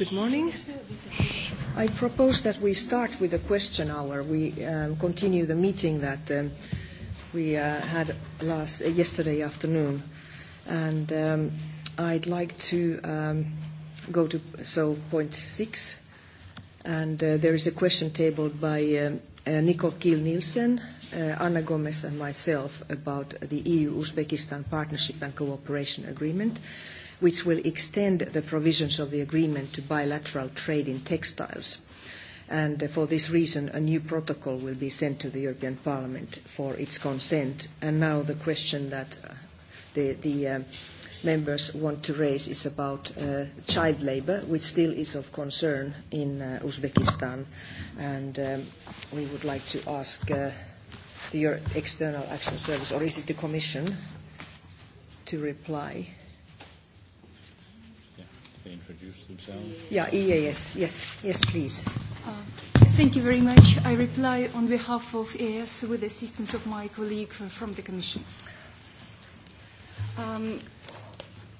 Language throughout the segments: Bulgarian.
Good morning. I propose that we start with a question hour. We um continue the meeting that we uh had last yesterday afternoon. And um I'd like to um go to so point six, and uh there is a question tabled by uh Nicole Kiel-Nielsen, uh Anna Gomez and myself about the EU-Uzbekistan Partnership and Cooperation Agreement which will extend the provisions of the agreement to bilateral trade in textiles. And for this reason, a new protocol will be sent to the European Parliament for its consent. And now the question that the, the uh, members want to raise is about uh, child labour, which still is of concern in uh, Uzbekistan. And um, we would like to ask uh, the Euro External Action Service, or is it the Commission, to reply introduce themselves? Yeah, EAS. Yes, yes, please. Thank you very much. I reply on behalf of EAS with the assistance of my colleague from the Commission. Um,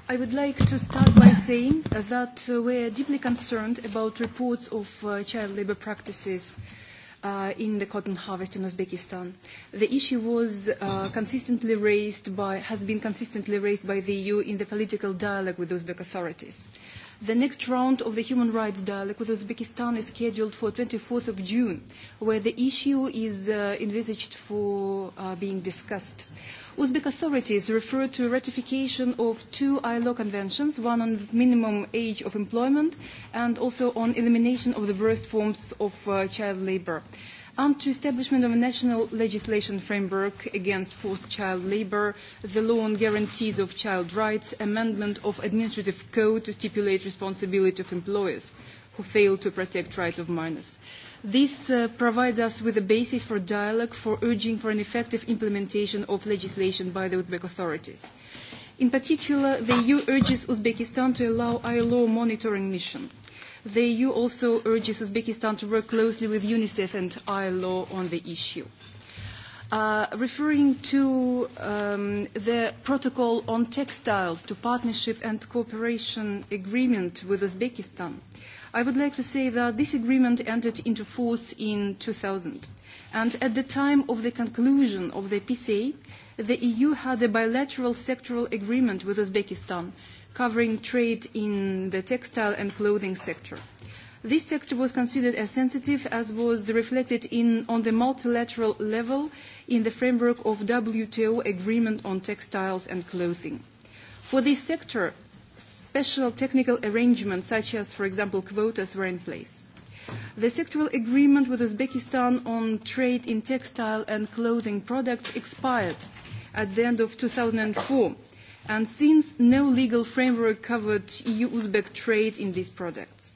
I would like to start by saying that we are deeply concerned about reports of child labour practices in the cotton harvest in Uzbekistan. The issue was consistently raised by, has been consistently raised by the EU in the political dialogue with Uzbek authorities. Uh, The next round of the human rights dialogue with Uzbekistan is scheduled for 24th of June, where the issue is uh, envisaged for uh, being discussed. Uzbek authorities refer to ratification of two ILO conventions, one on minimum age of employment and also on elimination of the worst forms of uh, child labor and to establishment of a national legislation framework against forced child labour, the law on guarantees of child rights, amendment of administrative code to stipulate responsibility of employers who fail to protect rights of minors. This provides us with a basis for dialogue for urging for an effective implementation of legislation by the Uzbek authorities. In particular, the EU urges Uzbekistan to allow ILO monitoring mission The EU also urges Uzbekistan to work closely with UNICEF and ILO on the issue. Uh, referring to um, the protocol on textiles to partnership and cooperation agreement with Uzbekistan, I would like to say that this agreement entered into force in 2000. And at the time of the conclusion of the PCA, the EU had a bilateral sectoral agreement with Uzbekistan covering trade in the textile and clothing sector. This sector was considered as sensitive as was reflected in, on the multilateral level in the framework of WTO agreement on textiles and clothing. For this sector, special technical arrangements such as, for example, quotas were in place. The sectoral agreement with Uzbekistan on trade in textile and clothing products expired at the end of two thousand four and since no legal framework covered EU-Uzbek trade in these products.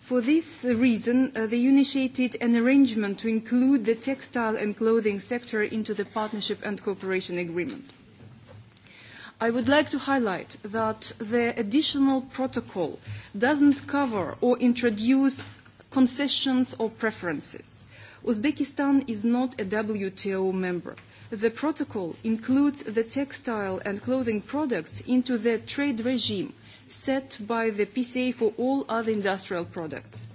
For this reason, they initiated an arrangement to include the textile and clothing sector into the partnership and cooperation agreement. I would like to highlight that the additional protocol does not cover or introduce concessions or preferences. Uzbekistan is not a WTO member the protocol includes the textile and clothing products into the trade regime set by the PCA for all other industrial products.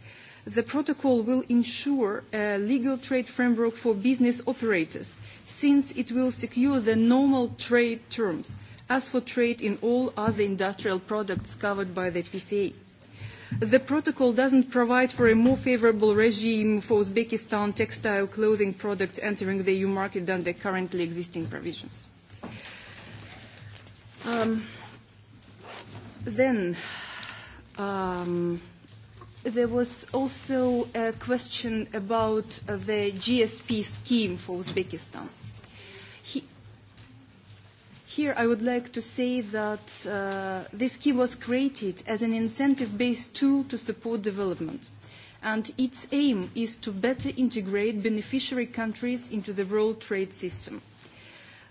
The protocol will ensure a legal trade framework for business operators, since it will secure the normal trade terms as for trade in all other industrial products covered by the PCA the protocol doesn't provide for a more favorable regime for Uzbekistan textile clothing products entering the EU market than the currently existing provisions. Um, then, um, There was also a question about the GSP scheme for Uzbekistan. Here I would like to say that uh, this scheme was created as an incentive-based tool to support development, and its aim is to better integrate beneficiary countries into the world trade system.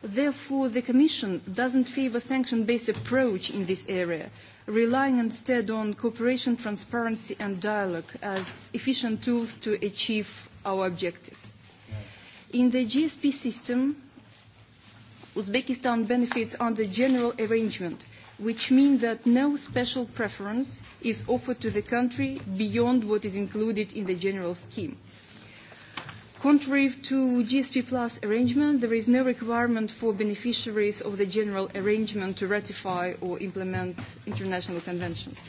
Therefore, the Commission doesn't favour sanction-based approach in this area, relying instead on cooperation, transparency and dialogue as efficient tools to achieve our objectives. In the GSP system, Uzbekistan benefits under general arrangement, which means that no special preference is offered to the country beyond what is included in the general scheme. Contrary to GSP Plus arrangement, there is no requirement for beneficiaries of the general arrangement to ratify or implement international conventions.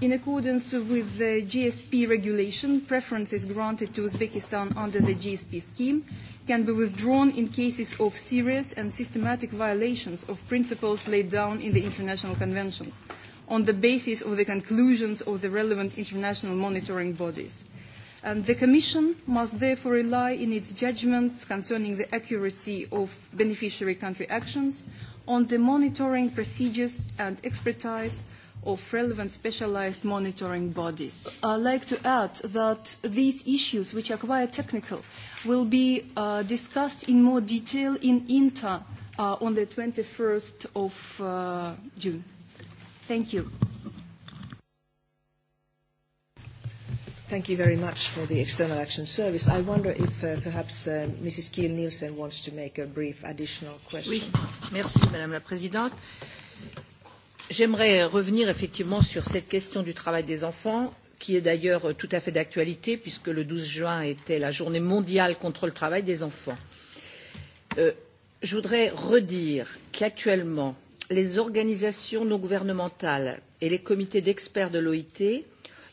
In accordance with the GSP regulation, preference is granted to Uzbekistan under the GSP scheme can be withdrawn in cases of serious and systematic violations of principles laid down in the international conventions on the basis of the conclusions of the relevant international monitoring bodies. the Commission must therefore rely in its judgments concerning the accuracy of beneficiary country actions on the monitoring procedures and expertise of relevant specialized monitoring bodies. I'd like to add that these issues, which are quite technical, will be uh, discussed in more detail in INTA uh, on the 21st of uh, June. Thank you. Thank you very much for the External Action Service. I wonder if uh, perhaps uh, Mrs. Kiel-Nielsen wants to make a brief additional question. Oui, merci Madame la Présidente. J'aimerais revenir effectivement sur cette question du travail des enfants, qui est d'ailleurs tout à fait d'actualité, puisque le douze juin était la journée mondiale contre le travail des enfants. je voudrais redire qu'actuellement, les organisations non gouvernementales et les comités d'experts de l'OIT,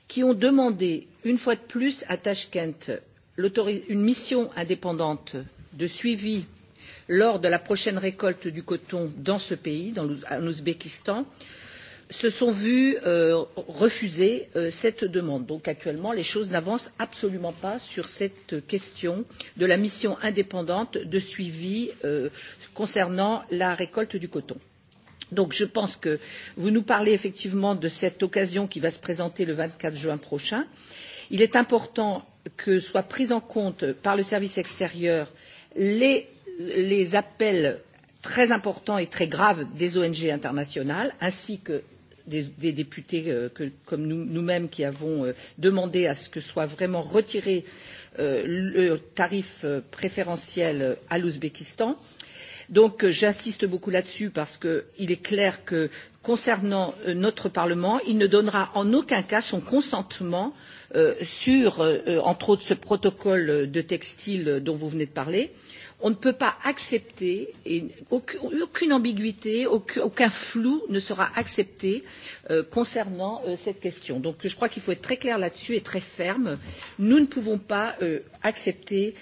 qui ont demandé une fois de plus à Tachkent une mission indépendante de suivi lors de la prochaine récolte du coton dans ce pays, dans l'Ouzbékistan, se sont vus refuser cette demande. Donc actuellement, les choses n'avancent absolument pas sur cette question de la mission indépendante de suivi concernant la récolte du coton. Donc je pense que vous nous parlez effectivement de cette occasion qui va se présenter le vingt quatre juin prochain. Il est important que soient prises en compte par le service extérieur les les appels très importants et très graves des ONG internationales, ainsi que des, des députés euh, que, comme nous, mêmes qui avons euh, demandé à ce que soit vraiment retiré euh, le tarif euh, préférentiel à l'Ouzbékistan. Donc euh, j'insiste beaucoup là-dessus parce qu'il est clair que concernant euh, notre Parlement, il ne donnera en aucun cas son consentement euh, sur, euh, entre autres, ce protocole de textile dont vous venez de parler on ne peut pas accepter et aucune ambiguïté, aucun flou ne sera accepté concernant cette question. Donc je crois qu'il faut être très clair là-dessus et très ferme. Nous ne pouvons pas accepter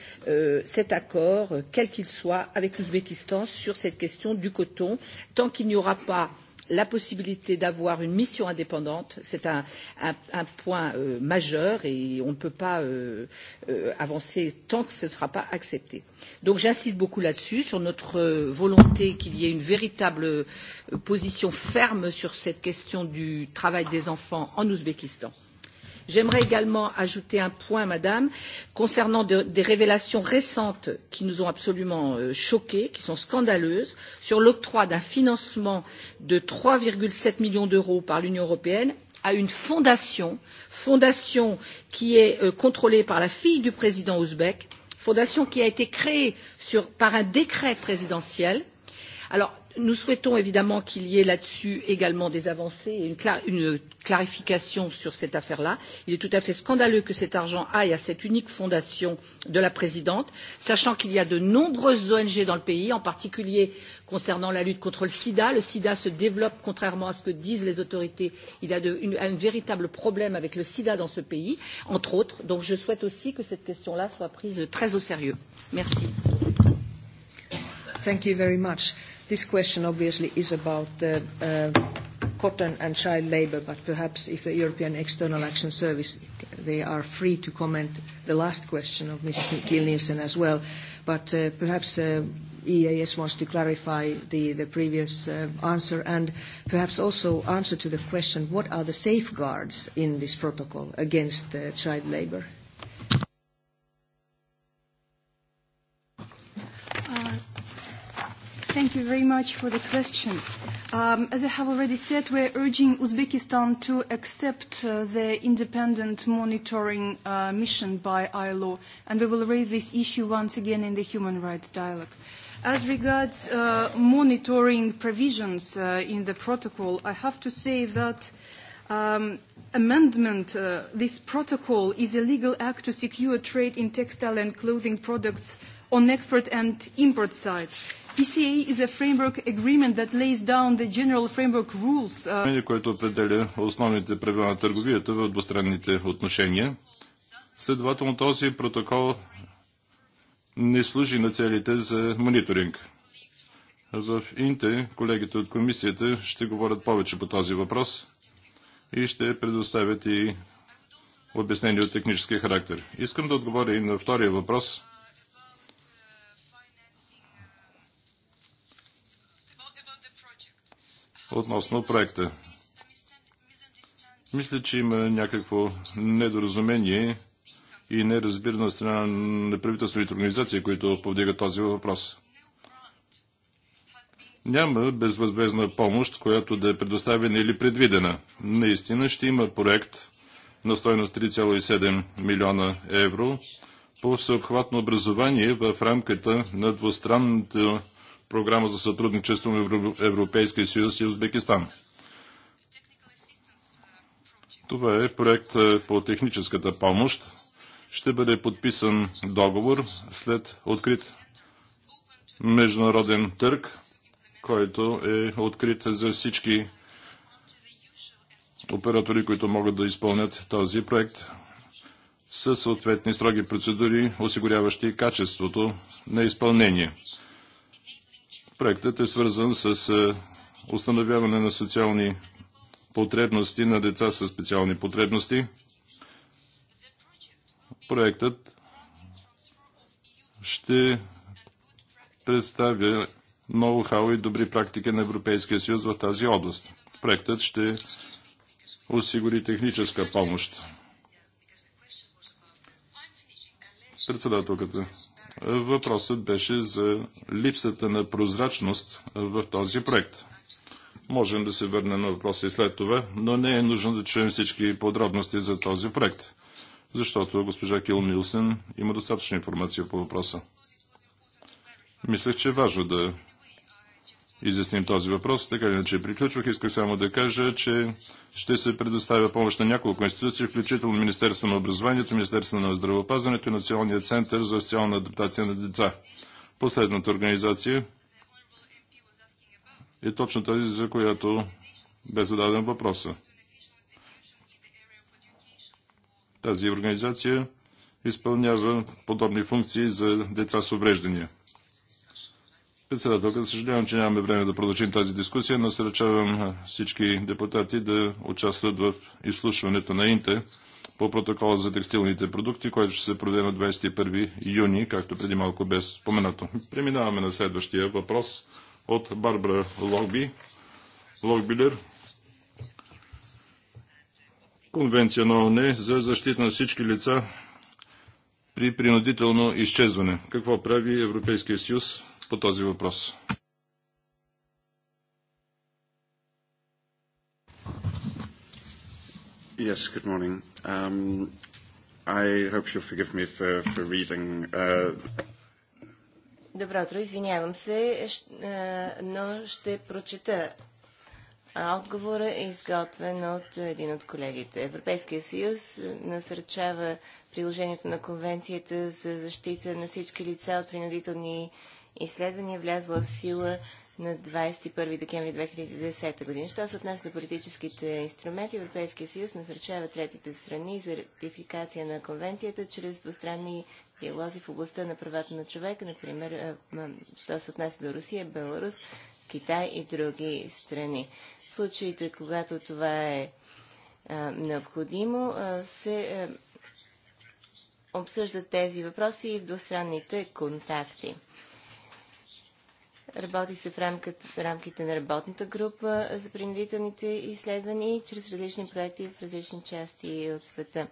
cet accord, quel qu'il soit, avec l'Ouzbékistan sur cette question du coton tant qu'il n'y aura pas la possibilité d'avoir une mission indépendante, c'est un, point majeur et on ne peut pas avancer tant que ce ne sera pas accepté. Donc j'insiste beaucoup là-dessus, sur notre volonté qu'il y ait une véritable position ferme sur cette question du travail des enfants en Ouzbékistan. J'aimerais également ajouter un point, Madame, concernant des révélations récentes qui nous ont absolument choqués, qui sont scandaleuses, sur l'octroi d'un financement de trois sept millions d'euros par l'Union européenne à une fondation, fondation qui est contrôlée par la fille du président ouzbek, fondation qui a été créée par un décret présidentiel. Alors, nous souhaitons évidemment qu'il y ait là-dessus également des avancées et une, clarification sur cette affaire-là. Il est tout à fait scandaleux que cet argent aille à cette unique fondation de la présidente, sachant qu'il y a de nombreuses ONG dans le pays, en particulier concernant la lutte contre le sida. Le sida se développe, contrairement à ce que disent les autorités. Il y a un véritable problème avec le sida dans ce pays, entre autres. Donc je souhaite aussi que cette question-là soit prise très au sérieux. Merci. Thank you very much. This question obviously is about cotton and child labour, but perhaps if the European External Action Service, they are free to comment the last question of Mrs. Kilnielsen as well. But perhaps EAS wants to clarify the previous answer and perhaps also answer to the question, what are the safeguards in this protocol against child labour? Thank you very much for the question. Um, as I have already said, we're urging Uzbekistan to accept uh, the independent monitoring uh, mission by ILO, and we will raise this issue once again in the human rights dialogue. As regards uh, monitoring provisions uh, in the protocol, I have to say that um, amendment, uh, this protocol is a legal act to secure trade in textile and clothing products on export and import sides PCA is a framework agreement that lays down the general framework rules. Uh, е, което определя основните правила на търговията в двустранните отношения. Следователно този протокол не служи на целите за мониторинг. В Инте колегите от комисията ще говорят повече по този въпрос и ще предоставят и обяснение от технически характер. Искам да отговоря и на втория въпрос – относно проекта. Мисля, че има някакво недоразумение и неразбиране от страна на правителствените организации, които повдигат този въпрос. Няма безвъзбезна помощ, която да е предоставена или предвидена. Наистина ще има проект на стоеност 3,7 милиона евро по всеобхватно образование в рамката на двустранната програма за сътрудничество на Европейския съюз и Узбекистан. Това е проект е, по техническата помощ. Ще бъде подписан договор след открит международен търг, който е открит за всички оператори, които могат да изпълнят този проект със съответни строги процедури, осигуряващи качеството на изпълнение. Проектът е свързан с е, установяване на социални потребности на деца с специални потребности. Проектът ще представя ноу-хау и добри практики на Европейския съюз в тази област. Проектът ще осигури техническа помощ. Председателката, Въпросът беше за липсата на прозрачност в този проект. Можем да се върнем на въпроса и след това, но не е нужно да чуем всички подробности за този проект, защото госпожа Кил Нилсен има достатъчно информация по въпроса. Мислех, че е важно да изясним този въпрос. Така иначе приключвах. Исках само да кажа, че ще се предоставя помощ на няколко институции, включително Министерство на образованието, Министерство на здравеопазването и Националния център за социална адаптация на деца. Последната организация е точно тази, за която бе зададен въпроса. Тази организация изпълнява подобни функции за деца с увреждания. Председателка, съжалявам, че нямаме време да продължим тази дискусия. Насръчавам всички депутати да участват в изслушването на Инте по протокола за текстилните продукти, който ще се проведе на 21 юни, както преди малко бе споменато. Преминаваме на следващия въпрос от Барбара Логби. Логбилер. Конвенция на ОНЕ за защита на всички лица при принудително изчезване. Какво прави Европейския съюз по този въпрос? Yes, good morning. Um, I hope you'll forgive me for, for reading. Uh... Добро утро, извинявам се, но ще прочета. отговора, е изготвен от един от колегите. Европейския съюз насърчава приложението на Конвенцията за защита на всички лица от принудителни изследвания, влязла в сила на 21 декември 2010 година. Що се отнася до политическите инструменти, Европейския съюз насърчава третите страни за ратификация на конвенцията чрез двустранни диалози в областта на правата на човека, например, що се отнася до Русия, Беларус, Китай и други страни. В случаите, когато това е необходимо, се обсъждат тези въпроси и в двустранните контакти. Работи се в рамките на работната група за принудителните изследвания и чрез различни проекти в различни части от света.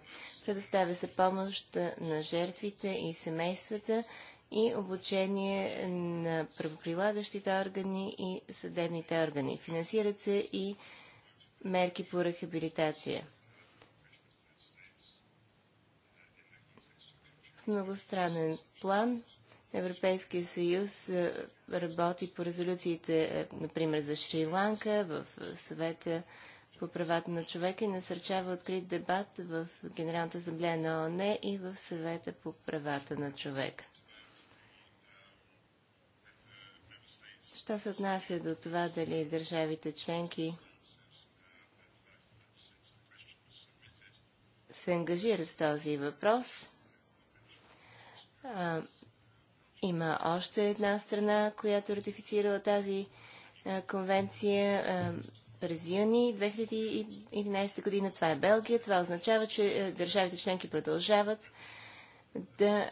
Предоставя се помощ на жертвите и семействата и обучение на правоприладащите органи и съдебните органи. Финансират се и мерки по рехабилитация. В многостранен план – Европейския съюз е, работи по резолюциите, е, например, за Шри-Ланка, в е, съвета по правата на човека и насърчава открит дебат в Генералната асамблея на ООН и в съвета по правата на човека. Що се отнася до това дали държавите членки се ангажират с този въпрос, има още една страна, която ратифицирала тази а, конвенция а, през юни 2011 година. Това е Белгия. Това означава, че а, държавите членки продължават да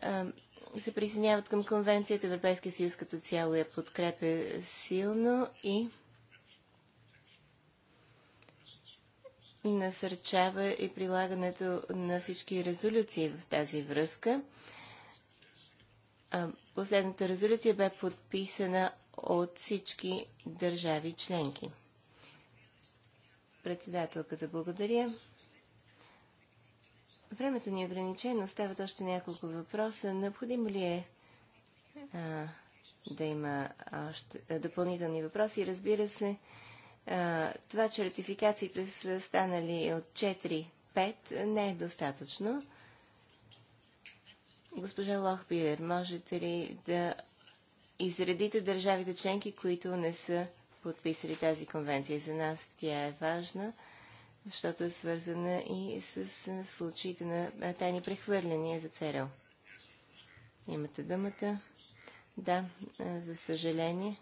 се присъединяват към конвенцията. Европейския съюз като цяло я подкрепя силно и насърчава и прилагането на всички резолюции в тази връзка. Последната резолюция бе подписана от всички държави членки. Председателката благодаря. Времето ни е ограничено. Остават още няколко въпроса. Необходимо ли е а, да има още а, допълнителни въпроси? Разбира се, а, това, че ратификациите са станали от 4-5, не е достатъчно. Госпожа Лохбиер, можете ли да изредите държавите членки, които не са подписали тази конвенция? За нас тя е важна, защото е свързана и с случаите на тайни прехвърляния за ЦРЛ. Имате думата. Да, за съжаление.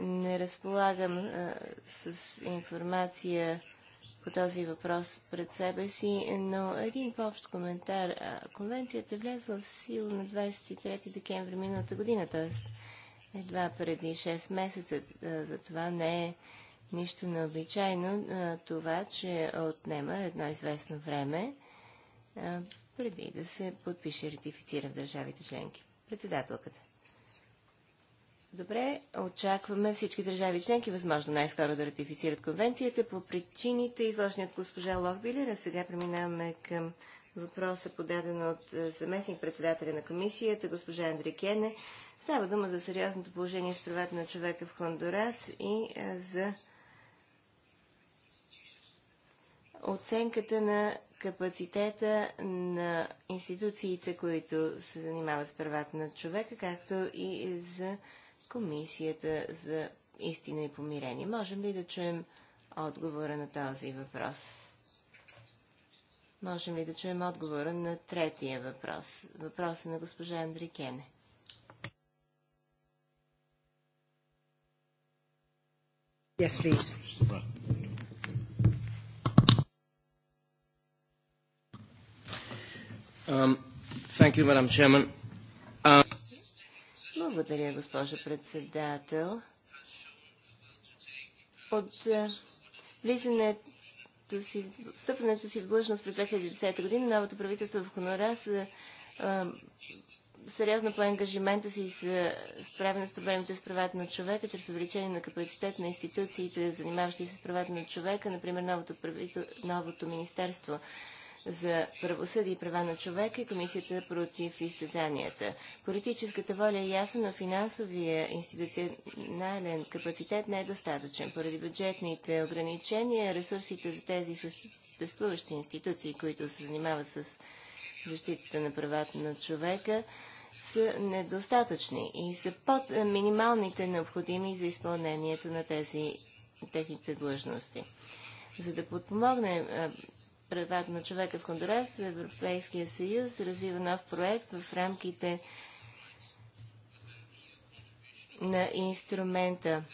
Не разполагам а, с информация по този въпрос пред себе си, но един по-общ коментар. Конвенцията е влязла в сила на 23 декември миналата година, т.е. едва преди 6 месеца. Затова не е нищо необичайно това, че отнема едно известно време преди да се подпише и ратифицира в държавите членки. Председателката. Добре, очакваме всички държави членки възможно най-скоро да ратифицират конвенцията по причините, изложени от госпожа Лохбилер. А сега преминаваме към въпроса, подаден от е, заместник председателя на комисията, госпожа Андре Кене. Става дума за сериозното положение с правата на човека в Хондурас и е, за оценката на капацитета на институциите, които се занимават с правата на човека, както и за Комисията за истина и помирение. Можем ли да чуем отговора на този въпрос? Можем ли да чуем отговора на третия въпрос? Въпроса е на госпожа Андрикене. Yes, please. Um, thank you, Madam Chairman. Um... Благодаря, госпожа председател. От е, влизането си, стъпването си в длъжност през 2010 година, новото правителство в Хонора са е, е, сериозно по ангажимента си с справяне с проблемите с правата на човека, чрез увеличение на капацитет на институциите, занимаващи се с правата на човека, например новото, правител... новото Министерство за правосъдие и права на човека и Комисията против изтезанията. Политическата воля е ясна, но финансовия институционален капацитет не е достатъчен. Поради бюджетните ограничения, ресурсите за тези съществуващи институции, които се занимават с защитата на правата на човека, са недостатъчни и са под минималните необходими за изпълнението на тези техните длъжности. За да подпомогне правата на човека в Хондурас, Европейския съюз развива нов проект в рамките на инструмента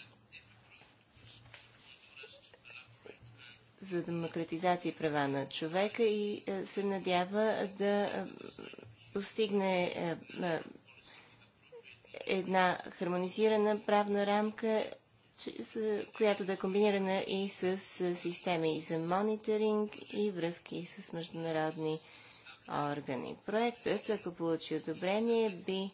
за демократизация и права на човека и е, се надява да е, постигне е, една хармонизирана правна рамка която да е комбинирана и с системи за мониторинг и връзки с международни органи. Проектът, ако получи одобрение, би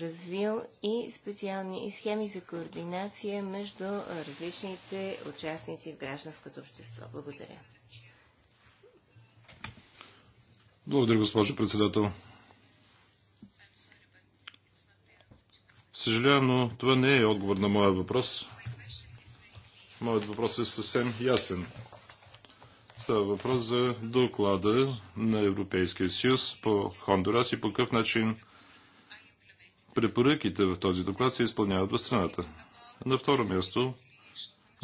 развил и специални схеми за координация между различните участници в гражданското общество. Благодаря. Благодаря, госпожо председател. Съжалявам, но това не е отговор на моя въпрос. Моят въпрос е съвсем ясен. Става въпрос за доклада на Европейския съюз по Хондурас и по какъв начин препоръките в този доклад се изпълняват в страната. На второ място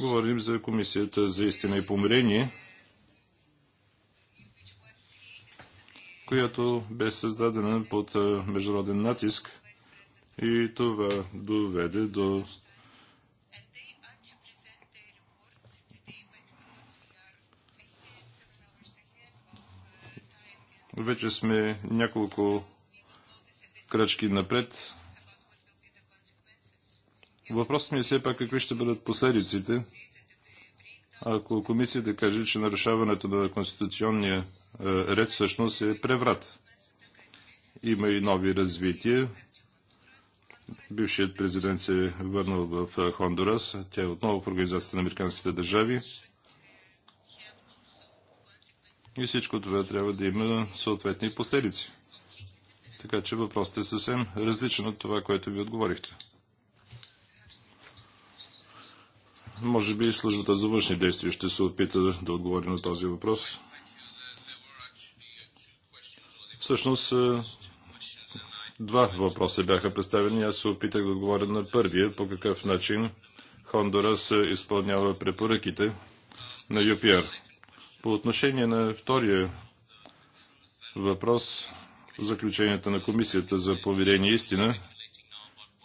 говорим за Комисията за истина и помирение, която бе създадена под международен натиск – и това доведе до Вече сме няколко крачки напред. Въпросът ми е все пак какви ще бъдат последиците, ако комисията каже, че нарушаването на конституционния е, ред всъщност е преврат. Има и нови развития, Бившият президент се е върнал в Хондурас. Тя е отново в Организацията на американските държави. И всичко това трябва да има съответни последици. Така че въпросът е съвсем различен от това, което ви отговорихте. Може би службата за външни действия ще се опита да отговори на този въпрос. Всъщност Два въпроса бяха представени. Аз се опитах да отговоря на първия, по какъв начин Хондурас изпълнява препоръките на ЮПР. По отношение на втория въпрос, заключенията на Комисията за поведение истина,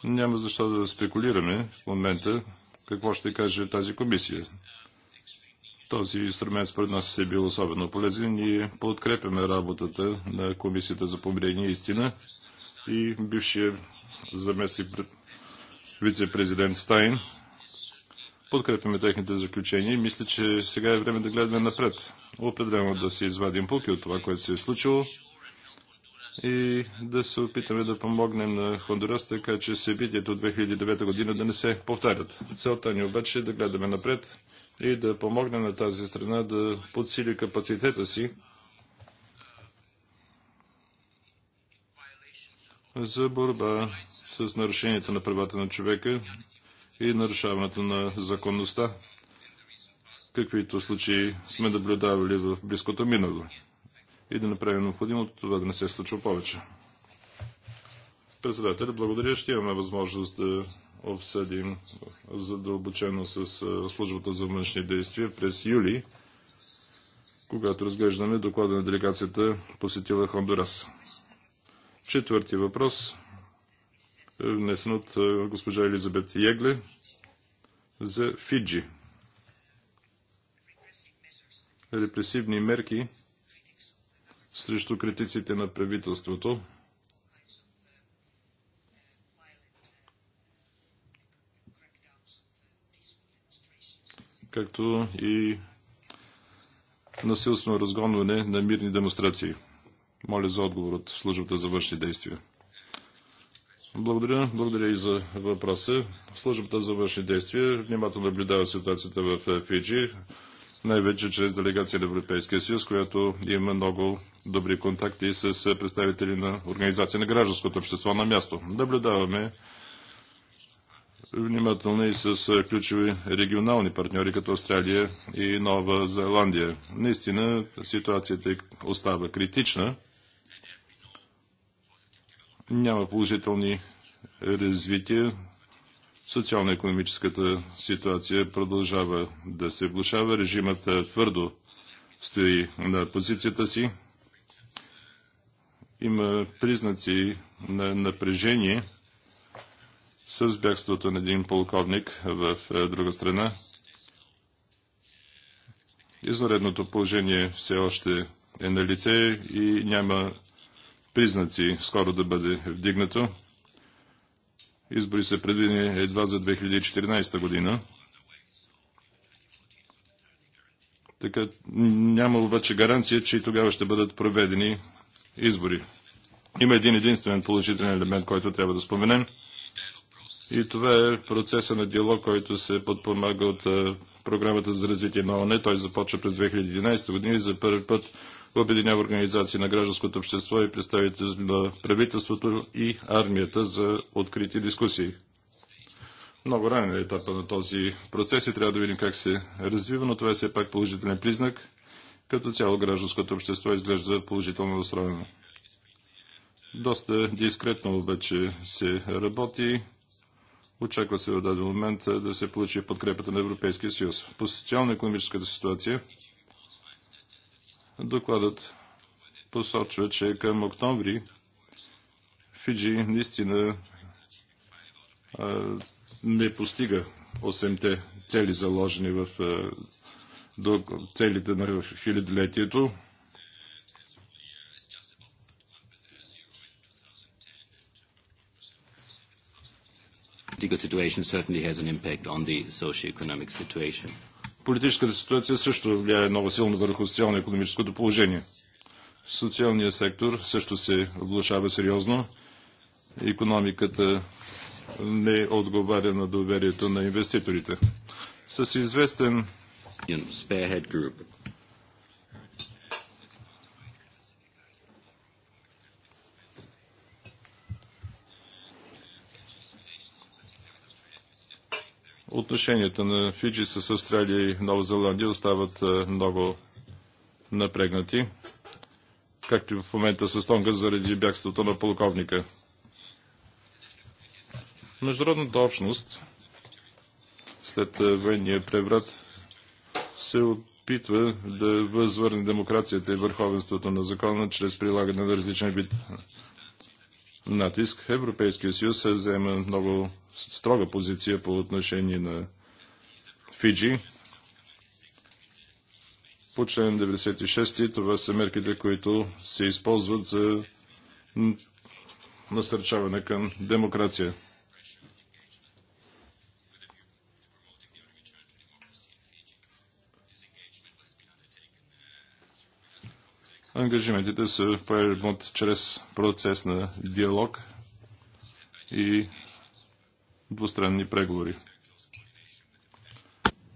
няма защо да спекулираме в момента какво ще каже тази комисия. Този инструмент според нас е бил особено полезен и подкрепяме работата на Комисията за помирение и истина и бившия заместник вице-президент Стайн. Подкрепяме техните заключения и мисля, че сега е време да гледаме напред. Определено да се извадим пуки от това, което се е случило и да се опитаме да помогнем на Хондурас, така че събитието от 2009 година да не се повтарят. Целта ни обаче е да гледаме напред и да помогнем на тази страна да подсили капацитета си за борба с нарушенията на правата на човека и нарушаването на законността, каквито случаи сме наблюдавали в близкото минало и да направим необходимото това да не се случва повече. Председател, благодаря. Ще имаме възможност да обсъдим задълбочено с службата за външни действия през юли, когато разглеждаме доклада на делегацията посетила Хондурас. Четвърти въпрос, внесен от е, госпожа Елизабет Егле за Фиджи. Репресивни мерки срещу критиците на правителството. както и насилствено разгонване на мирни демонстрации. Моля за отговор от службата за външни действия. Благодаря. Благодаря и за въпроса. Службата за външни действия внимателно наблюдава ситуацията в е, Фиджи, най-вече чрез делегация на Европейския съюз, която има много добри контакти с е, представители на Организация на гражданското общество на място. Наблюдаваме внимателно и с е, ключови регионални партньори, като Австралия и Нова Зеландия. Наистина ситуацията остава критична няма положителни развития. Социално-економическата ситуация продължава да се влушава. Режимът е, твърдо стои на позицията си. Има признаци на напрежение с бягството на един полковник в е, друга страна. Изнаредното положение все още е на лице и няма признаци скоро да бъде вдигнато. Избори са предвидени едва за 2014 година. Така няма обаче гаранция, че и тогава ще бъдат проведени избори. Има един единствен положителен елемент, който трябва да споменем. И това е процеса на диалог, който се подпомага от е, програмата за развитие на ОНЕ. Той започва през 2011 година и за първи път обединява организации на гражданското общество и представители на правителството и армията за открити дискусии. Много ранен е етапа на този процес и трябва да видим как се развива, но това е все пак положителен признак. Като цяло гражданското общество изглежда положително настроено. Доста дискретно обаче се работи. Очаква се в даден момент да се получи подкрепата на Европейския съюз. По социално-економическата ситуация – Докладът посочва, че към октомври Фиджи наистина не постига 8 цели заложени в до целите на хилядолетието. political situation certainly has an impact on the socioeconomic situation. Политическата ситуация също влияе много силно върху социално-економическото положение. Социалният сектор също се оглушава сериозно. Економиката не отговаря на доверието на инвеститорите. С известен Отношенията на Фиджи с Австралия и Нова Зеландия остават е, много напрегнати, както и в момента с Тонга заради бягството на полковника. Международната общност след е, военния преврат се опитва да възвърне демокрацията и върховенството на закона чрез прилагане на различен вид натиск Европейския съюз се взема много строга позиция по отношение на Фиджи. По член 96 това са мерките, които се използват за насърчаване към демокрация. Ангажиментите се поемат чрез процес на диалог и двустранни преговори.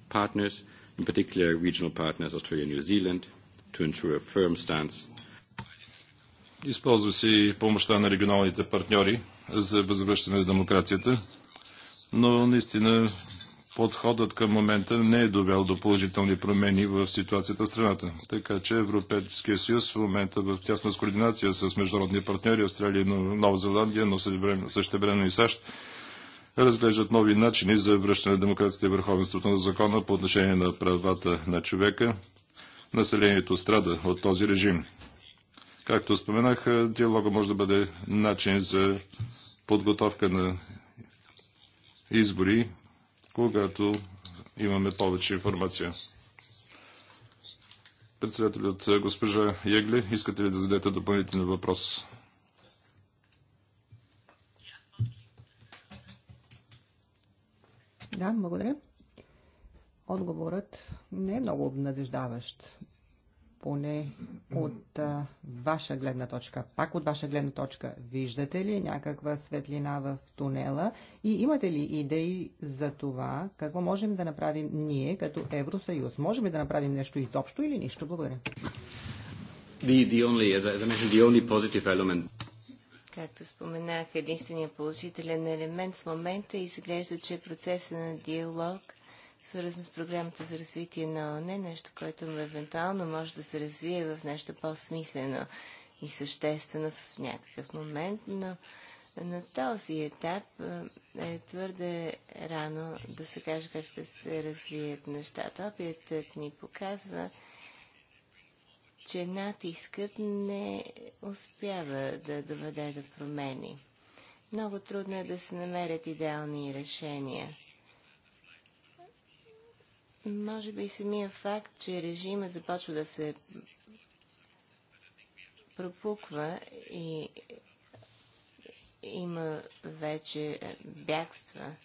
Partners, in particular regional partners Australia New Zealand, to ensure a firm stance. Използва се и помощта на регионалните партньори за възвръщане на демокрацията, но наистина подходът към момента не е довел до положителни промени в ситуацията в страната. Така че Европейския съюз в момента в тясна с координация с международни партньори Австралия и Нова Зеландия, но време и САЩ, разглеждат нови начини за връщане на демокрацията и върховенството на закона по отношение на правата на човека. Населението страда от този режим. Както споменах, диалога може да бъде начин за подготовка на избори когато имаме повече информация. Председателят е, госпожа Егле, искате ли да зададете допълнителен въпрос? Да, благодаря. Отговорът не е много обнадеждаващ поне от а, ваша гледна точка, пак от ваша гледна точка, виждате ли някаква светлина в тунела и имате ли идеи за това, какво можем да направим ние като Евросъюз? Можем ли да направим нещо изобщо или нищо? Благодаря. The, the only, as I, mentioned, the only positive element Както споменах, единственият положителен елемент в момента изглежда, че процеса на диалог свързан с програмата за развитие на ОНЕ, нещо, което евентуално може да се развие в нещо по-смислено и съществено в някакъв момент, но на този етап е, е твърде рано да се каже как ще се развият нещата. Опитът ни показва, че натискът не успява да доведе до промени. Много трудно е да се намерят идеални решения. Може би самия факт, че режима започва да се пропуква и има вече е, бягства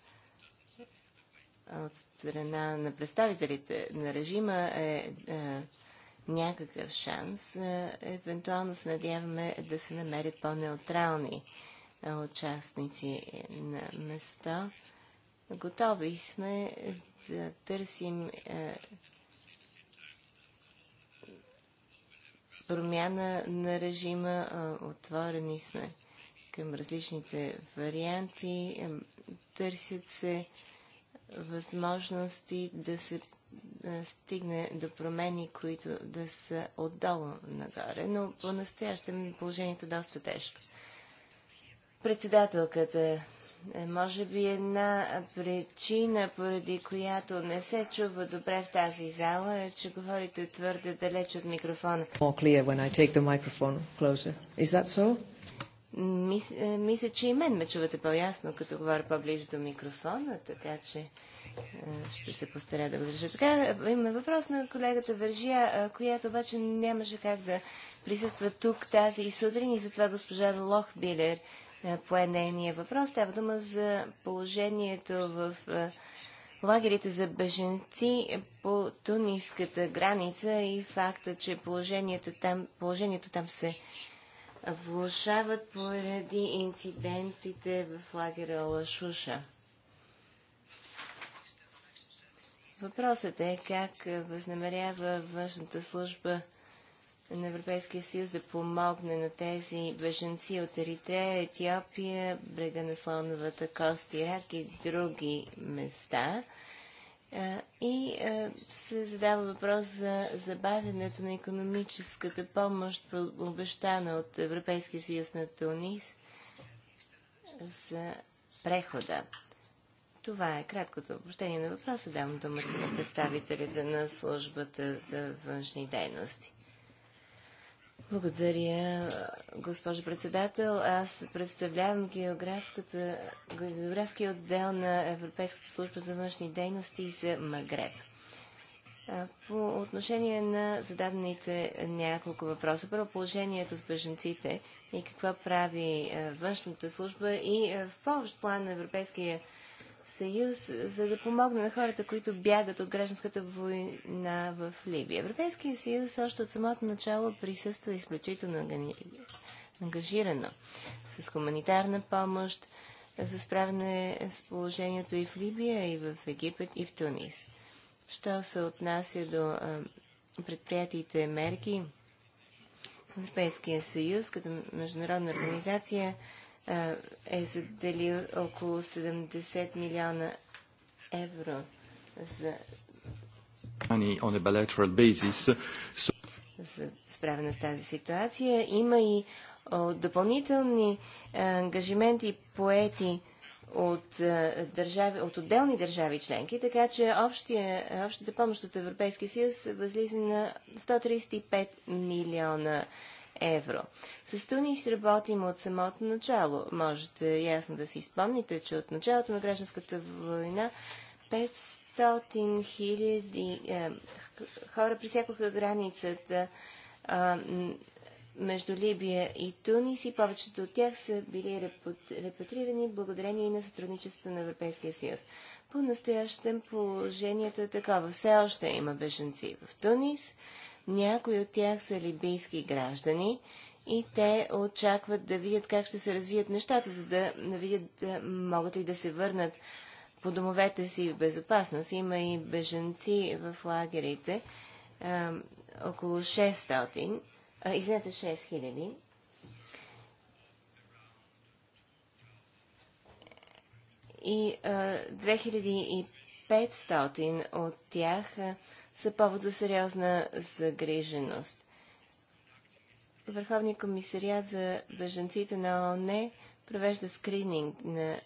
от страна на представителите на режима е, е някакъв шанс. Е, евентуално се надяваме да се намерят по-неутрални е, участници на место. Готови сме да търсим е, промяна на режима. Е, отворени сме към различните варианти. Е, търсят се възможности да се стигне до промени, които да са отдолу нагоре, но по-настоящем положението е доста тежко. Председателката, е, може би една причина, поради която не се чува добре в тази зала, е, че говорите твърде далеч от микрофона. So? Мис, е, мисля, че и мен ме чувате по-ясно, като говоря по-близо до микрофона, така че е, ще се постаря да го държа. Така, има въпрос на колегата Вържия, която обаче нямаше как да присъства тук тази и сутрин и затова госпожа Лох Билер пое нейния въпрос. Става дума за положението в лагерите за беженци по туниската граница и факта, че положението там, положението там се влушават поради инцидентите в лагера Лашуша. Въпросът е как възнамерява външната служба на Европейския съюз да помогне на тези беженци от Еритрея, Етиопия, брега на Слоновата кост, Ирак и други места. И се задава въпрос за забавянето на економическата помощ, обещана от Европейския съюз на Тунис за прехода. Това е краткото обобщение на въпроса. Давам думата на представителите на службата за външни дейности. Благодаря, госпожо председател. Аз представлявам географския отдел на Европейската служба за външни дейности за Магреб. По отношение на зададените няколко въпроса. Първо положението с беженците и какво прави външната служба и в помощ план на Европейския съюз, за да помогне на хората, които бягат от гражданската война в Либия. Европейския съюз още от самото начало присъства изключително ангажирано с хуманитарна помощ за справяне с положението и в Либия, и в Египет, и в Тунис. Що се отнася до предприятиите, предприятите мерки, Европейския съюз като международна организация е, е заделил около 70 милиона евро за за справяне с тази ситуация. Има и допълнителни е, ангажименти поети от, е, държави, от отделни държави членки, така че общия, общата помощ от Европейския съюз възлиза на 135 милиона евро евро. С Тунис работим от самото начало. Можете ясно да си спомните, че от началото на гражданската война 500 хиляди е, хора пресякоха границата е, между Либия и Тунис и повечето от тях са били репатрирани благодарение и на сътрудничеството на Европейския съюз. По настоящем положението е такова. Все още има беженци в Тунис. Някои от тях са либийски граждани и те очакват да видят как ще се развият нещата, за да, видят да могат ли да се върнат по домовете си в безопасност. Има и беженци в лагерите, а, около 600, а, извинете, 6000. И а, 2500 от тях а, са повод за сериозна загриженост. Върховният комисариат за бежанците на ООН провежда скрининг на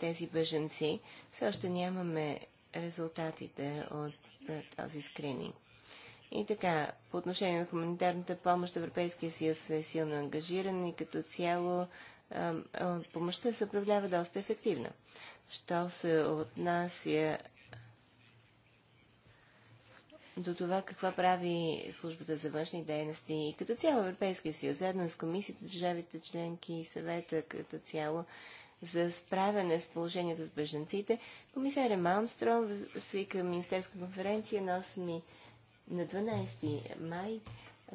тези бежанци. Все още нямаме резултатите от този скрининг. И така, по отношение на хуманитарната помощ, Европейския съюз е силно ангажиран и като цяло помощта се управлява доста ефективно. Що се отнася до това какво прави службата за външни дейности и като цяло Европейския съюз, заедно с комисията, държавите членки и съвета като цяло за справяне с положението с бежанците. Комисаря Малмстром свика Министерска конференция на 8 на 12 май,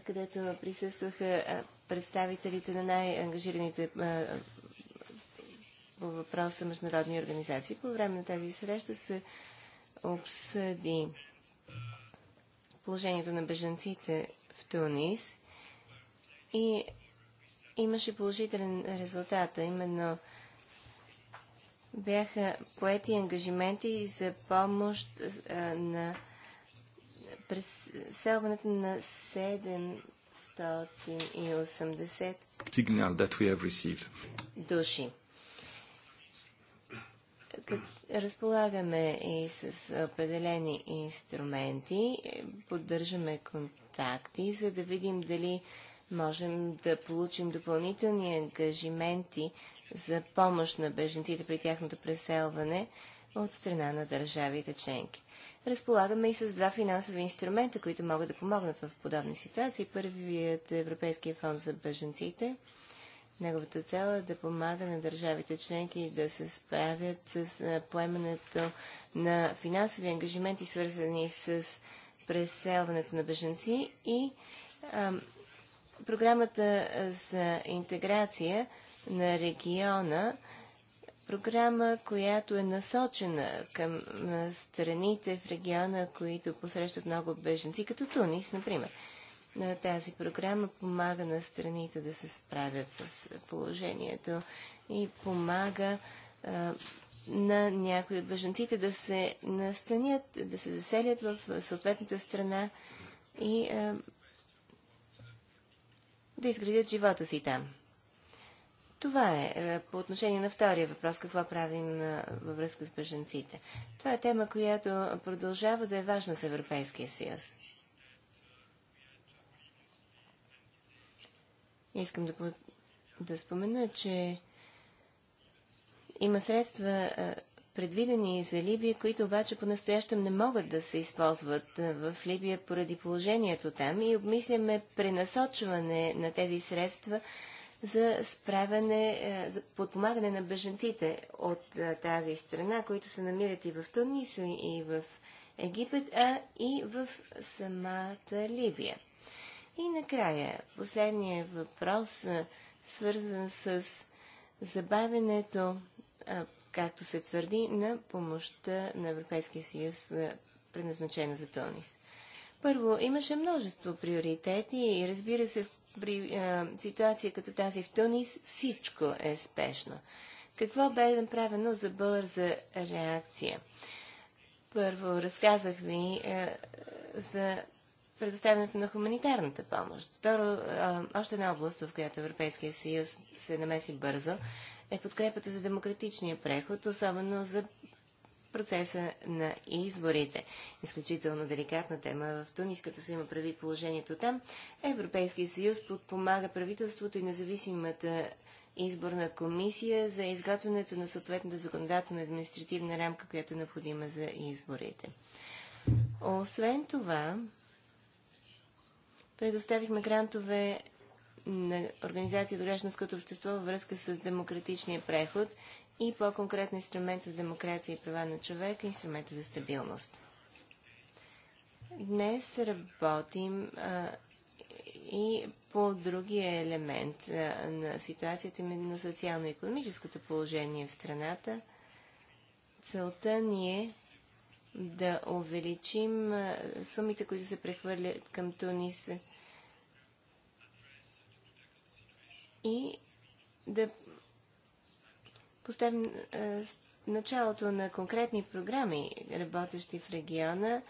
където присъстваха представителите на най-ангажираните по въпроса международни организации. По време на тази среща се обсъди положението на бежанците в Тунис и имаше положителен резултат, а именно бяха поети ангажименти за помощ а, на преселването на 780 сигнал that we have received. души как, разполагаме и с определени инструменти, поддържаме контакти, за да видим дали можем да получим допълнителни ангажименти за помощ на беженците при тяхното преселване от страна на държавите членки. Разполагаме и с два финансови инструмента, които могат да помогнат в подобни ситуации. Първият е Европейския фонд за беженците – Неговата цел е да помага на държавите членки да се справят с поемането на финансови ангажименти, свързани с преселването на беженци и а, програмата за интеграция на региона, програма, която е насочена към страните в региона, които посрещат много беженци, като Тунис, например на тази програма помага на страните да се справят с положението и помага а, на някои от бежанците да се настанят, да се заселят в съответната страна и а, да изградят живота си там. Това е по отношение на втория въпрос, какво правим във връзка с бежанците. Това е тема, която продължава да е важна за Европейския съюз. Искам да, да спомена, че има средства предвидени за Либия, които обаче по-настоящем не могат да се използват в Либия поради положението там и обмисляме пренасочване на тези средства за справяне, за подпомагане на беженците от тази страна, които се намират и в Тунис, и в Египет, а и в самата Либия. И накрая, последния въпрос, свързан с забавенето, както се твърди, на помощта на Европейския съюз, предназначена за Тунис. Първо, имаше множество приоритети и разбира се, при е, ситуация като тази в Тунис всичко е спешно. Какво бе направено за бърза реакция? Първо, разказах ви е, за предоставянето на хуманитарната помощ. Второ, още една област, в която Европейския съюз се намеси бързо, е подкрепата за демократичния преход, особено за процеса на изборите. Изключително деликатна тема в Тунис, като се има прави положението там. Европейския съюз подпомага правителството и независимата изборна комисия за изготвянето на съответната законодателна административна рамка, която е необходима за изборите. Освен това, предоставихме грантове на Организация до гражданското общество във връзка с демократичния преход и по-конкретно инструмент за демокрация и права на човека, инструмента за стабилност. Днес работим а, и по другия елемент а, на ситуацията, именно социално-економическото положение в страната. Целта ни е да увеличим сумите, които се прехвърлят към Тунис и да поставим началото на конкретни програми, работещи в региона,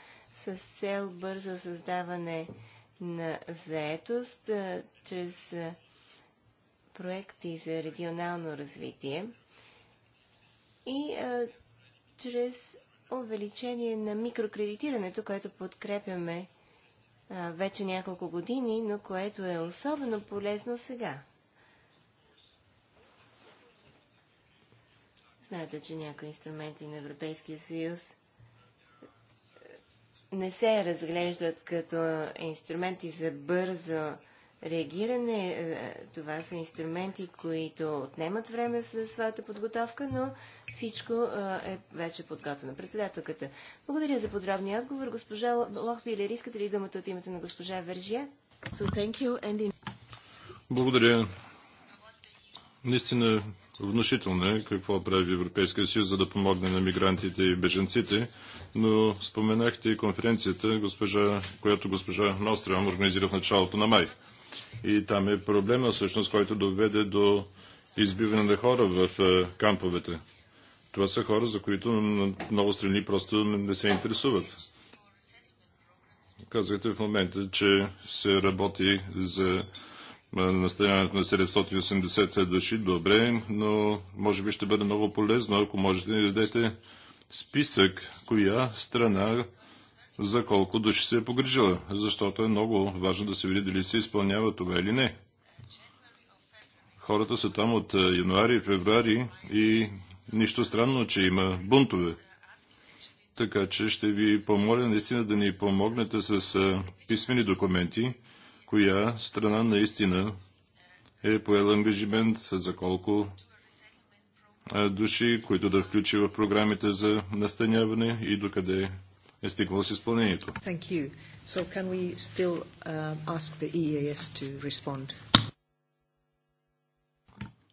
с цел бързо създаване на заетост чрез проекти за регионално развитие и а, чрез увеличение на микрокредитирането, което подкрепяме а, вече няколко години, но което е особено полезно сега. Знаете, че някои инструменти на Европейския съюз не се разглеждат като инструменти за бързо реагиране. Е, това са инструменти, които отнемат време за своята подготовка, но всичко е, е вече подготвено. Председателката, благодаря за подробния отговор. Госпожа Лохбилер, искате ли думата от името на госпожа Вержия? So thank you and in... Благодаря. Наистина внушително е какво прави Европейския съюз, за да помогне на мигрантите и беженците, но споменахте и конференцията, госпожа, която госпожа Ностра организира в началото на май. И там е проблема всъщност, който доведе до избиване на хора в е, камповете. Това са хора, за които много страни просто не се интересуват. Казвате в момента, че се работи за е, настаняването на 780 души. Добре, но може би ще бъде много полезно, ако можете да ни дадете списък, коя страна за колко души се е погрижила, защото е много важно да се види дали се изпълнява това или не. Хората са там от е, януари, февруари и нищо странно, че има бунтове. Така че ще ви помоля наистина да ни помогнете с е, писмени документи, коя страна наистина е поел ангажимент за колко е, души, които да включи в програмите за настаняване и докъде е стигнала с изпълнението. Thank you. So can we still uh, ask the EAS to respond?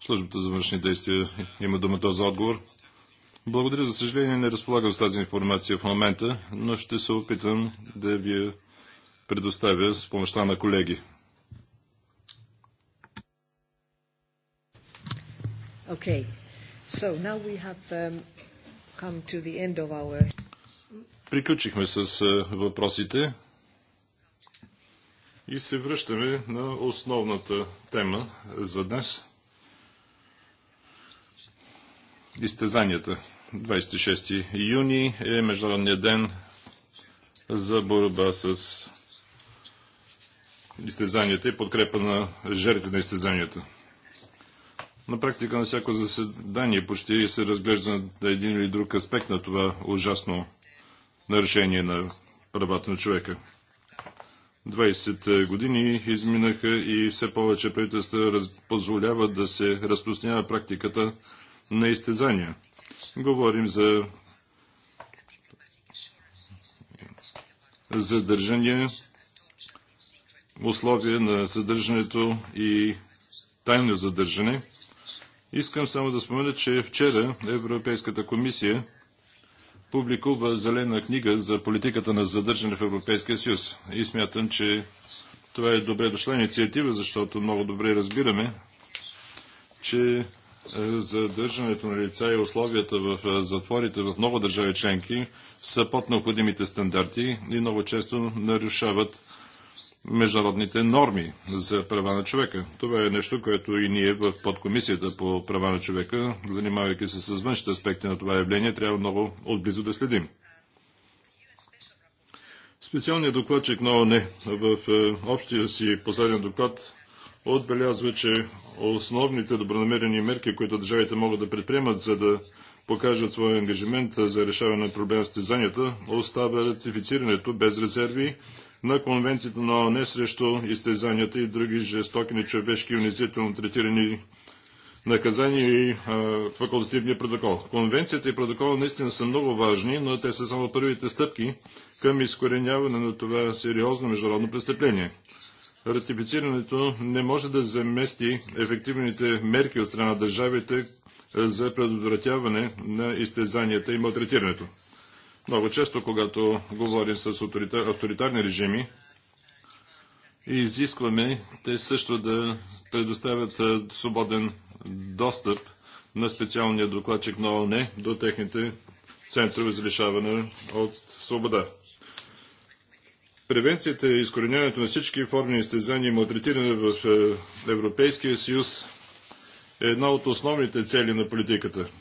Службата за външни действия има думата за отговор. Благодаря. За съжаление не разполагам с тази информация в момента, но ще се опитам да ви предоставя с помощта на колеги. Okay. So now we have um, come to the end of our Приключихме с е, въпросите и се връщаме на основната тема за днес. Изтезанията. 26 юни е Международния ден за борба с изтезанията и подкрепа на жертви на изтезанията. На практика на всяко заседание почти се разглежда един или друг аспект на това ужасно нарушение на правата на човека. 20 е, години изминаха и все повече правителства позволяват да се разпространява практиката на изтезания. Говорим за задържане, условия на задържането и тайно задържане. Искам само да спомена, че вчера Европейската комисия публикува зелена книга за политиката на задържане в Европейския съюз. И смятам, че това е добре дошла инициатива, защото много добре разбираме, че е, задържането на лица и условията в е, затворите в много държави членки са под необходимите стандарти и много често нарушават международните норми за права на човека. Това е нещо, което и ние в подкомисията по права на човека, занимавайки се с външните аспекти на това явление, трябва много отблизо да следим. Специалният докладчик на ОНЕ в е, общия си последен доклад отбелязва, че основните добронамерени мерки, които държавите могат да предприемат, за да покажат своя ангажимент за решаване на проблема с тезанията, остава ратифицирането без резерви на Конвенцията на ООН срещу изтезанията и други жестоки, нечовешки и унизително третирани наказания и а, факултативния протокол. Конвенцията и протокола наистина са много важни, но те са само първите стъпки към изкореняване на това сериозно международно престъпление. Ратифицирането не може да замести ефективните мерки от страна на държавите за предотвратяване на изтезанията и малтретирането. Много често, когато говорим с авторитарни режими и изискваме те също да предоставят свободен достъп на специалния докладчик на ООН до техните центрове за лишаване от свобода. Превенцията и изкореняването на всички форми на изтезания и малтретиране в Европейския съюз е една от основните цели на политиката –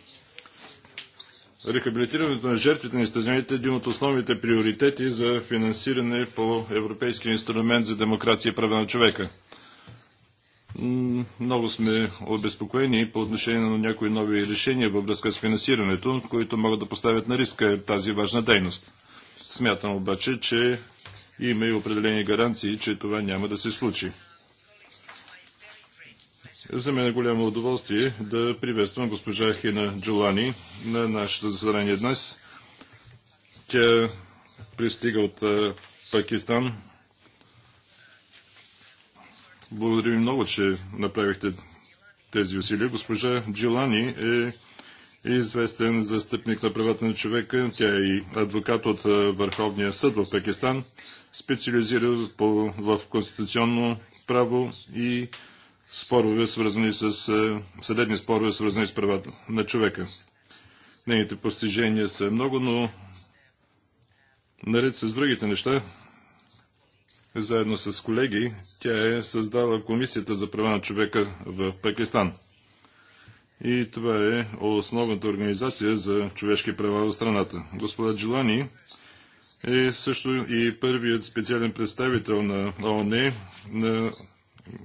Рехабилитирането на жертвите на изтезанията е един от основните приоритети за финансиране по Европейския инструмент за демокрация и права на човека. Много сме обезпокоени по отношение на някои нови решения във връзка с финансирането, които могат да поставят на риска тази важна дейност. Смятам обаче, че има и определени гаранции, че това няма да се случи. За мен е голямо удоволствие да приветствам госпожа Хина Джулани на нашето заседание днес. Тя пристига от Пакистан. Благодаря ви много, че направихте тези усилия. Госпожа Джилани е известен застъпник на правата на човека. Тя е и адвокат от Върховния съд в Пакистан. Специализира в конституционно право и спорове, свързани с е, съдебни спорове, свързани с правата на човека. Нейните постижения са много, но наред с другите неща, заедно с колеги, тя е създала Комисията за права на човека в Пакистан. И това е основната организация за човешки права в страната. Господа Джилани е също и първият специален представител на ООН на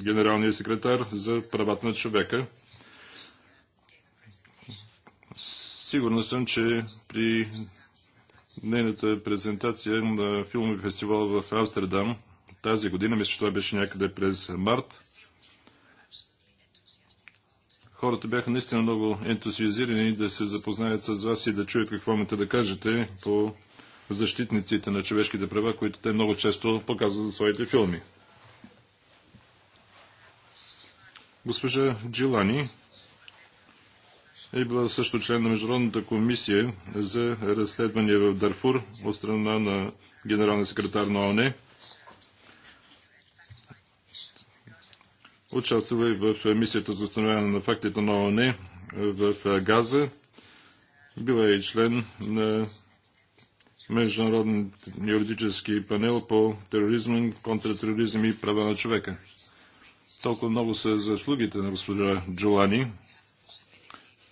генералния секретар за правата на човека. Сигурна съм, че при нейната презентация на филмови фестивал в Амстердам тази година, мисля, че това беше някъде през март, хората бяха наистина много ентусиазирани да се запознаят с вас и да чуят какво имате да кажете по защитниците на човешките права, които те много често показват в своите филми. Госпожа Джилани е била също член на Международната комисия за разследвания в Дарфур от страна на генералния секретар на ОНЕ. Участвала и е в мисията за установяване на фактите на ОНЕ в Газа. Била е и член на Международния юридически панел по тероризъм, контратероризъм и права на човека. Толкова много са заслугите на госпожа Джолани.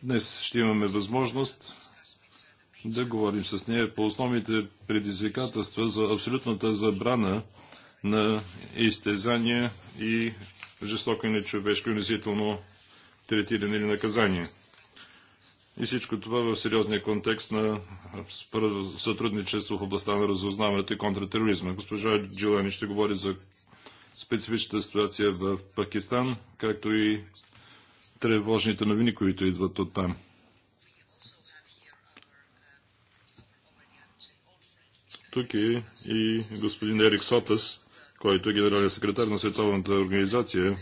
Днес ще имаме възможност да говорим с нея по основните предизвикателства за абсолютната забрана на изтезания и жестоко и нечовешко унизително третиране или наказание. И всичко това в сериозния контекст на сътрудничество в областта на разузнаването и контртероризма. Госпожа Джилани ще говори за специфичната ситуация в Пакистан, както и тревожните новини, които идват от там. Тук е и господин Ерик Сотас, който е генерален секретар на Световната организация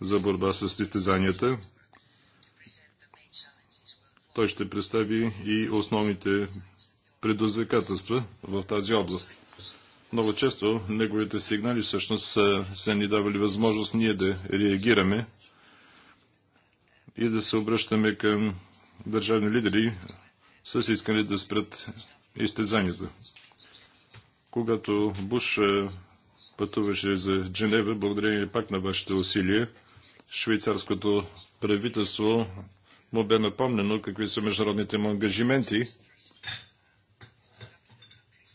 за борба с изтезанията. Той ще представи и основните предозвикателства в тази област много често неговите сигнали всъщност са, са ни давали възможност ние да реагираме и да се обръщаме към държавни лидери с искане да спрат изтезанието. Когато Буш пътуваше за Дженева, благодарение пак на вашите усилия, швейцарското правителство му бе напомнено какви са международните му ангажименти –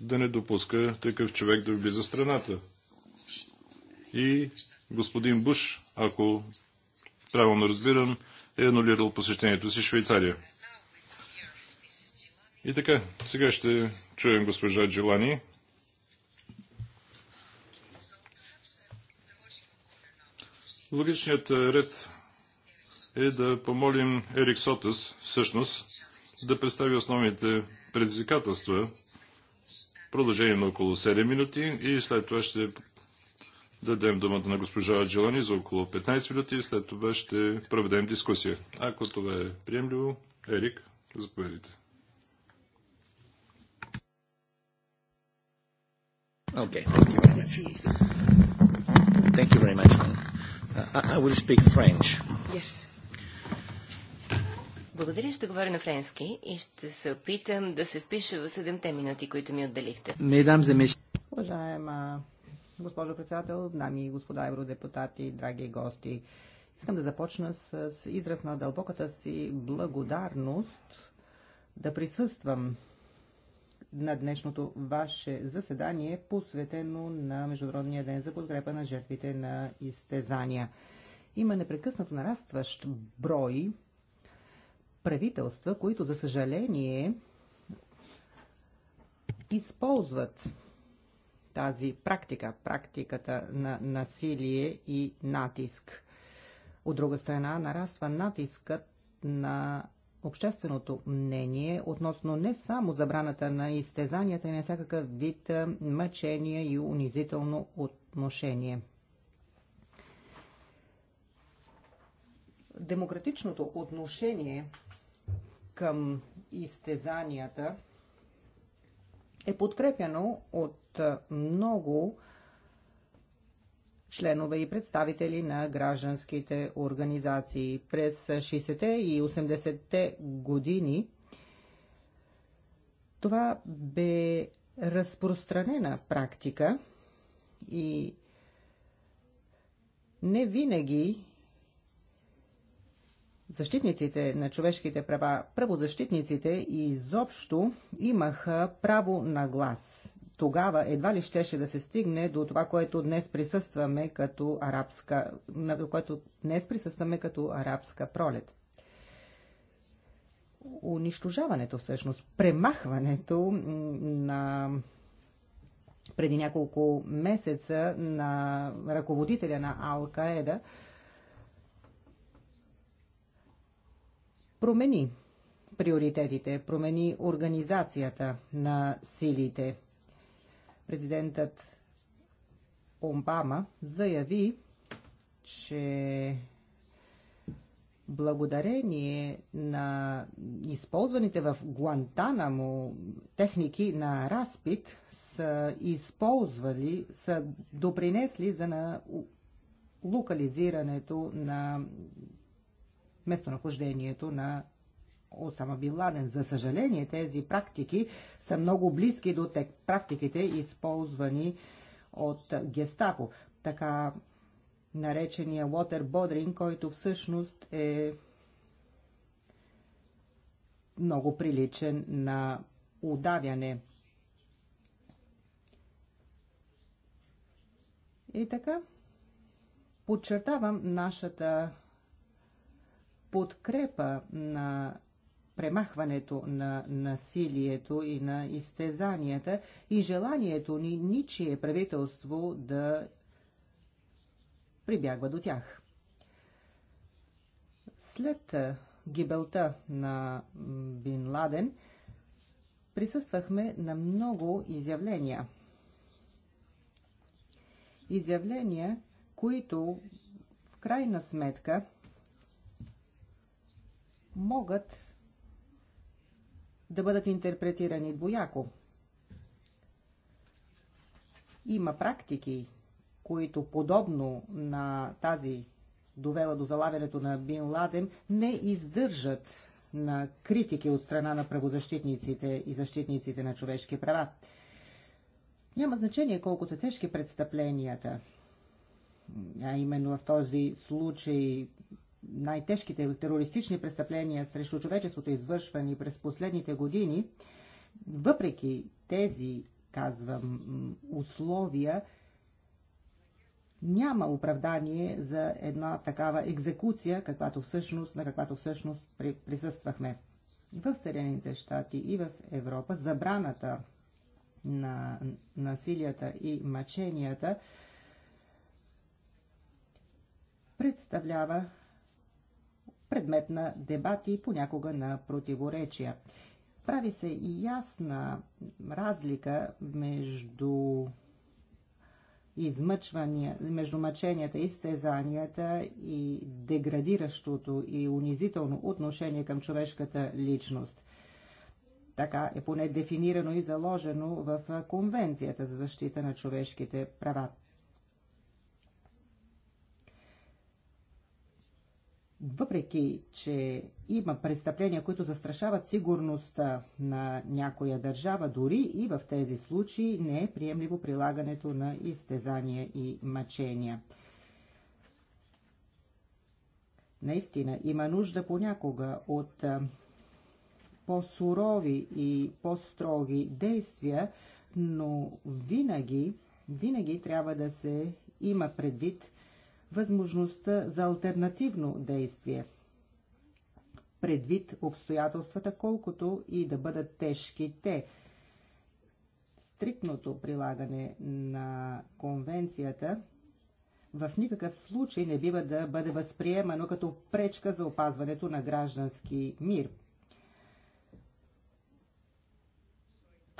да не допуска такъв човек да влиза в страната. И господин Буш, ако правилно разбирам, е анулирал посещението си в Швейцария. И така, сега ще чуем госпожа Джилани. Логичният е, ред е да помолим Ерик Сотъс, всъщност, да представи основните предизвикателства продължение на около 7 минути и след това ще дадем думата на госпожа Аджелани за около 15 минути и след това ще проведем дискусия. Ако това е приемливо, Ерик, заповядайте. Okay, thank you very much. Thank you very much. Uh, I, I will speak French. Yes. Благодаря, ще говоря на френски и ще се опитам да се впиша в 7-те минути, които ми отделихте. Медам за Уважаема госпожо председател, дами и господа евродепутати, драги гости, искам да започна с израз на дълбоката си благодарност да присъствам на днешното ваше заседание, посветено на Международния ден за подкрепа на жертвите на изтезания. Има непрекъснато нарастващ брой правителства, които за съжаление използват тази практика, практиката на насилие и натиск. От друга страна, нараства натискът на общественото мнение относно не само забраната на изтезанията и на всякакъв вид мъчения и унизително отношение. Демократичното отношение към изтезанията е подкрепяно от много членове и представители на гражданските организации. През 60-те и 80-те години това бе разпространена практика и не винаги защитниците на човешките права, правозащитниците изобщо имаха право на глас. Тогава едва ли щеше да се стигне до това, което днес присъстваме като арабска, на което днес присъстваме като арабска пролет. Унищожаването всъщност, премахването на преди няколко месеца на ръководителя на Ал-Каеда – промени приоритетите, промени организацията на силите. Президентът Обама заяви, че благодарение на използваните в Гуантанамо техники на разпит са използвали, са допринесли за на локализирането на местонахождението на Осама Бин Ладен. За съжаление, тези практики са много близки до те практиките, използвани от гестапо. Така наречения waterboarding, който всъщност е много приличен на удавяне. И така, подчертавам нашата подкрепа на премахването на насилието и на изтезанията и желанието ни ничие правителство да прибягва до тях. След гибелта на Бин Ладен присъствахме на много изявления. Изявления, които в крайна сметка могат да бъдат интерпретирани двояко. Има практики, които подобно на тази довела до залавянето на Бин Ладен, не издържат на критики от страна на правозащитниците и защитниците на човешки права. Няма значение колко са тежки престъпленията, а именно в този случай най-тежките терористични престъпления срещу човечеството, извършвани през последните години, въпреки тези, казвам, условия, няма оправдание за една такава екзекуция, каквато всъщност, на каквато всъщност присъствахме. В Съединените щати и в Европа забраната на насилията и мъченията представлява предмет на дебати, понякога на противоречия. Прави се и ясна разлика между измъчвания, между мъченията, изтезанията и деградиращото и унизително отношение към човешката личност. Така е поне дефинирано и заложено в Конвенцията за защита на човешките права. въпреки, че има престъпления, които застрашават сигурността на някоя държава, дори и в тези случаи не е приемливо прилагането на изтезания и мъчения. Наистина има нужда понякога от по-сурови и по-строги действия, но винаги, винаги трябва да се има предвид – възможността за альтернативно действие. Предвид обстоятелствата, колкото и да бъдат тежки те. Стрикното прилагане на конвенцията в никакъв случай не бива да бъде възприемано като пречка за опазването на граждански мир –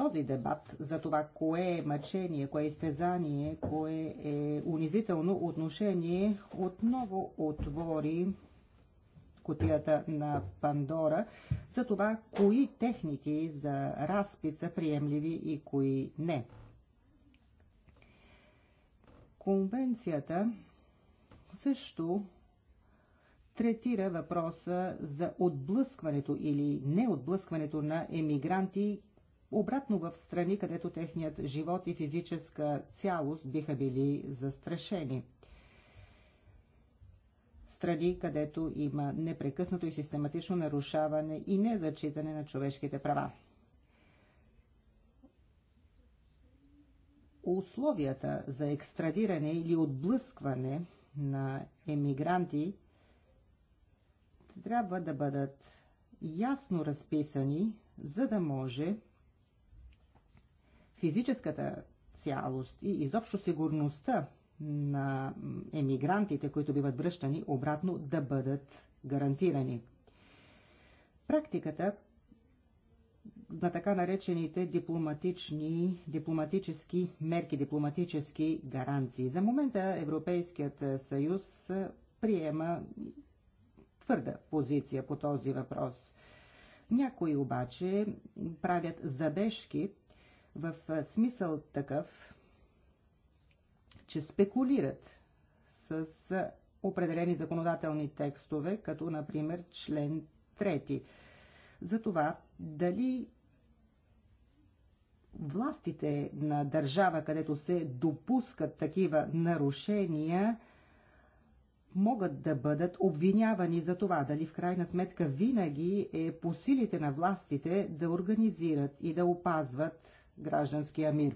този дебат за това кое е мъчение, кое е изтезание, кое е унизително отношение, отново отвори котията на Пандора за това кои техники за разпит са приемливи и кои не. Конвенцията също третира въпроса за отблъскването или неотблъскването на емигранти обратно в страни, където техният живот и физическа цялост биха били застрашени. Страни, където има непрекъснато и систематично нарушаване и незачитане на човешките права. Условията за екстрадиране или отблъскване на емигранти трябва да бъдат ясно разписани, за да може физическата цялост и изобщо сигурността на емигрантите, които биват връщани, обратно да бъдат гарантирани. Практиката на така наречените дипломатични, дипломатически мерки, дипломатически гаранции. За момента Европейският съюз приема твърда позиция по този въпрос. Някои обаче правят забежки в смисъл такъв, че спекулират с определени законодателни текстове, като например член 3. За това дали властите на държава, където се допускат такива нарушения, могат да бъдат обвинявани за това, дали в крайна сметка винаги е по силите на властите да организират и да опазват гражданския мир.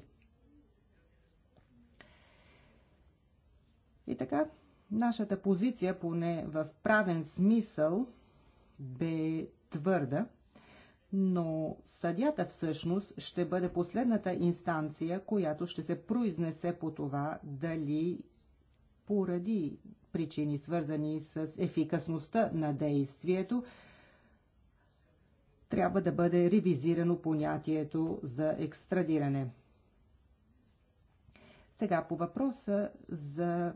И така, нашата позиция, поне в правен смисъл, бе твърда, но съдята всъщност ще бъде последната инстанция, която ще се произнесе по това дали поради причини свързани с ефикасността на действието трябва да бъде ревизирано понятието за екстрадиране. Сега по въпроса за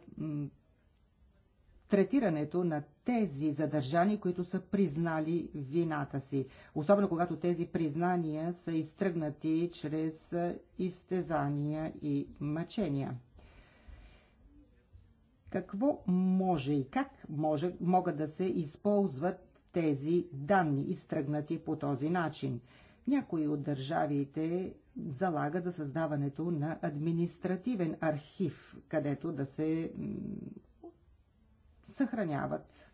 третирането на тези задържани, които са признали вината си. Особено когато тези признания са изтръгнати чрез изтезания и мъчения. Какво може и как може, могат да се използват тези данни, изтръгнати по този начин. Някои от държавите залагат за създаването на административен архив, където да се съхраняват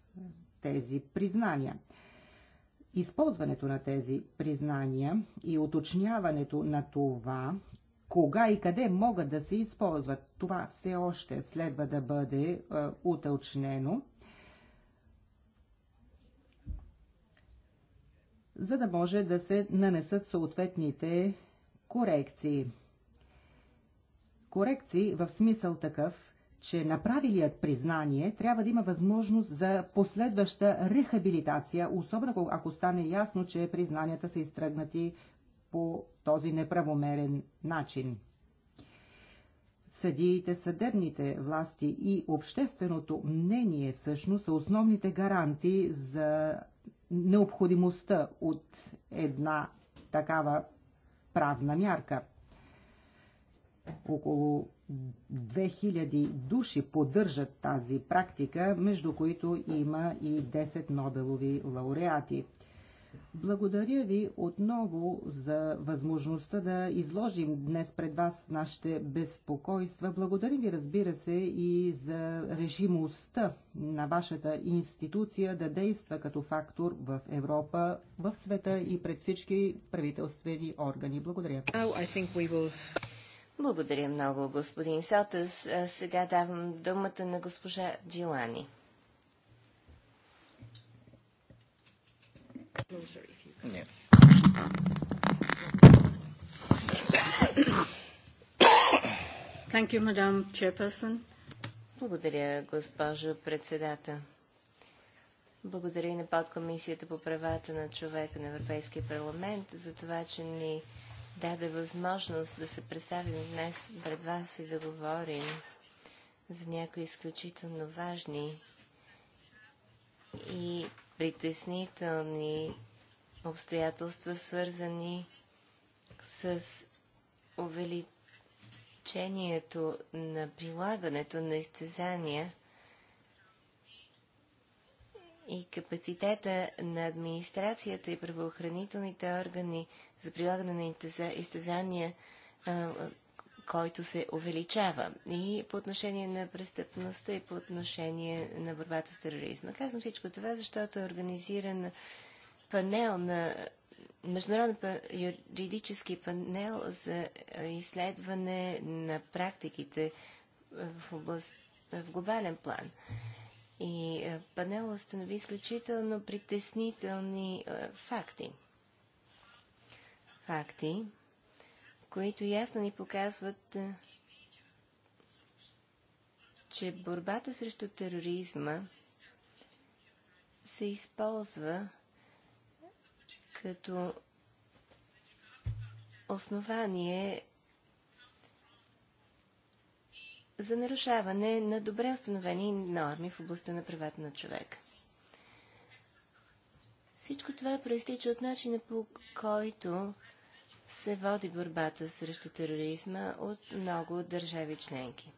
тези признания. Използването на тези признания и уточняването на това, кога и къде могат да се използват, това все още следва да бъде е, уточнено за да може да се нанесат съответните корекции. Корекции в смисъл такъв, че направилият признание трябва да има възможност за последваща рехабилитация, особено ако стане ясно, че признанията са изтръгнати по този неправомерен начин. Съдиите, съдебните власти и общественото мнение всъщност са основните гаранти за необходимостта от една такава правна мярка. Около 2000 души поддържат тази практика, между които има и 10 Нобелови лауреати. Благодаря ви отново за възможността да изложим днес пред вас нашите безпокойства. Благодарим ви, разбира се, и за решимостта на вашата институция да действа като фактор в Европа, в света и пред всички правителствени органи. Благодаря. Благодаря много, господин Сотас. Сега давам думата на госпожа Джилани. Yeah. Thank you, Madam Chairperson. Благодаря, госпожо председател. Благодаря и на подкомисията по правата на човека на Европейския парламент за това, че ни даде възможност да се представим днес пред вас и да говорим за някои изключително важни и притеснителни обстоятелства, свързани с увеличението на прилагането на изтезания и капацитета на администрацията и правоохранителните органи за прилагане на изтезания който се увеличава и по отношение на престъпността, и по отношение на борбата с тероризма. Казвам всичко това, защото е организиран панел на международен юридически панел за изследване на практиките в, област, в глобален план. И е, панел установи изключително притеснителни е, факти. Факти, които ясно ни показват, че борбата срещу тероризма се използва като основание за нарушаване на добре установени норми в областта на правата на човека. Всичко това проистича от начина по който се води борбата срещу тероризма от много държави членки.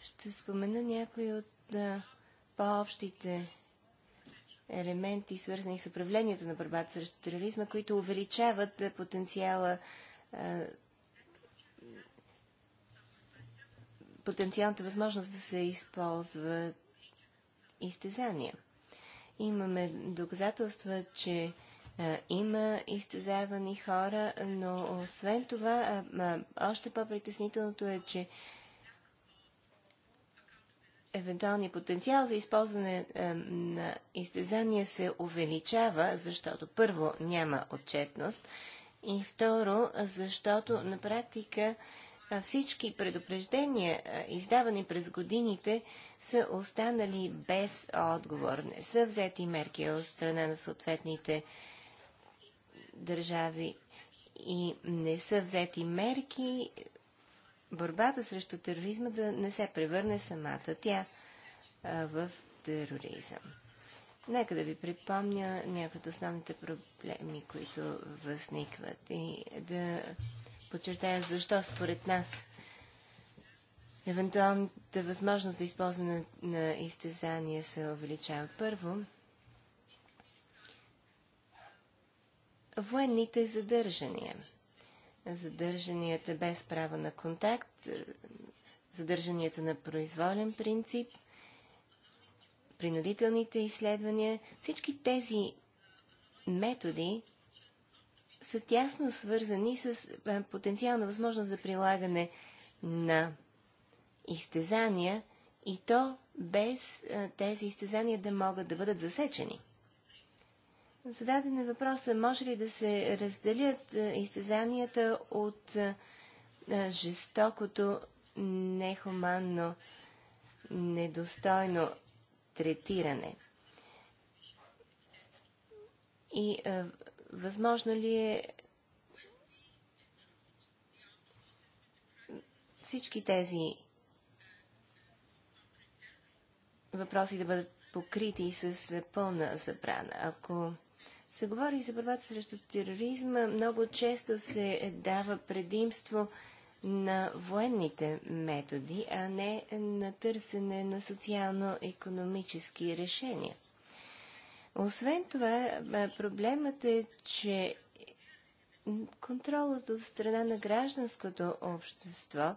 Ще спомена някои от по-общите елементи, свързани с управлението на борбата срещу тероризма, които увеличават потенциала потенциалната възможност да се използват изтезания. Имаме доказателства, че е, има изтезавани хора, но освен това, е, е, още по-притеснителното е, че евентуалният потенциал за използване на изтезания се увеличава, защото първо няма отчетност и второ, защото на практика всички предупреждения, издавани през годините, са останали без отговор. Не са взети мерки от страна на съответните държави и не са взети мерки, борбата срещу тероризма да не се превърне самата тя в тероризъм. Нека да ви припомня някои от основните проблеми, които възникват и да подчертая защо според нас евентуалната възможност за използване на изтезания се увеличава. Първо, военните задържания. Задържанията без право на контакт, е, задържанията на произволен принцип, принудителните изследвания, всички тези методи са тясно свързани с е, потенциална възможност за прилагане на изтезания и то без е, тези изтезания да могат да бъдат засечени. Зададен е въпроса, може ли да се разделят е, изтезанията от е, е, жестокото, нехуманно, недостойно третиране? И а, възможно ли е всички тези въпроси да бъдат покрити с пълна забрана? Ако се говори за борбата срещу тероризма, много често се дава предимство на военните методи, а не на търсене на социално-економически решения. Освен това, проблемът е, че контролът от страна на гражданското общество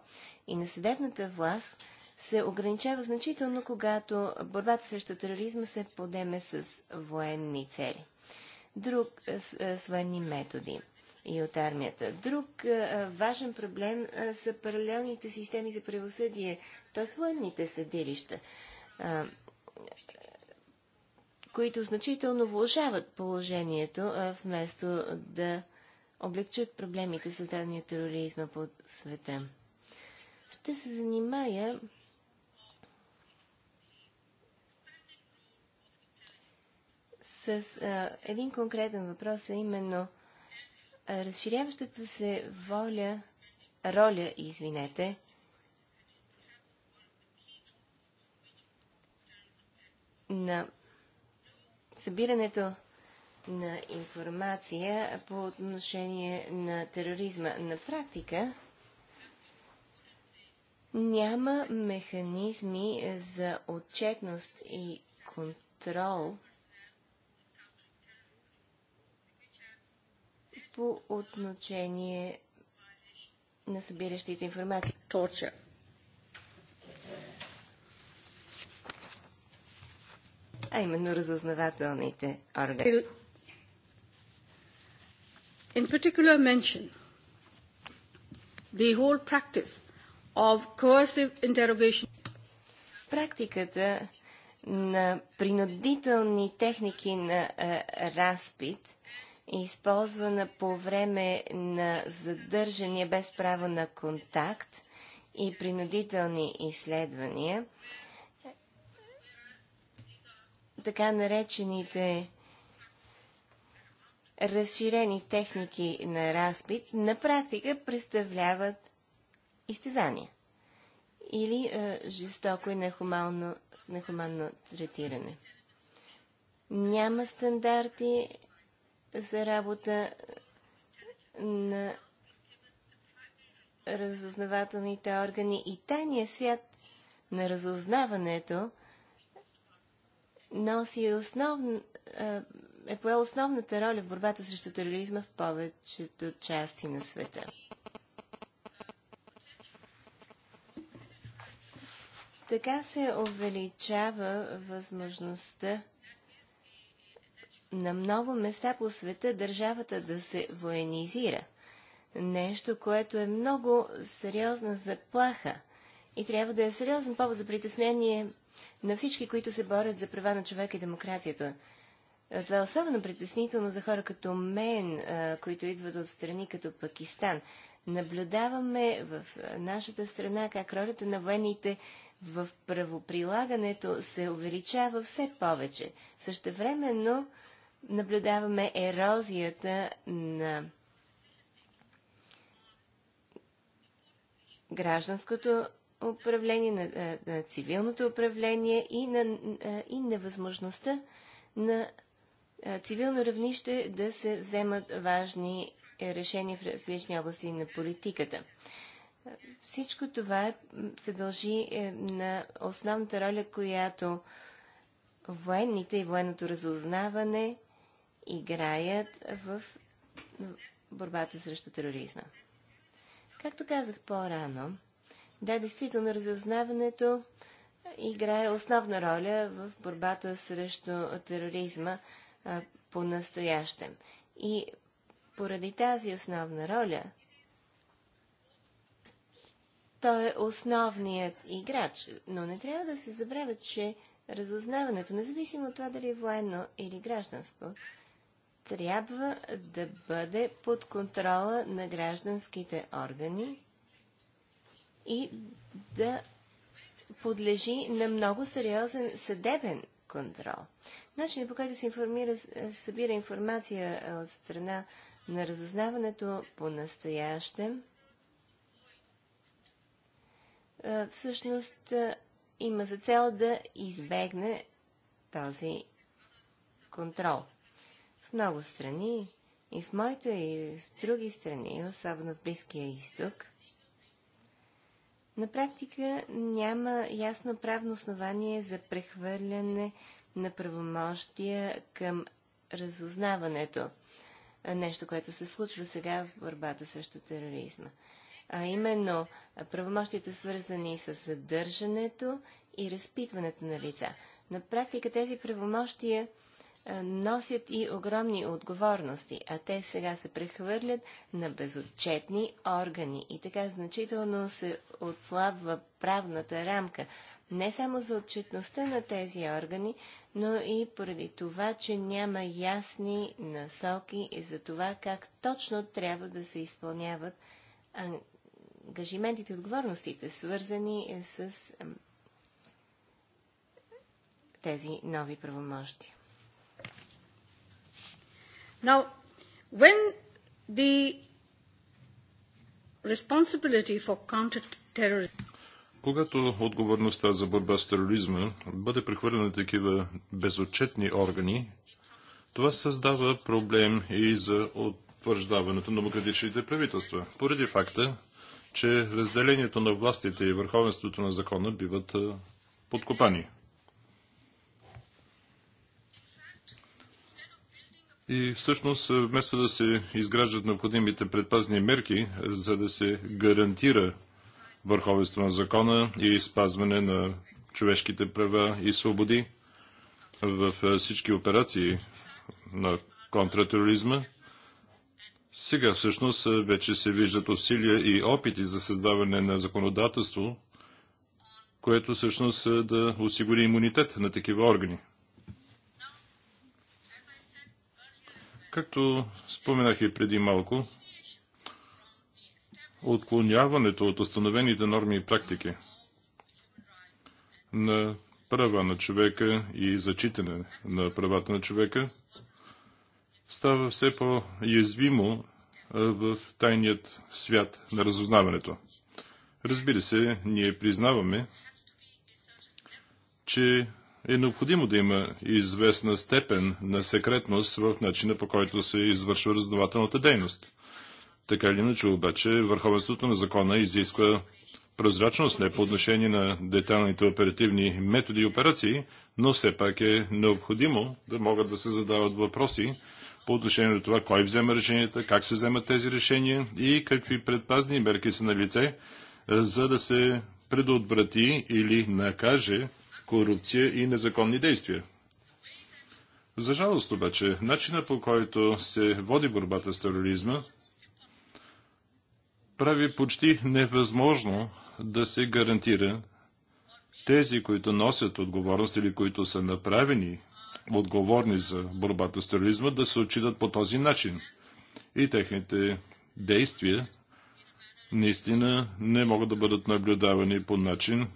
и на съдебната власт се ограничава значително, когато борбата срещу тероризма се подеме с военни цели друг е, е, свънни методи и от армията. Друг а, е, важен проблем а, са паралелните системи за правосъдие, т.е. военните съдилища, а, които значително влушават положението, вместо да облегчат проблемите, създадени от тероризма по света. Ще се занимая с а, един конкретен въпрос, а именно а, разширяващата се воля, роля, извинете, на събирането на информация по отношение на тероризма. На практика няма механизми за отчетност и контрол – по отношение на събиращите информация. Torture. А именно разузнавателните органи. In particular mention the whole practice of coercive interrogation. Практиката на принудителни техники на а, разпит – използвана по време на задържания без право на контакт и принудителни изследвания, така наречените разширени техники на разпит на практика представляват изтезания или е, жестоко и нехуманно, нехуманно третиране. Няма стандарти, за работа на разузнавателните органи и тайния свят на разузнаването носи основна, е поел основната роля в борбата срещу тероризма в повечето части на света. Така се увеличава възможността на много места по света държавата да се военизира. Нещо, което е много сериозна заплаха и трябва да е сериозен повод за притеснение на всички, които се борят за права на човека и демокрацията. Това е особено притеснително за хора като мен, които идват от страни като Пакистан. Наблюдаваме в нашата страна как ролята на военните в правоприлагането се увеличава все повече. Същевременно наблюдаваме ерозията на гражданското управление, на, на цивилното управление и на, и на на цивилно равнище да се вземат важни решения в различни области на политиката. Всичко това се дължи е, на основната роля, която военните и военното разузнаване играят в борбата срещу тероризма. Както казах по-рано, да, действително разузнаването играе основна роля в борбата срещу тероризма по-настоящем. И поради тази основна роля, той е основният играч. Но не трябва да се забравя, че разузнаването, независимо от това дали е военно или гражданско, трябва да бъде под контрола на гражданските органи и да подлежи на много сериозен съдебен контрол. Начинът по който се информира, събира информация от страна на разузнаването по настояще, всъщност има за цел да избегне този контрол много страни, и в моите и в други страни, особено в Близкия изток, на практика няма ясно правно основание за прехвърляне на правомощия към разузнаването. Нещо, което се случва сега в борбата срещу тероризма. А именно правомощията свързани с задържането и разпитването на лица. На практика тези правомощия е, носят и огромни отговорности, а те сега се прехвърлят на безотчетни органи и така значително се отслабва правната рамка. Не само за отчетността на тези органи, но и поради това, че няма ясни насоки и за това как точно трябва да се изпълняват ангажиментите и отговорностите, свързани е, с тези нови правомощия. Now, when the responsibility for counterterrorism когато отговорността за борба с тероризма бъде прехвърлена на такива безотчетни органи, това създава проблем и за утвърждаването на демократичните правителства, поради факта, че разделението на властите и върховенството на закона биват подкопани. И всъщност, е, вместо да се изграждат необходимите предпазни мерки, е, за да се гарантира върховенство на закона и спазване на човешките права и свободи в е, всички операции на контратероризма, сега всъщност вече се виждат усилия и опити за създаване на законодателство, което всъщност да осигури имунитет на такива органи. Както споменах и преди малко, отклоняването от установените норми и практики на права на човека и зачитане на правата на човека става все по-язвимо в тайният свят на разузнаването. Разбира се, ние признаваме, че е необходимо да има известна степен на секретност в начина по който се извършва разнователната дейност. Така или иначе обаче, върховенството на закона изисква прозрачност не по отношение на детайлните оперативни методи и операции, но все пак е необходимо да могат да се задават въпроси по отношение на това кой взема решенията, как се вземат тези решения и какви предпазни мерки са на лице, за да се предотврати или накаже корупция и незаконни действия. За жалост обаче, начина по който се води борбата с тероризма прави почти невъзможно да се гарантира тези, които носят отговорност или които са направени отговорни за борбата с тероризма, да се отчитат по този начин. И техните действия наистина не могат да бъдат наблюдавани по начин,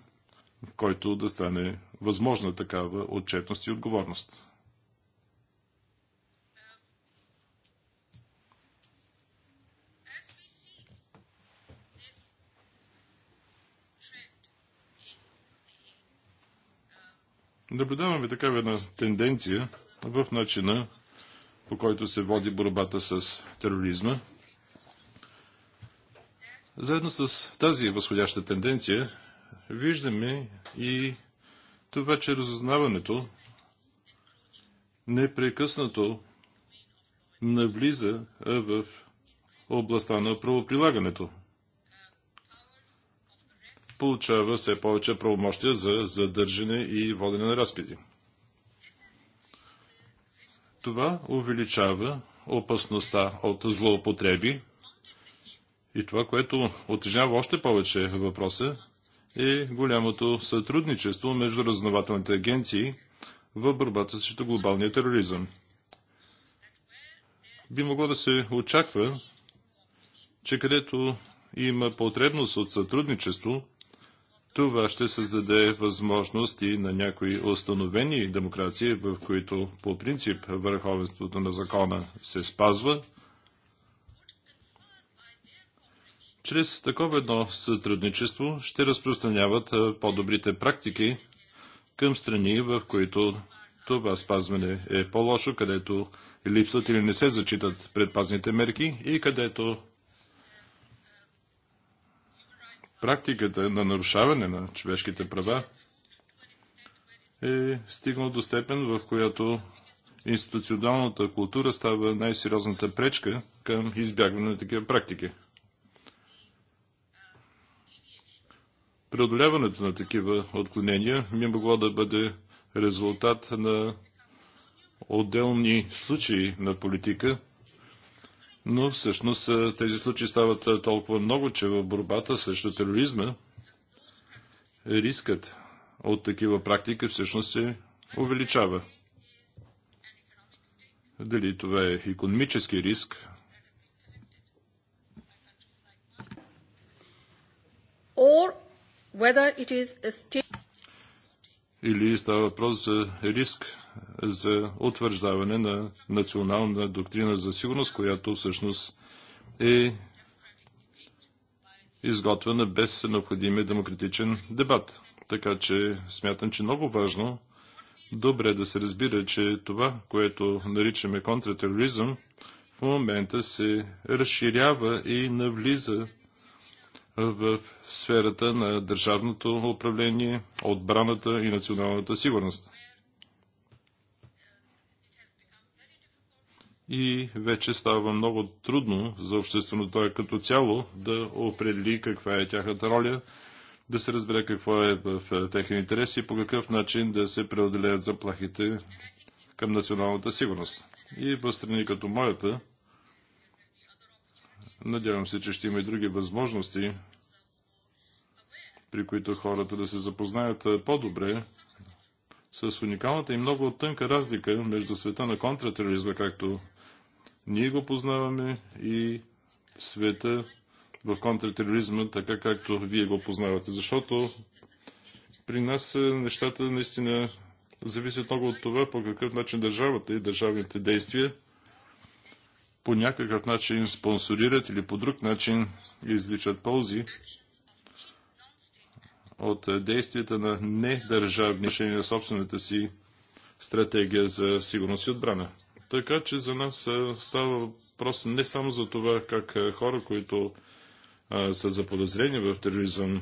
който да стане възможна такава отчетност и отговорност. Наблюдаваме такава една тенденция в начина по който се води борбата с тероризма. Заедно с тази възходяща тенденция виждаме и това, че разузнаването непрекъснато навлиза в областта на правоприлагането. Получава все повече правомощия за задържане и водене на разпити. Това увеличава опасността от злоупотреби и това, което отежнява още повече въпроса, е голямото сътрудничество между разнователните агенции в борбата срещу глобалния тероризъм. Би могло да се очаква, че където има потребност от сътрудничество, това ще създаде възможности на някои установени демокрации, в които по принцип върховенството на закона се спазва, Чрез такова едно сътрудничество ще разпространяват по-добрите практики към страни, в които това спазване е по-лошо, където липсват или не се зачитат предпазните мерки и където практиката на нарушаване на човешките права е стигнал до степен, в която институционалната култура става най-сериозната пречка към избягване на такива практики. преодоляването на такива отклонения би могло да бъде резултат на отделни случаи на политика, но всъщност тези случаи стават толкова много, че в борбата срещу тероризма рискът от такива практики всъщност се увеличава. Дали това е економически риск? Or whether it is или става въпрос за риск за утвърждаване на национална доктрина за сигурност, която всъщност е изготвена без необходимия демократичен дебат. Така че смятам, че много важно добре да се разбира, че това, което наричаме контртероризъм, в момента се разширява и навлиза в сферата на държавното управление, отбраната и националната сигурност. И вече става много трудно за общественото като цяло да определи каква е тяхната роля, да се разбере какво е в техния интерес и по какъв начин да се преодолеят заплахите към националната сигурност. И в страни като моята, Надявам се, че ще има и други възможности, при които хората да се запознаят по-добре с уникалната и много тънка разлика между света на контратероризма, както ние го познаваме, и света в контратероризма, така както вие го познавате. Защото при нас нещата наистина зависят много от това, по какъв начин държавата и държавните действия по някакъв начин спонсорират или по друг начин извличат ползи от е, действията на недържавни решения на собствената си стратегия за сигурност и отбрана. Така че за нас е, става въпрос не само за това как е, хора, които са са заподозрени в тероризъм,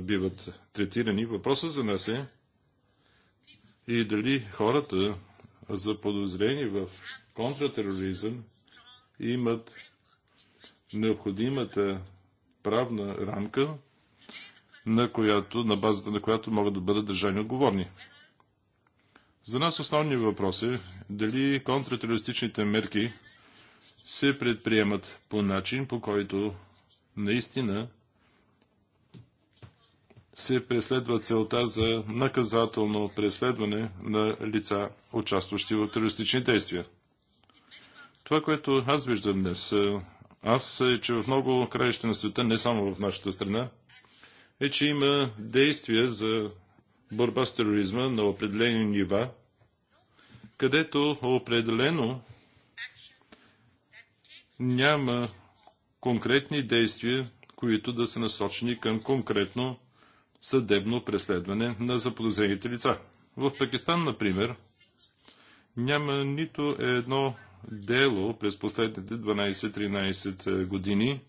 биват третирани. Въпросът за нас е и дали хората заподозрени в контратероризъм имат необходимата правна рамка, на, която, на базата на която могат да бъдат държани отговорни. За нас основният въпрос е дали контратерористичните мерки се предприемат по начин, по който наистина се преследва целта за наказателно преследване на лица, участващи в терористични действия. Това, което аз виждам днес, е, аз е, че в много краища на света, не само в нашата страна, е, че има действия за борба с тероризма на определени нива, където определено няма конкретни действия, които да са насочени към конкретно съдебно преследване на заподозрените лица. В Пакистан, например, няма нито едно дело през последните 12-13 е, години,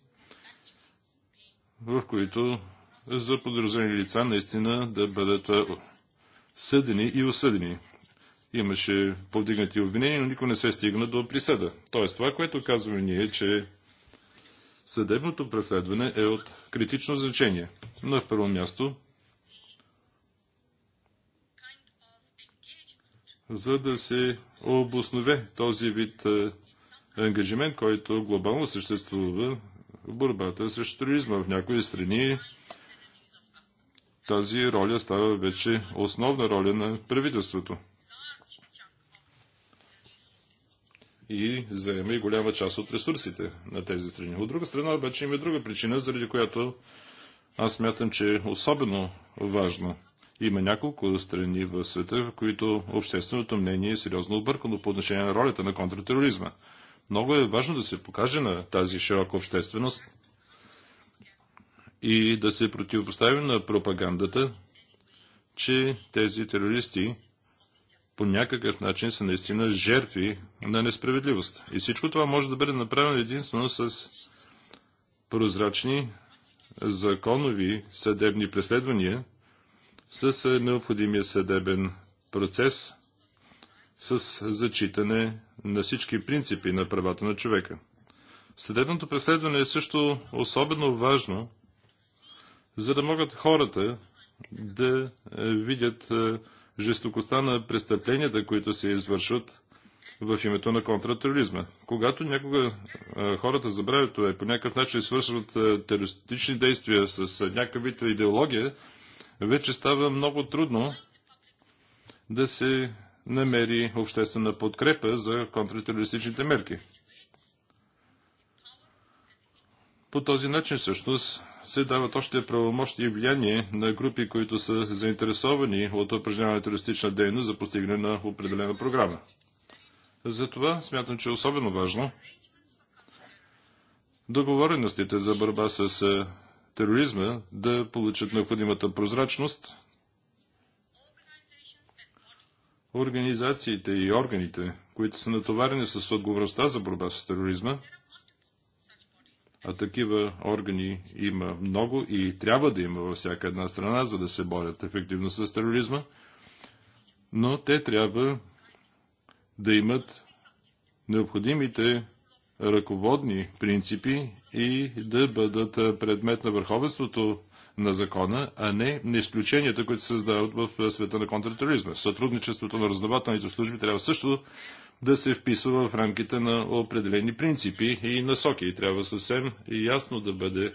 в които за подразумени лица наистина да бъдат е, съдени и осъдени. Имаше повдигнати обвинения, но никой не се стигна до присъда. Тоест това, което казваме ние, че съдебното преследване е от критично значение. На първо място за да се обоснове този вид е, ангажимент, който глобално съществува в борбата срещу туризма. В някои страни тази роля става вече основна роля на правителството. И заема и голяма част от ресурсите на тези страни. От друга страна обаче има друга причина, заради която аз мятам, че е особено важно – има няколко страни в света, в които общественото мнение е сериозно объркано по отношение на ролята на контртероризма. Много е важно да се покаже на тази широка общественост и да се противопоставим на пропагандата, че тези терористи по някакъв начин са наистина жертви на несправедливост. И всичко това може да бъде направено единствено с прозрачни законови съдебни преследвания – с е, необходимия съдебен процес, с зачитане на всички принципи на правата на човека. Съдебното преследване е също особено важно, за да могат хората да е, видят е, жестокостта на престъпленията, които се извършват в името на контратероризма. Когато някога хората забравят това и по някакъв начин свършват терористични действия с някакъв вид идеология, вече става много трудно да се намери обществена подкрепа за контртерористичните мерки. По този начин всъщност се дават още правомощи и влияние на групи, които са заинтересовани от упражняване терористична дейност за постигане на определена програма. Затова смятам, че е особено важно договореностите за борба с е, тероризма да получат необходимата прозрачност. Организациите и органите, които са натоварени с отговорността за борба с тероризма, а такива органи има много и трябва да има във всяка една страна, за да се борят ефективно с тероризма, но те трябва да имат необходимите ръководни принципи и да бъдат предмет на върховенството на закона, а не на изключенията, които се създават в света на контртероризма. Сътрудничеството на раздавателните служби трябва също да се вписва в рамките на определени принципи и насоки. И трябва съвсем ясно да бъде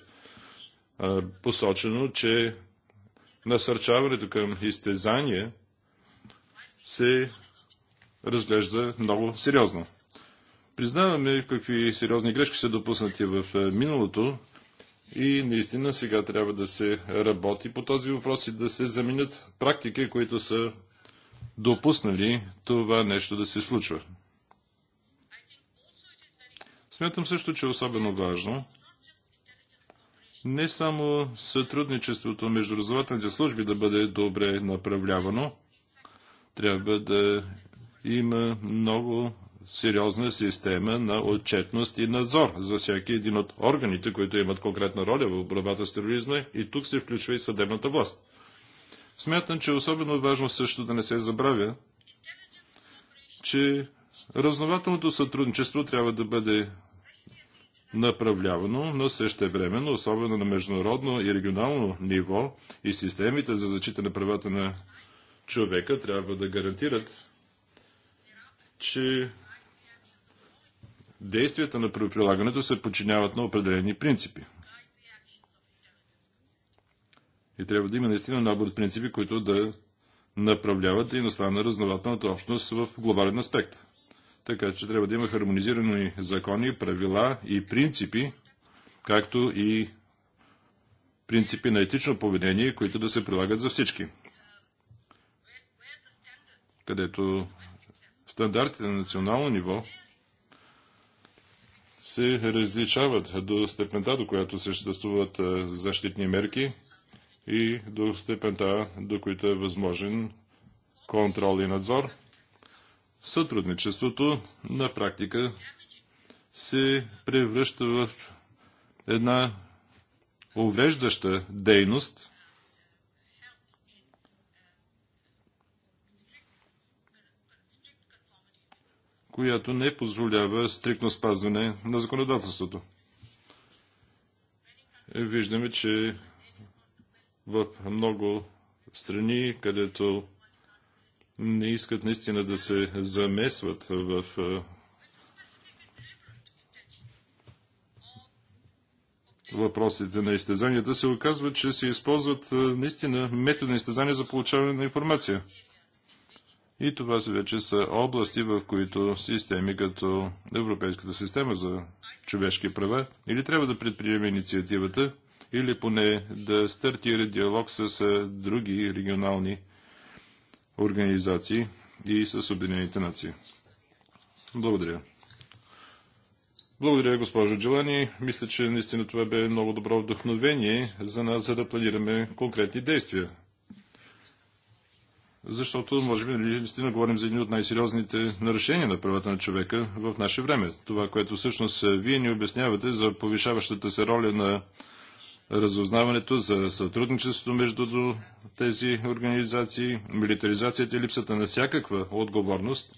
посочено, че насърчаването към изтезание се разглежда много сериозно. Признаваме какви сериозни грешки са допуснати в е, миналото и наистина сега трябва да се работи по този въпрос и да се заменят практики, които са допуснали това нещо да се случва. Смятам също, че е особено важно не само сътрудничеството между разузнавателните служби да бъде добре направлявано, трябва да има много сериозна система на отчетност и надзор за всеки един от органите, които имат конкретна роля в борбата с тероризма и тук се включва и съдебната власт. Смятам, че е особено важно също да не се забравя, че разнователното сътрудничество трябва да бъде направлявано, но също времено, особено на международно и регионално ниво и системите за защита на правата на човека трябва да гарантират, че действията на правоприлагането се подчиняват на определени принципи. И трябва да има наистина набор от принципи, които да направляват дейността на разнователната общност в глобален аспект. Така че трябва да има хармонизирани закони, правила и принципи, както и принципи на етично поведение, които да се прилагат за всички. Където стандартите на национално ниво се различават до степента, до която съществуват защитни мерки и до степента, до които е възможен контрол и надзор. Сътрудничеството на практика се превръща в една увреждаща дейност, която не позволява стрикно спазване на законодателството. Е, виждаме, че в много страни, където не искат наистина да се замесват в въпросите на изтезанията, се оказва, че се използват наистина методи на изтезания за получаване на информация. И това са вече са области, в които системи като Европейската система за човешки права или трябва да предприеме инициативата, или поне да стартира диалог с други регионални организации и с Обединените нации. Благодаря. Благодаря, госпожо Джелани. Мисля, че наистина това бе много добро вдъхновение за нас, за да планираме конкретни действия защото може би наистина говорим за едни от най-сериозните нарушения на правата на човека в наше време. Това, което всъщност е, вие ни обяснявате за повишаващата се роля на разузнаването, за сътрудничеството между тези организации, милитаризацията и липсата на всякаква отговорност,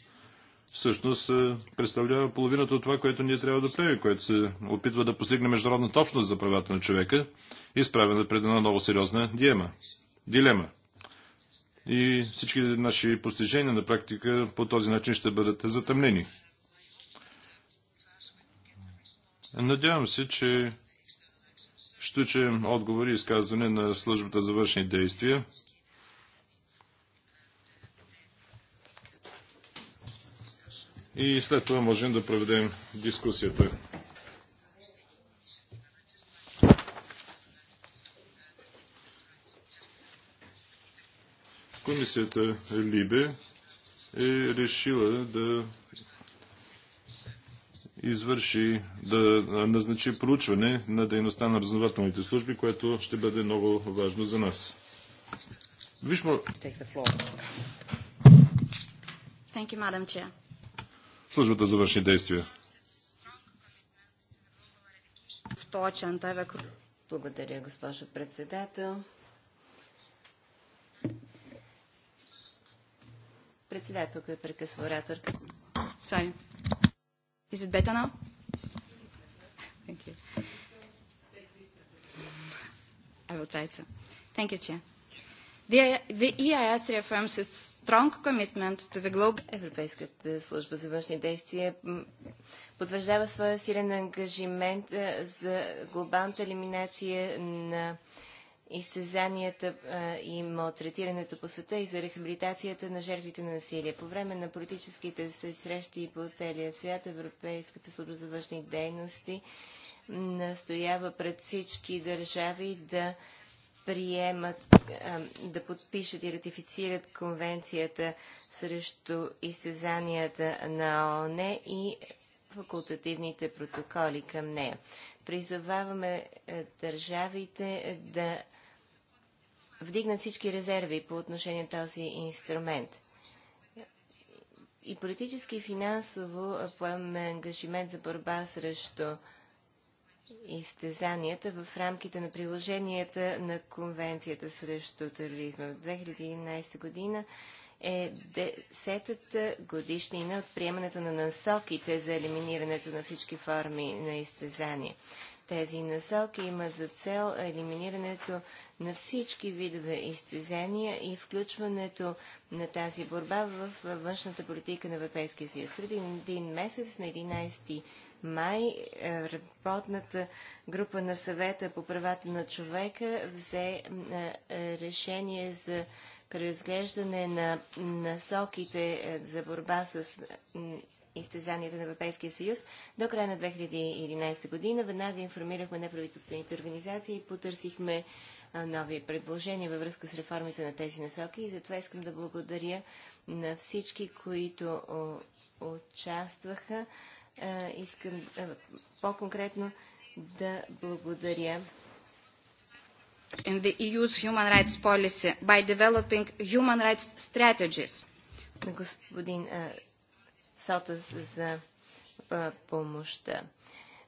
всъщност е, представлява половината от това, което ние трябва да правим, което се опитва да постигне международната общност за правата на човека, изправена пред една много сериозна диема, дилема и всички наши постижения на практика по този начин ще бъдат затъмнени. Надявам се, че ще чуем отговори и изказване на службата за външни действия. И след това можем да проведем дискусията. Комисията Либе е решила да извърши, да назначи проучване на дейността на разнователните служби, което ще бъде много важно за нас. Виж, you, Службата за външни действия. Е Благодаря, госпожо председател. Председателка е прекъсва ораторка. Sorry. Is it better now? Thank you. I will try to. Thank you, Chair. The, the EIS reaffirms its strong commitment to the global... Европейската служба за външни действия потвърждава своя силен ангажимент за глобалната елиминация на изтезанията и малтретирането по света и за рехабилитацията на жертвите на насилие. По време на политическите се срещи по целия свят Европейската служба за външни дейности настоява пред всички държави да приемат, да подпишат и ратифицират конвенцията срещу изтезанията на ООН и факултативните протоколи към нея. Призоваваме е, държавите да вдигнат всички резерви по отношение на този инструмент. И политически и финансово поемаме ангажимент за борба срещу изтезанията в рамките на приложенията на Конвенцията срещу тероризма. В 2011 година е десетата годишнина от приемането на насоките за елиминирането на всички форми на изтезания. Тези насоки имат за цел елиминирането на всички видове изцезения и включването на тази борба в външната политика на Европейския съюз. Преди един месец, на 11 май, е, работната група на съвета по правата на човека взе е, е, решение за преразглеждане на насоките за борба с изтезанията на Европейския съюз до края на 2011 година. Веднага информирахме неправителствените организации и потърсихме нови предложения във връзка с реформите на тези насоки и затова искам да благодаря на всички, които участваха. Искам по-конкретно да благодаря in the EU's human rights policy by developing human rights strategies. Господин Сотас за помощта.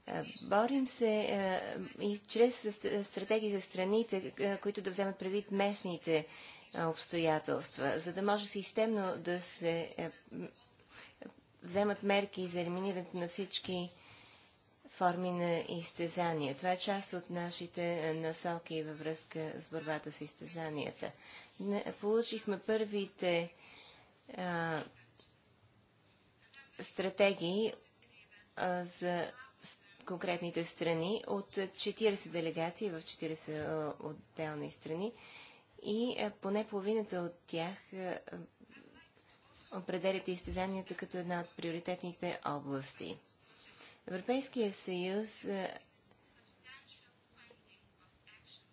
Е, борим се е, и чрез стратегии за страните, е, които да вземат предвид местните обстоятелства, за да може системно да се вземат мерки за елиминирането на всички форми на изтезания. Това е част от нашите насоки във връзка с борбата с изтезанията. Получихме първите а, стратегии а, за конкретните страни от 40 делегации в 40 отделни страни и поне половината от тях определят изтезанията като една от приоритетните области. Европейския съюз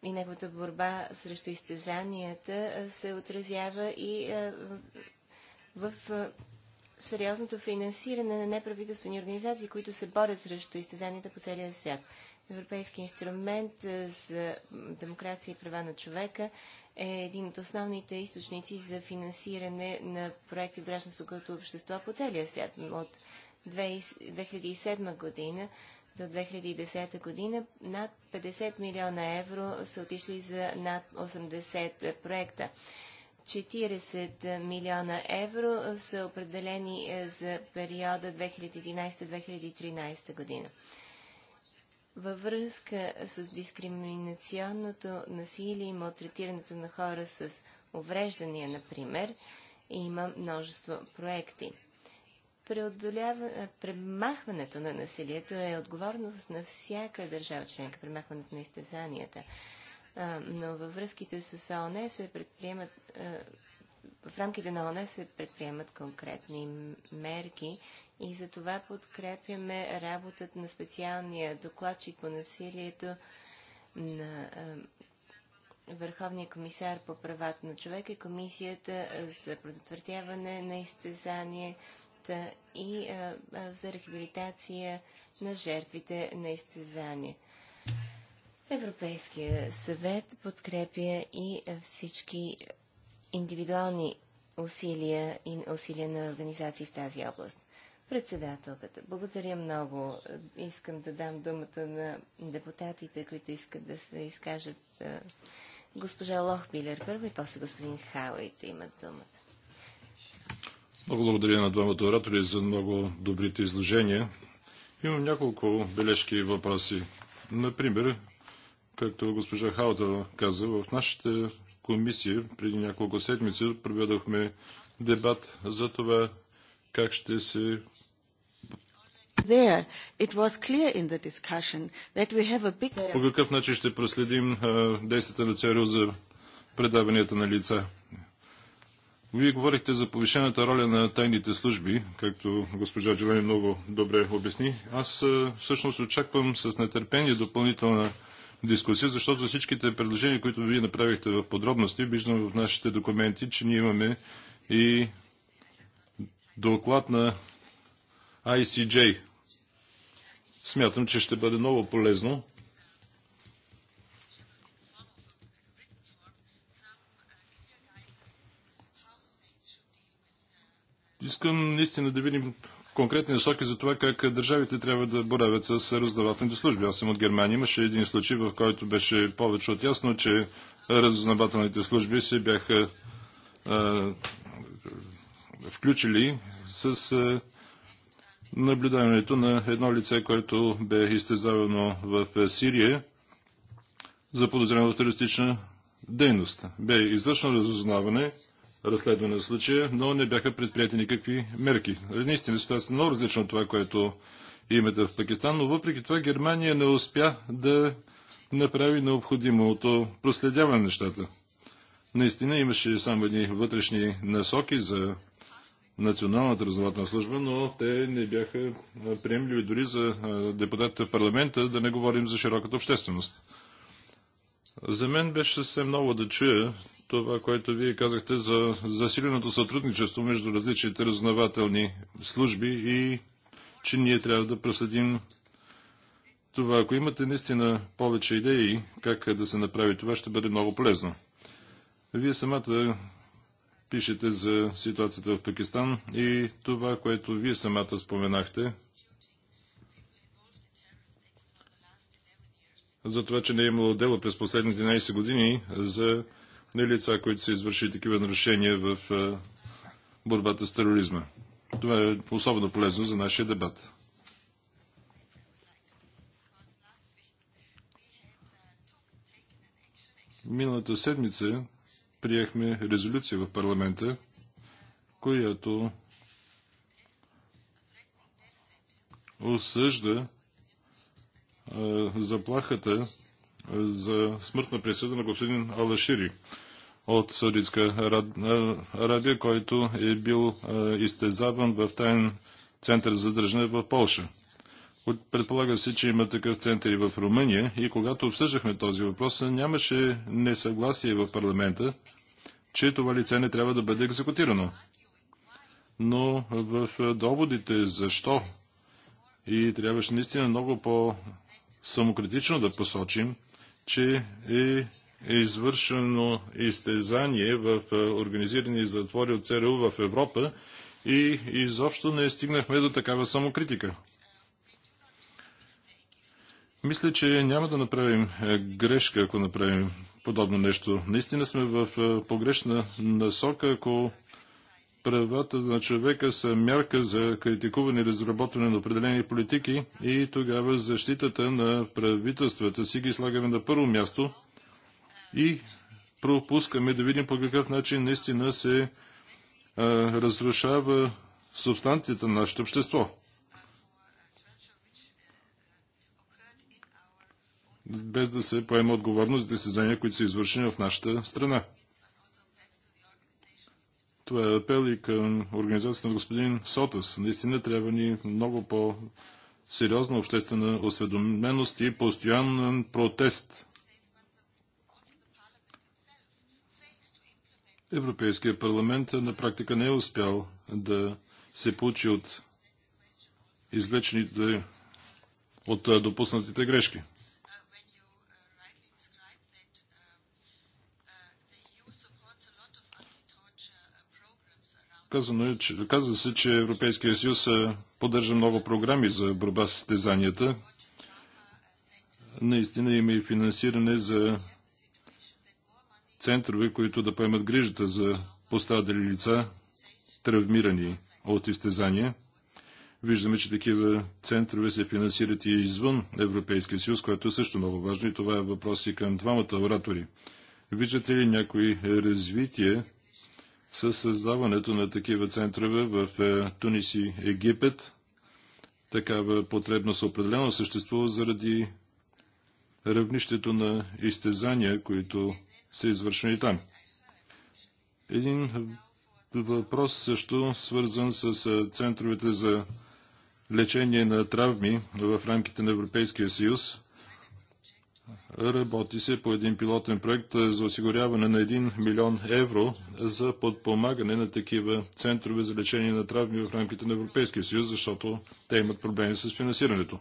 и неговата борба срещу изтезанията се отразява и в сериозното финансиране на неправителствени организации, които се борят срещу изтезанията по целия свят. Европейски инструмент е, за демокрация и права на човека е един от основните източници за финансиране на проекти в гражданското общество по целия свят. От 2007 година до 2010 година над 50 милиона евро са отишли за над 80 проекта. 40 милиона евро са определени е, за периода 2011-2013 година. Във връзка с дискриминационното насилие и малтретирането на хора с увреждания, например, има множество проекти. Е, премахването на насилието е отговорност на всяка държава членка, премахването на изтезанията но във връзките с ООН се предприемат в рамките на ОНЕ се предприемат конкретни мерки и за това подкрепяме работата на специалния докладчик по насилието на Върховния комисар по правата на човека и Комисията за предотвратяване на изтезанията и за рехабилитация на жертвите на изтезания. Европейския съвет подкрепя и всички индивидуални усилия и усилия на организации в тази област. Председателката, благодаря много. Искам да дам думата на депутатите, които искат да се изкажат. Е, госпожа Лохбилер първо и после господин Хауит имат думата. Много благодаря на двамата оратори за много добрите изложения. Имам няколко бележки и въпроси. Например, Както госпожа Хауда каза, в нашата комисия преди няколко седмици проведохме дебат за това как ще се There, big... По какъв начин ще проследим действията на ЦРУ за предаванията на лица? Вие говорихте за повишената роля на тайните служби, както госпожа Джилени много добре обясни. Аз всъщност очаквам с нетърпение допълнителна дискусия, защото всичките предложения, които вие направихте в подробности, виждам в нашите документи, че ние имаме и доклад на ICJ. Смятам, че ще бъде много полезно Искам наистина да видим конкретни насоки за това как държавите трябва да боравят с разузнавателните служби. Аз съм от Германия. Имаше един случай, в който беше повече от ясно, че разузнавателните служби се бяха а, включили с а, наблюдаването на едно лице, което бе изтезавано в Сирия за подозрено в терористична дейност. Бе извършено разузнаване разследване на случая, но не бяха предприяти никакви мерки. Наистина ситуацията е много различна от това, което имате в Пакистан, но въпреки това Германия не успя да направи необходимото проследяване на нещата. Наистина имаше само едни вътрешни насоки за Националната разнователна служба, но те не бяха приемливи дори за депутатите в парламента, да не говорим за широката общественост. За мен беше съвсем ново да чуя това, което вие казахте за засиленото сътрудничество между различните разузнавателни служби и че ние трябва да проследим това. Ако имате наистина повече идеи как да се направи това, ще бъде много полезно. Вие самата пишете за ситуацията в Пакистан и това, което вие самата споменахте, за това, че не е имало дело през последните 11 години за на лица, които са извършили такива нарушения в борбата с тероризма. Това е особено полезно за нашия дебат. Миналата седмица приехме резолюция в парламента, която осъжда заплахата за смъртна присъда на господин Алашири, от Саудитска Арабия, който е бил изтезаван в тайн център за държане в Польша. Предполага се, че има такъв център и в Румъния и когато обсъждахме този въпрос, нямаше несъгласие в парламента, че това лице не трябва да бъде екзекутирано. Но в доводите защо и трябваше наистина много по-самокритично да посочим, че е е извършено изтезание в е, организирани затвори от ЦРУ в Европа и изобщо не стигнахме до такава самокритика. Мисля, че няма да направим е, грешка, ако направим подобно нещо. Наистина сме в е, погрешна насока, ако правата на човека са мярка за критикуване и разработване на определени политики и тогава защитата на правителствата си ги слагаме на първо място, и пропускаме да видим по какъв начин наистина се а, разрушава субстанцията на нашето общество. без да се поема отговорност за създания, които са извършени в нашата страна. Това е апел и към организацията на господин Сотас. Наистина трябва ни много по-сериозна обществена осведоменост и постоянен протест Европейския парламент на практика не е успял да се получи от извлечените от допуснатите грешки. Казано е, че, казва се, че Европейския съюз поддържа много програми за борба с тезанията. Наистина има и финансиране за центрове, които да поемат грижата за пострадали лица, травмирани от изтезания. Виждаме, че такива центрове се финансират и извън Европейския съюз, което е също много важно и това е въпрос и към двамата оратори. Виждате ли някои развитие с създаването на такива центрове в е, Тунис и Египет? Такава потребност определено съществува заради равнището на изтезания, които са извършвани там. Един въпрос също свързан с центровете за лечение на травми в рамките на Европейския съюз. Работи се по един пилотен проект за осигуряване на 1 милион евро за подпомагане на такива центрове за лечение на травми в рамките на Европейския съюз, защото те имат проблеми с финансирането.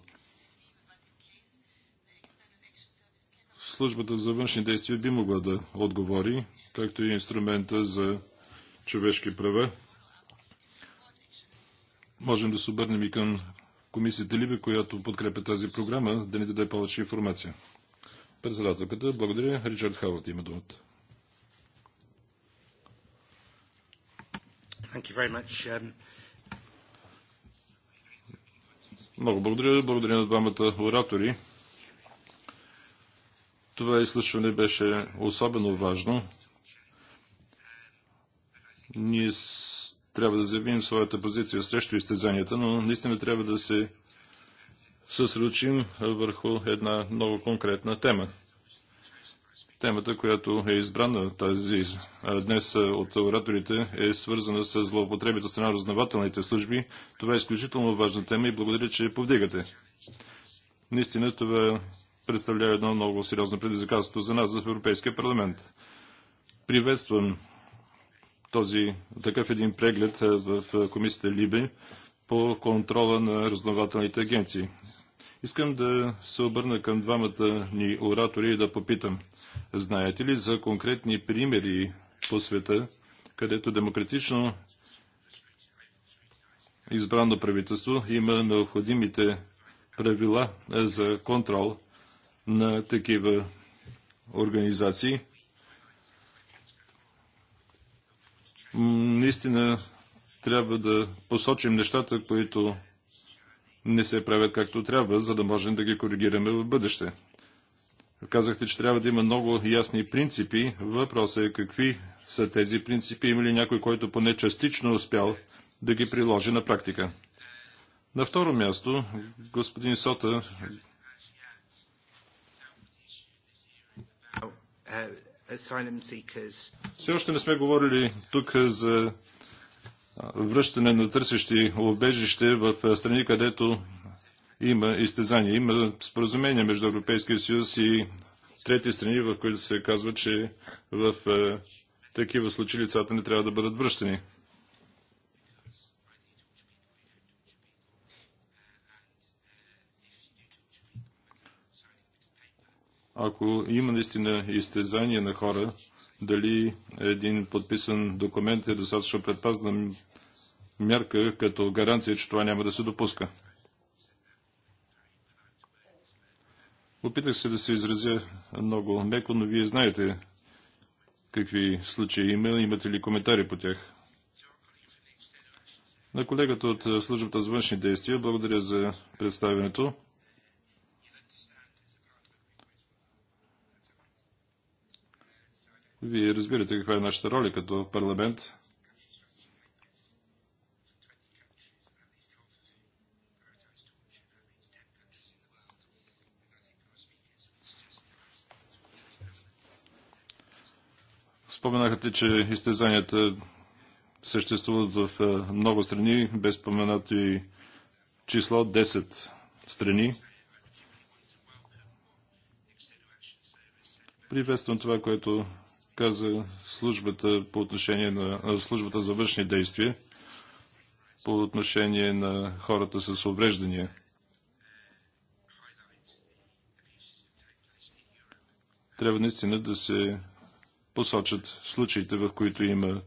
службата за външни действия би могла да отговори, както и инструмента за човешки права. Можем да се обърнем и към комисията Либе, която подкрепя тази програма, да ни даде повече информация. Председателката, благодаря. Ричард Хават има думата. Um, Много благодаря. Благодаря на двамата оратори. Това изслушване беше особено важно. Ние трябва да заявим своята позиция срещу изтезанията, но наистина трябва да се съсредочим върху една много конкретна тема. Темата, която е избрана тази днес от ораторите, е свързана с злоупотребите страна на разнователните служби. Това е изключително важна тема и благодаря, че я повдигате. Наистина това представлява едно много сериозно предизвикателство за нас, в Европейския парламент. Приветствам този такъв един преглед в комисията Либе по контрола на разнователните агенции. Искам да се обърна към двамата ни оратори и да попитам. Знаете ли за конкретни примери по света, където демократично избрано правителство има необходимите правила за контрол на такива организации. Наистина трябва да посочим нещата, които не се правят както трябва, за да можем да ги коригираме в бъдеще. Казахте, че трябва да има много ясни принципи. Въпросът е какви са тези принципи. Има ли някой, който поне частично е успял да ги приложи на практика? На второ място, господин Сота Uh, Все още не сме говорили тук за връщане на търсещи обежище в страни, където има изтезания. Има споразумение между Европейския съюз и трети страни, в които се казва, че в такива случаи лицата не трябва да бъдат връщани. ако има наистина изтезание на хора, дали един подписан документ е достатъчно предпазна мярка като гаранция, че това няма да се допуска. Опитах се да се изразя много меко, но вие знаете какви случаи има, имате ли коментари по тях. На колегата от службата за външни действия благодаря за представянето. Вие разбирате каква е нашата роля като парламент. Споменахате, че изтезанията съществуват в е, много страни, без споменато и число 10 страни. Приветствам това, което каза службата по отношение на службата за външни действия по отношение на хората с увреждания. Трябва наистина да се посочат случаите, в които има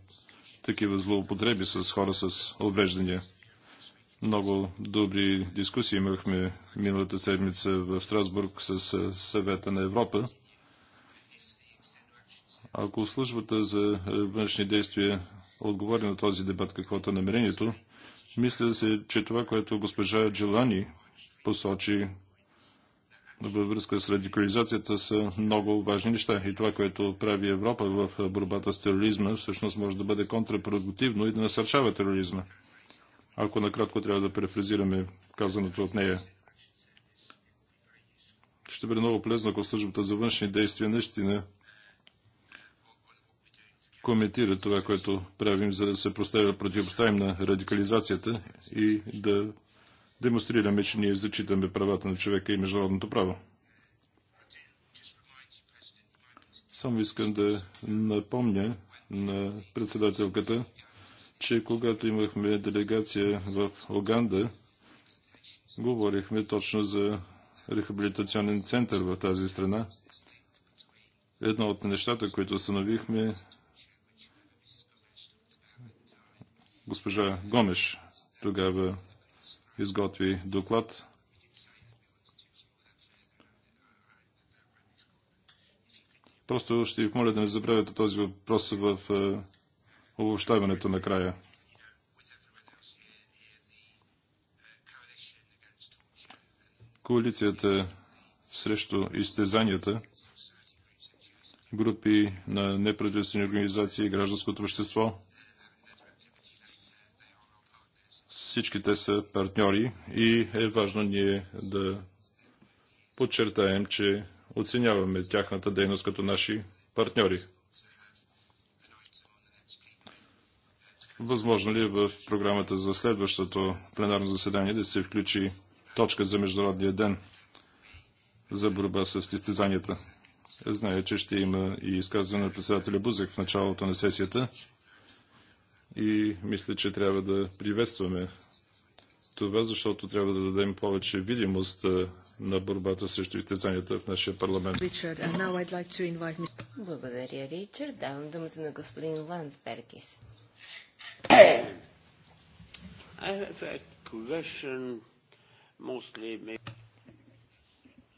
такива злоупотреби с хора с увреждания. Много добри дискусии имахме миналата седмица в Страсбург с съвета на Европа ако службата за е, външни действия отговори на този дебат каквото е намерението, мисля се, че това, което госпожа Джелани посочи във връзка с радикализацията са много важни неща. И това, което прави Европа в е, борбата с тероризма, всъщност може да бъде контрапродуктивно и да насърчава тероризма. Ако накратко трябва да префразираме казаното от нея. Ще бъде много полезно, ако службата за външни действия наистина коментира това, което правим, за да се противопоставим на радикализацията и да демонстрираме, че ние зачитаме правата на човека и международното право. Само искам да напомня на председателката, че когато имахме делегация в Оганда, говорихме точно за рехабилитационен център в тази страна. Едно от нещата, които установихме Госпожа Гомеш тогава изготви доклад. Просто ще ви моля да не забравяте този въпрос в е, обобщаването на края. Коалицията срещу изтезанията, групи на неправителствени организации и гражданското общество Всички те са партньори и е важно ние да подчертаем, че оценяваме тяхната дейност като наши партньори. Възможно ли е в програмата за следващото пленарно заседание да се включи точка за Международния ден за борба с изтезанията? Зная, че ще има и изказване на председателя Бузък в началото на сесията и мисля, че трябва да приветстваме това, защото трябва да дадем повече видимост на борбата срещу изтезанията в нашия парламент. Ричард, like invite... Благодаря, Ричард. Давам думата на господин Лансбергис.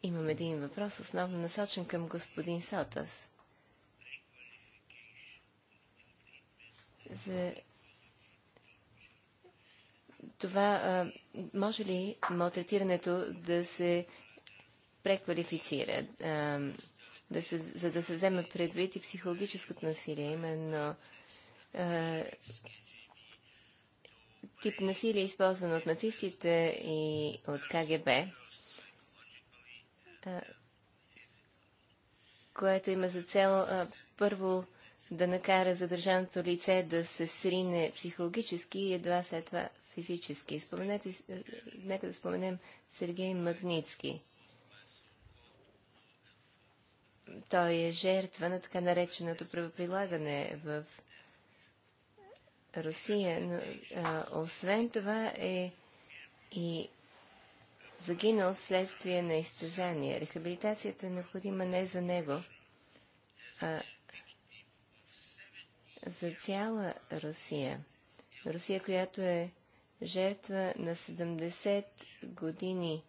Имам един въпрос, основно насочен към господин Сотас. За това а, може ли малтретирането да се преквалифицира, а, да се, за да се вземе предвид и психологическото насилие, именно а, тип насилие, използвано от нацистите и от КГБ, което има за цел първо да накара задържаното лице да се срине психологически и едва след това физически. Споменете, е, нека да споменем Сергей Магницки. Той е жертва на така нареченото правоприлагане в Русия, но а, освен това е и загинал следствие на изтезания. Рехабилитацията е необходима не за него, а за цяла Русия. Русия, която е жертва на 70 години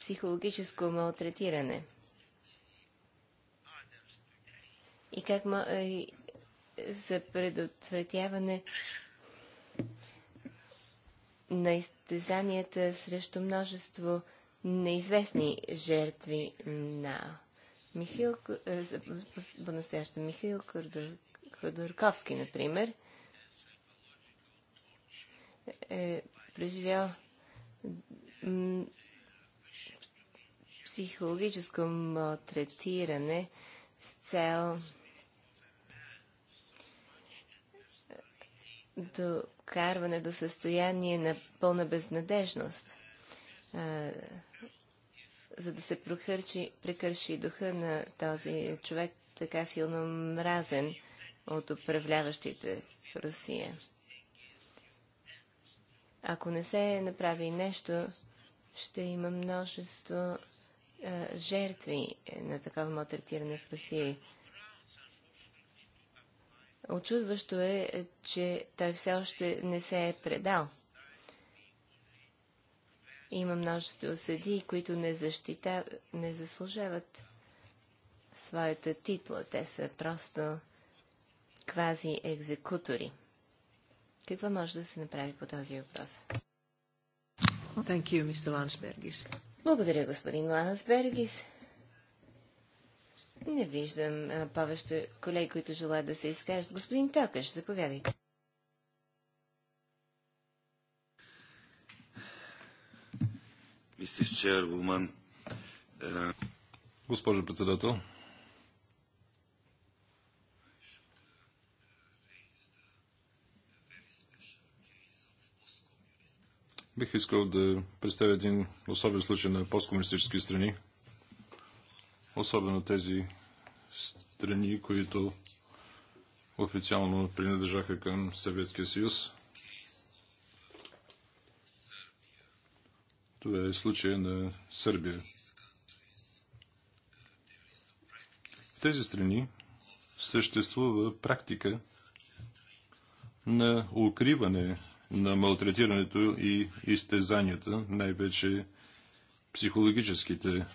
психологическо малтретиране. И как ма, и, за предотвратяване на изтезанията срещу множество неизвестни жертви на Михил, по-настоящем Михил Ходорковски, например – е преживял психологическо малтретиране с цел докарване до състояние на пълна безнадежност, а, за да се прекърши, прекърши духа на този човек, така силно мразен от управляващите в Русия. Ако не се направи нещо, ще има множество а, е, жертви на такова малтретиране в Русия. Очудващо е, е, че той все още не се е предал. Има множество съди, които не, защита... не заслужават своята титла. Те са просто квази-екзекутори. Какво може да се направи по този въпрос? Thank you, Mr. Lansbergis. Благодаря, господин Лансбергис. Не виждам повече колеги, които желаят да се изкажат. Господин Токаш, заповядайте. Е, Госпожо председател, Бих искал да представя един особен случай на посткомунистически страни, особено тези страни, които официално принадлежаха към Съветския съюз. Това е случая на Сърбия. В тези страни съществува практика на укриване на малтретирането и изтезанията, най-вече психологическите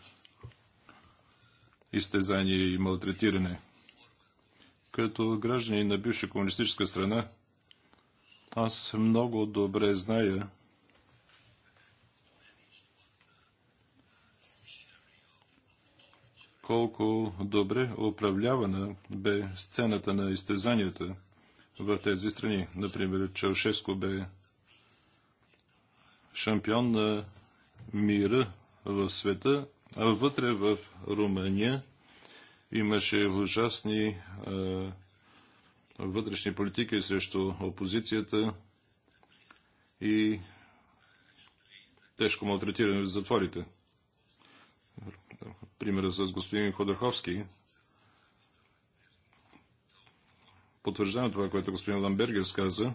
изтезания и малтретиране. Като граждани на бивша комунистическа страна, аз много добре зная колко добре управлявана бе сцената на изтезанията – в тези страни. Например, Чаушеско бе шампион на мира в света, а вътре в Румъния имаше ужасни вътрешни политики срещу опозицията и тежко малтретиране в затворите. Примерът с господин Ходорховски потвърждавам това, което господин Ламбергер сказа,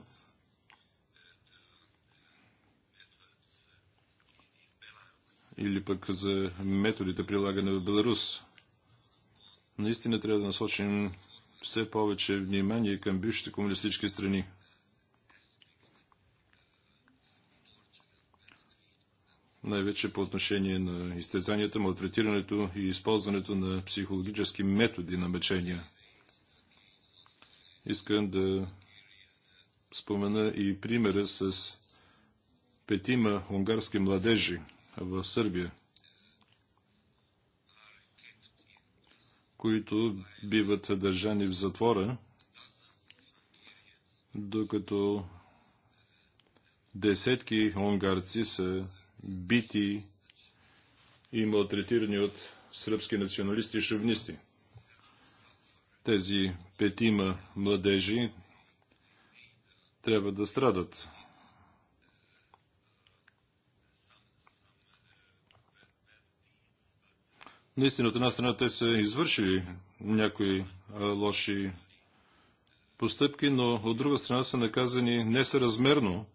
или пък за методите прилагане в Беларус. Наистина трябва да насочим все повече внимание към бившите комунистически страни. Най-вече по отношение на изтезанията, малтретирането и използването на психологически методи на мечения. Искам да спомена и примера с петима унгарски младежи в Сърбия, които биват държани в затвора, докато десетки унгарци са бити и малтретирани от сръбски националисти и шовнисти. Тези петима младежи трябва да страдат. Наистина, от една страна те са извършили някои а, лоши постъпки, но от друга страна са наказани несъразмерно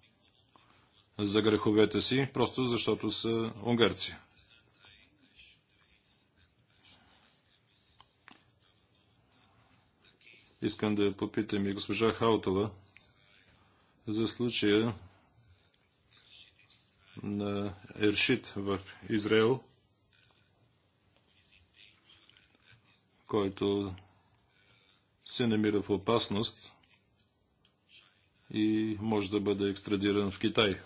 за греховете си, просто защото са унгарци. Искам да попитам и госпожа Хаутала за случая на Ершит в Израел, който се намира в опасност и може да бъде екстрадиран в Китай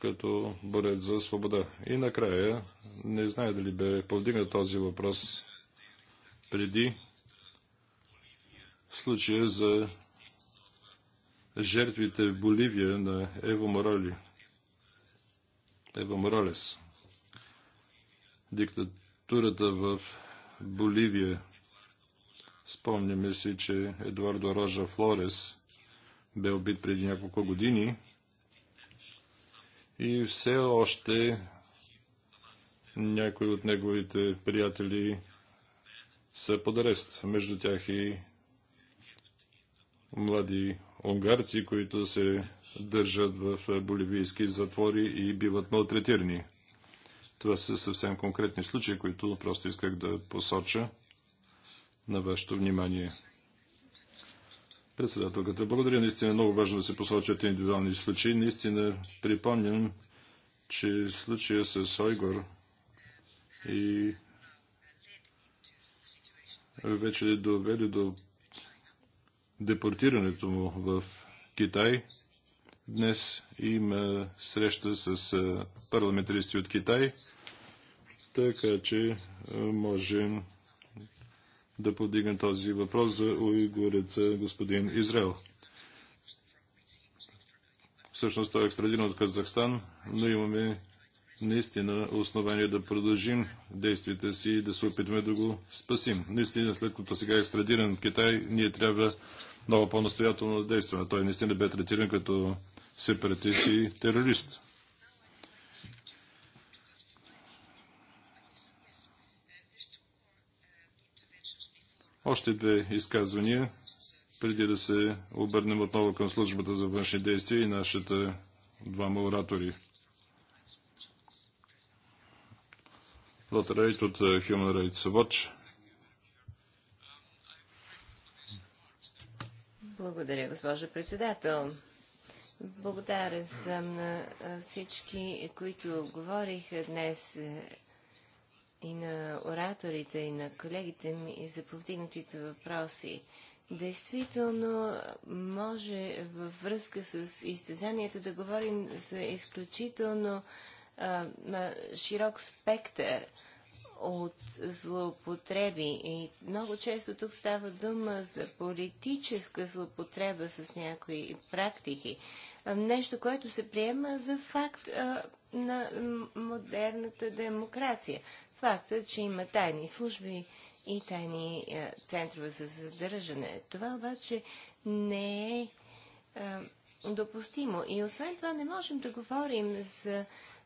като борец за свобода. И накрая, не знае дали бе повдигнат този въпрос преди случая за жертвите в Боливия на Ево Мороли. Ево Моролес. Диктатурата в Боливия. Спомняме си, че Едуардо Рожа Флорес бе убит преди няколко години и все още някои от неговите приятели са под арест. Между тях и млади унгарци, които се държат в боливийски затвори и биват малтретирани. Това са съвсем конкретни случаи, които просто исках да посоча на вашето внимание. Председателката, благодаря. Наистина е много важно да се посочат индивидуални случаи. Наистина припомням, че случая с Ойгор и вече доведе до депортирането му в Китай. Днес има среща с парламентаристи от Китай, така че можем да подигнем този въпрос за уйгуреца господин Израел. Всъщност той е екстрадиран от Казахстан, но имаме наистина е основание да продължим действията си и да се опитаме да го спасим. Наистина, след като сега е екстрадиран в Китай, ние трябва много по-настоятелно да действаме. Той наистина бе третиран като сепаратист и терорист. Още две изказвания, преди да се обърнем отново към службата за външни действия и нашите двама оратори. Е, Human Rights Watch. Благодаря, госпожа председател. Благодарен съм на всички, които говориха днес е, и на ораторите, и на колегите ми за повдигнатите въпроси. Действително, може във връзка с изтезанията да говорим за изключително а, широк спектър от злоупотреби. И много често тук става дума за политическа злоупотреба с някои практики. Нещо, което се приема за факт а, на модерната демокрация. Факта, че има тайни служби и тайни а, центрове за задържане. Това обаче не е а, допустимо. И освен това не можем да говорим за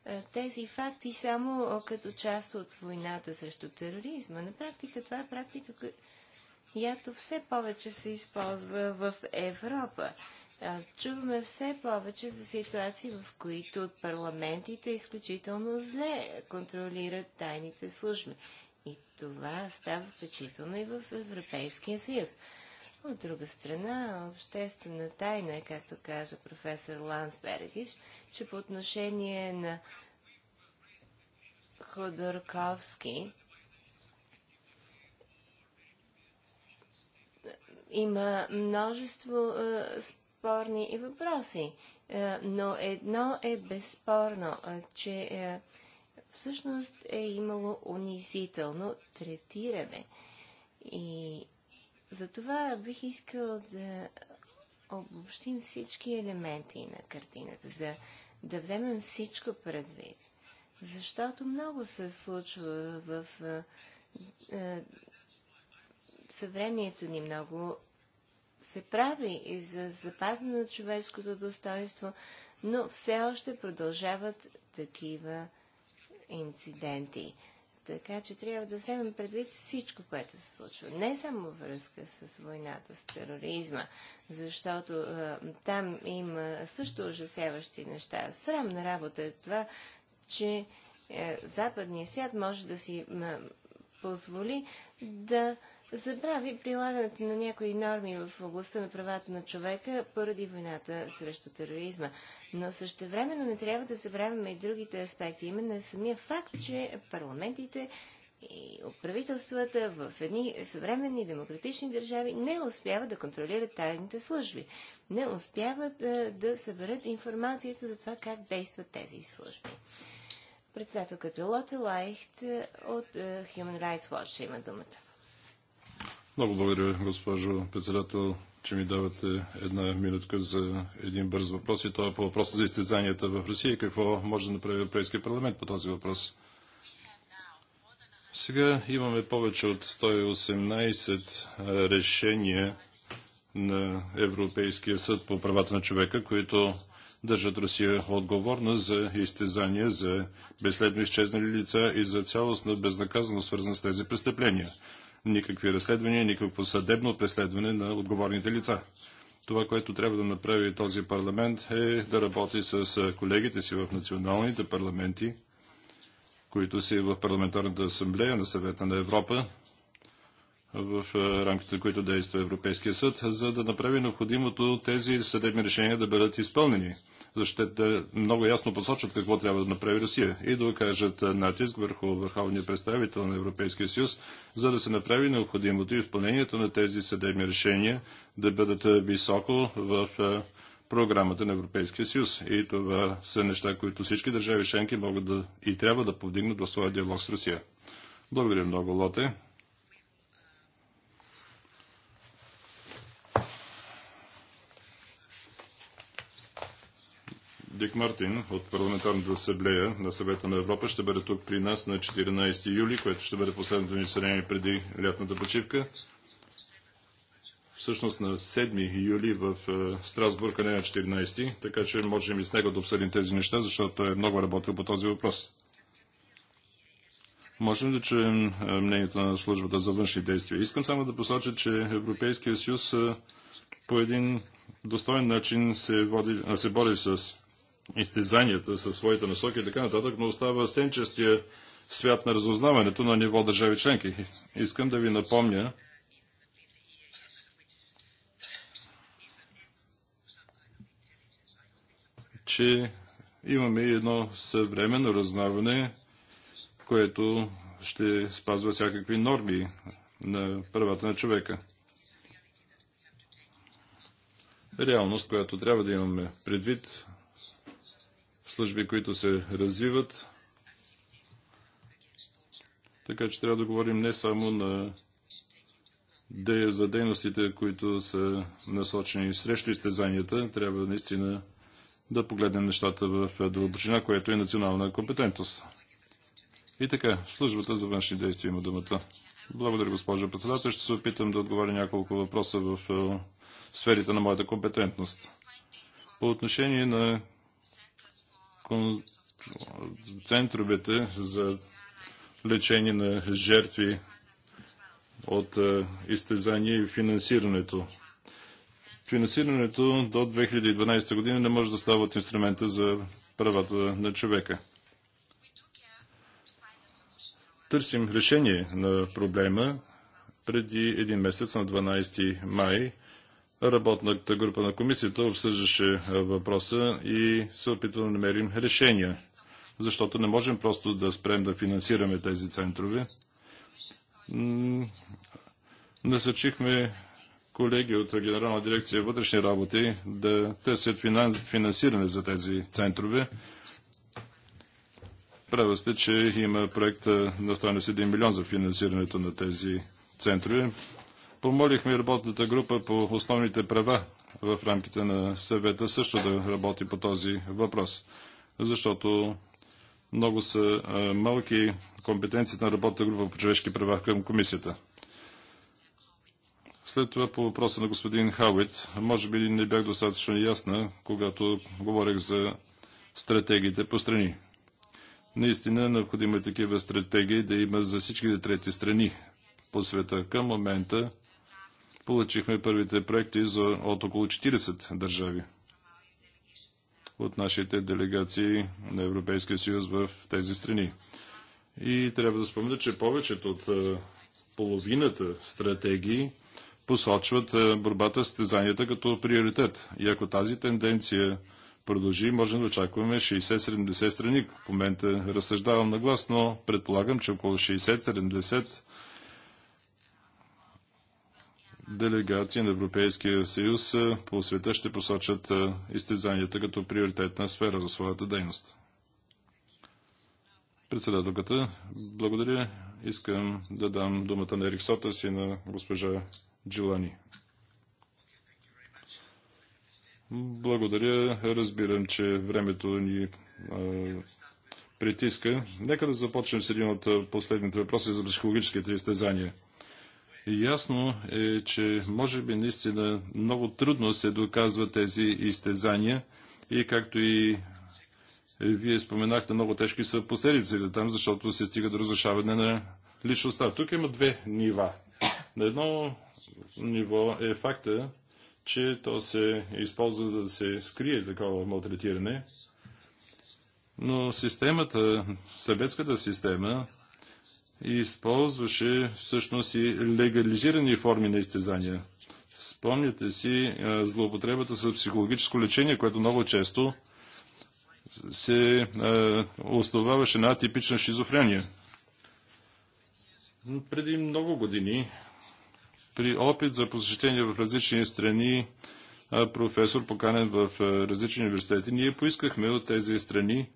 е, тези факти само като част от войната срещу тероризма. На практика това е практика, която все повече се използва в Европа. Е, чуваме все повече за ситуации, в които парламентите изключително зле контролират тайните служби. И това става включително и в Европейския съюз. От друга страна, обществена тайна е, както каза професор Лансбергиш, че по отношение на Ходорковски има множество е, спорни и въпроси, е, но едно е безспорно, е, че е, всъщност е имало унизително третиране. И затова бих искал да обобщим всички елементи на картината, да, да вземем всичко предвид. Защото много се случва в а, а, съвремието ни, много се прави и за запазване на човешкото достоинство, но все още продължават такива инциденти. Така че трябва да вземем предвид всичко, което се случва. Не само връзка с войната, с тероризма, защото а, там има също ужасяващи неща. Срамна работа е това, че а, е, западният свят може да си а, позволи да а, забрави прилагането на някои норми в областта на правата на човека поради войната срещу тероризма. Но също времено не трябва да забравяме и другите аспекти. Именно е самия факт, че парламентите и правителствата в едни съвременни демократични държави не успяват да контролират тайните служби. Не успяват да, да съберат информацията за това как действат тези служби. Председателката Лота Лайхт от Human Rights Watch има думата. Много благодаря, госпожо председател, че ми давате една минутка за един бърз въпрос и това е по въпроса за изтезанията в Русия и какво може да направи Европейския парламент по този въпрос. Сега имаме повече от 118 решения на Европейския съд по правата на човека, които държат Русия отговорна за изтезания, за безследно изчезнали лица и за цялостна безнаказаност, свързана с тези престъпления никакви разследвания, никакво съдебно преследване на отговорните лица. Това, което трябва да направи този парламент е да работи с колегите си в националните парламенти, които си в Парламентарната асамблея на съвета на Европа, в рамките на които действа Европейския съд, за да направи необходимото тези съдебни решения да бъдат изпълнени защото много ясно посочват какво трябва да направи Русия и да окажат натиск върху върховния представител на Европейския съюз, за да се направи необходимото и изпълнението на тези съдебни решения да бъдат високо в програмата на Европейския съюз. И това са неща, които всички държави членки могат да и трябва да повдигнат в своя диалог с Русия. Благодаря много, Лоте. Дик Мартин от Парламентарната асамблея на съвета на Европа ще бъде тук при нас на 14 юли, което ще бъде последното ни състояние преди лятната почивка. Всъщност на 7 юли в е, Страсбург, а не на 14, така че можем и с него да обсъдим тези неща, защото той е много работил по този въпрос. Можем да чуем е, мнението на службата за външни действия. Искам само да посоча, че Европейския съюз е, по един достоен начин се, води, се бори с изтезанията със своите насоки и така нататък, но остава сенчестия свят на разузнаването на ниво държави членки. Искам да ви напомня, че имаме едно съвременно разузнаване, което ще спазва всякакви норми на правата на човека. Реалност, която трябва да имаме предвид служби, които се развиват. Така че трябва да говорим не само на за дейностите, които са насочени срещу изтезанията, трябва наистина да погледнем нещата в дълбочина, което е национална компетентност. И така, службата за външни действия има думата. Благодаря, госпожа председател. Ще се опитам да отговоря няколко въпроса в сферите на моята компетентност. По отношение на центровете за лечение на жертви от е, изтезания и финансирането. Финансирането до 2012 година не може да става от инструмента за правата на човека. Търсим решение на проблема. Преди един месец, на 12 май, Работната група на комисията обсъждаше въпроса и се опитва да намерим решения, защото не можем просто да спрем да финансираме тези центрове. Насъчихме колеги от Генерална дирекция вътрешни работи да търсят финансиране за тези центрове. Права сте, че има проект на стоеност 1 милион за финансирането на тези центрове. Помолихме работната група по основните права в рамките на съвета също да работи по този въпрос, защото много са малки компетенциите на работната група по човешки права към комисията. След това по въпроса на господин Хауит, може би не бях достатъчно ясна, когато говорех за стратегиите по страни. Наистина необходимо е такива стратегии да има за всичките трети страни по света. Към момента Получихме първите проекти за, от около 40 държави от нашите делегации на Европейския съюз в тези страни. И трябва да спомня, че повечето от половината стратегии посочват борбата с тезанията като приоритет. И ако тази тенденция продължи, можем да очакваме 60-70 страни. В момента разсъждавам на глас, но предполагам, че около 60-70 делегации на Европейския съюз по света ще посочат изтезанията като приоритетна сфера за своята дейност. Председателката, благодаря. Искам да дам думата на Ерик Сотас и на госпожа Джилани. Благодаря. Разбирам, че времето ни а, притиска. Нека да започнем с един от последните въпроси за психологическите изтезания – Ясно е, че може би наистина много трудно се доказва тези изтезания и както и вие споменахте, много тежки са последиците там, защото се стига до разрушаване на личността. Тук има две нива. На едно ниво е факта, че то се използва за да се скрие такова малтретиране, но системата, съветската система и използваше всъщност и легализирани форми на изтезания. Спомняте си злоупотребата с психологическо лечение, което много често се основаваше на атипична шизофрения. Преди много години, при опит за посещение в различни страни, професор, поканен в различни университети, ние поискахме от тези страни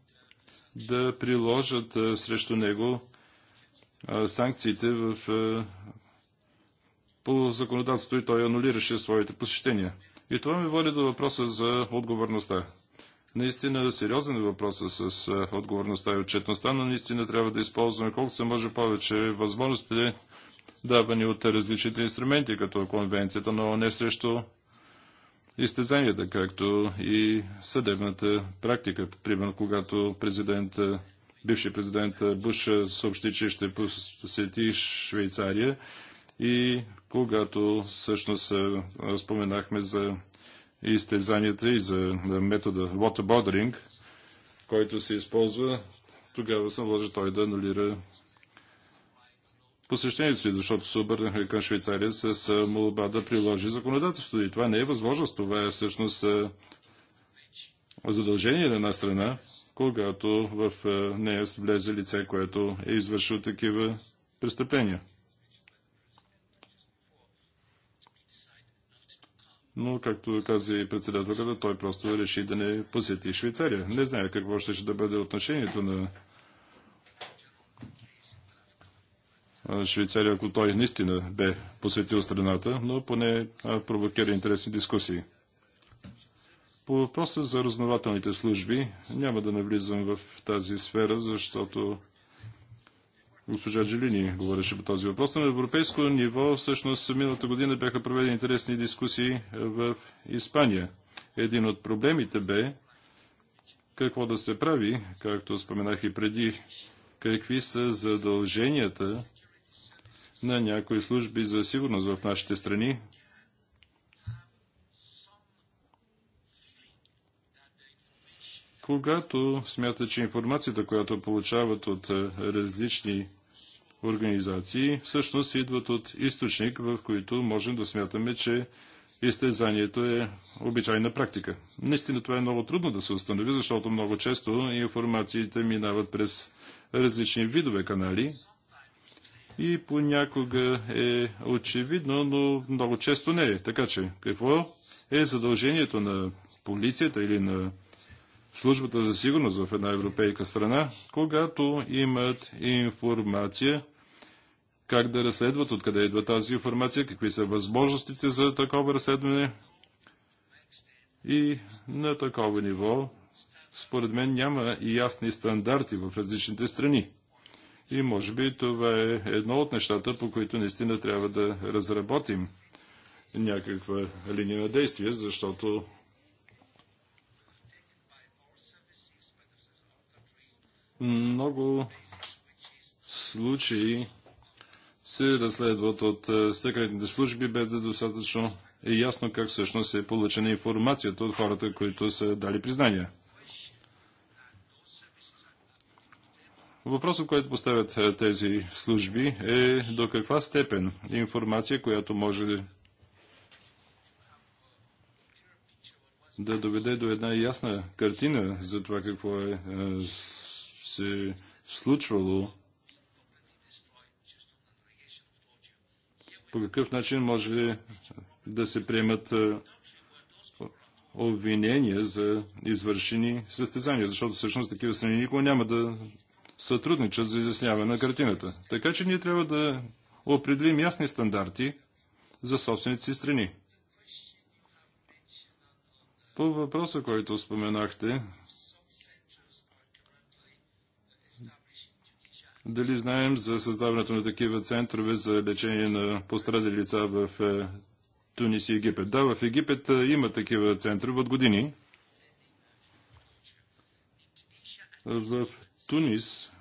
да приложат срещу него санкциите в, по законодателството и той анулираше своите посещения. И това ми води до въпроса за отговорността. Наистина сериозен е въпросът с отговорността и отчетността, но наистина трябва да използваме колкото се може повече възможности, давани от различните инструменти, като конвенцията но не срещу изтезанията, както и съдебната практика. Примерно, когато президент бившия президент Буш съобщи, че ще посети Швейцария и когато всъщност споменахме за изтезанията и за метода waterboarding, който се използва, тогава се наложи той да анулира посещението си, защото се обърнахме към Швейцария с молба да приложи законодателството. И това не е възможност, това е всъщност задължение на една страна когато в е, нея влезе лице, което е извършило такива престъпления. но както каза и председателката, той просто реши да не посети Швейцария. Не знае какво ще, ще да бъде отношението на Швейцария, ако той наистина бе посетил страната, но поне провокира интересни дискусии. По въпроса за разнователните служби, няма да навлизам в тази сфера, защото госпожа Джелини говореше по този въпрос. На европейско ниво, всъщност, миналата година бяха проведени интересни дискусии в Испания. Един от проблемите бе какво да се прави, както споменах и преди, какви са задълженията на някои служби за сигурност в нашите страни, когато смята, че информацията, която получават от е, различни организации, всъщност идват от източник, в които можем да смятаме, че изтезанието е обичайна практика. Наистина това е много трудно да се установи, защото много често информациите минават през различни видове канали и понякога е очевидно, но много често не е. Така че какво е задължението на полицията или на службата за сигурност в една европейка страна, когато имат информация как да разследват, откъде идва тази информация, какви са възможностите за такова разследване. И на такова ниво, според мен, няма и ясни стандарти в различните страни. И може би това е едно от нещата, по които наистина трябва да разработим някаква линия на действие, защото много случаи се разследват от е, секретните служби, без да е достатъчно е ясно как всъщност е получена информацията от хората, които са дали признания. Въпросът, който поставят е, тези служби е до каква степен информация, която може да доведе до една ясна картина за това какво е се случвало, по какъв начин може да се приемат обвинения за извършени състезания, защото всъщност такива страни никога няма да сътрудничат за изясняване на картината. Така че ние трябва да определим ясни стандарти за собствените си страни. По въпроса, който споменахте Дали знаем за създаването на такива центрове за лечение на пострадали лица в е, Тунис и Египет? Да, в Египет е, има такива центрове от години. В Тунис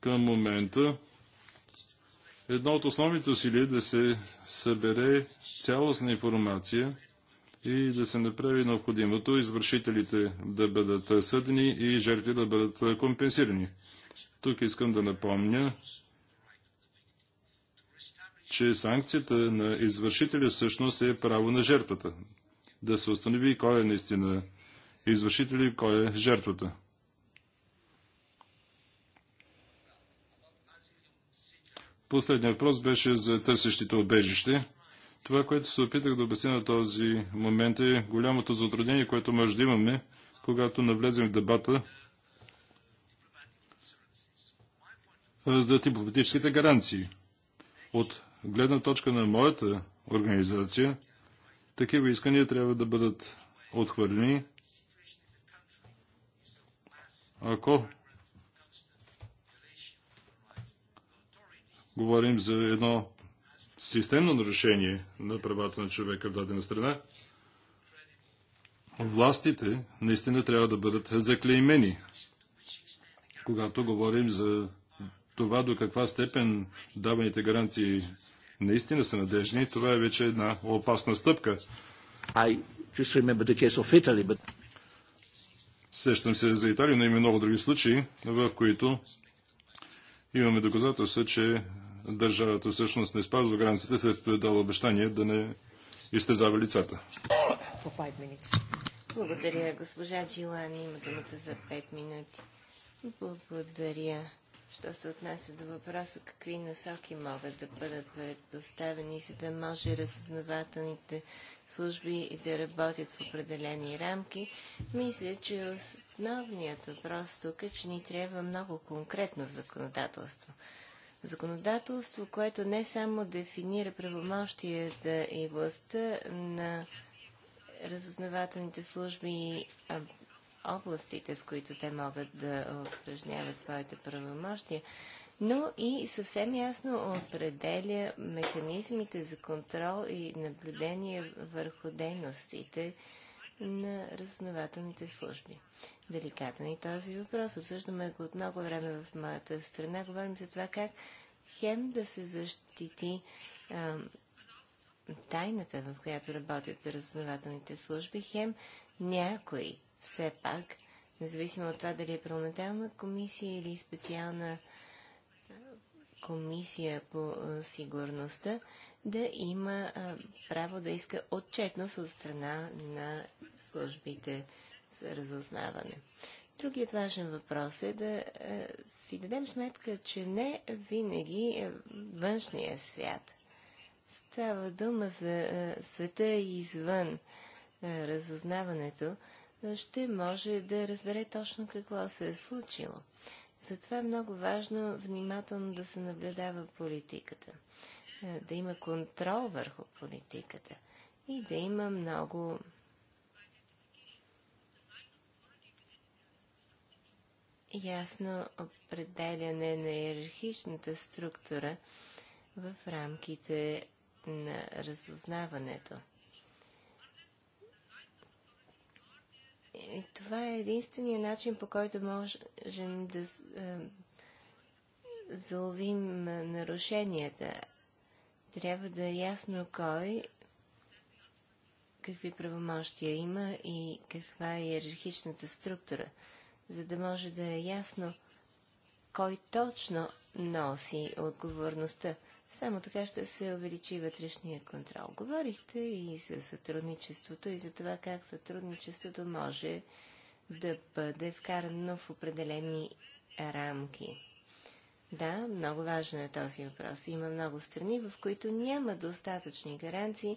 към момента едно от основните усилия е да се събере цялостна информация – и да се направи необходимото извършителите да бъдат съдени и жертви да бъдат компенсирани. Тук искам да напомня, че санкцията на извършителя всъщност е право на жертвата. Да се установи кой е наистина извършител и кой е жертвата. Последният въпрос беше за търсещите обежище. Това, което се опитах да обясня на този момент е голямото затруднение, което може да имаме, когато навлезем в дебата за дипломатическите гаранции. От гледна точка на моята организация, такива искания трябва да бъдат отхвърлени, ако говорим за едно системно нарушение на правата на човека в дадена страна, властите наистина трябва да бъдат заклеймени. Когато говорим за това до каква степен даваните гаранции наистина са надежни, това е вече една опасна стъпка. Сещам се за Италия, но има много други случаи, в които имаме доказателства, че държавата всъщност не спазва границите, след като е дала обещание да не изтезава лицата. Благодаря, госпожа Джилани. Има думата за 5 минути. Благодаря. Що се отнася до въпроса какви насоки могат да бъдат предоставени, за да може разузнавателните служби да работят в определени рамки, мисля, че основният въпрос тук е, че ни трябва много конкретно законодателство законодателство, което не само дефинира правомощията и властта на разузнавателните служби и областите, в които те могат да упражняват своите правомощия, но и съвсем ясно определя механизмите за контрол и наблюдение върху дейностите, на разузнавателните служби. Деликатен е и този въпрос. Обсъждаме го от много време в моята страна. Говорим за това как хем да се защити а, тайната, в която работят разузнавателните служби, хем някой все пак, независимо от това дали е парламентална комисия или специална комисия по сигурността, да има право да иска отчетност от страна на службите за разузнаване. Другият важен въпрос е да си дадем сметка, че не винаги външния свят. Става дума за света извън разузнаването, ще може да разбере точно какво се е случило. Затова е много важно внимателно да се наблюдава политиката. Е, да има контрол върху политиката и да има много ясно определяне на иерархичната структура в рамките на разузнаването. И това е единствения начин, по който можем да е, заловим е, нарушенията, трябва да е ясно кой какви правомощия има и каква е иерархичната структура, за да може да е ясно кой точно носи отговорността. Само така ще се увеличи вътрешния контрол. Говорихте и за сътрудничеството, и за това как сътрудничеството може да бъде вкарано в определени рамки. Да, много важен е този въпрос. Има много страни, в които няма достатъчни гаранции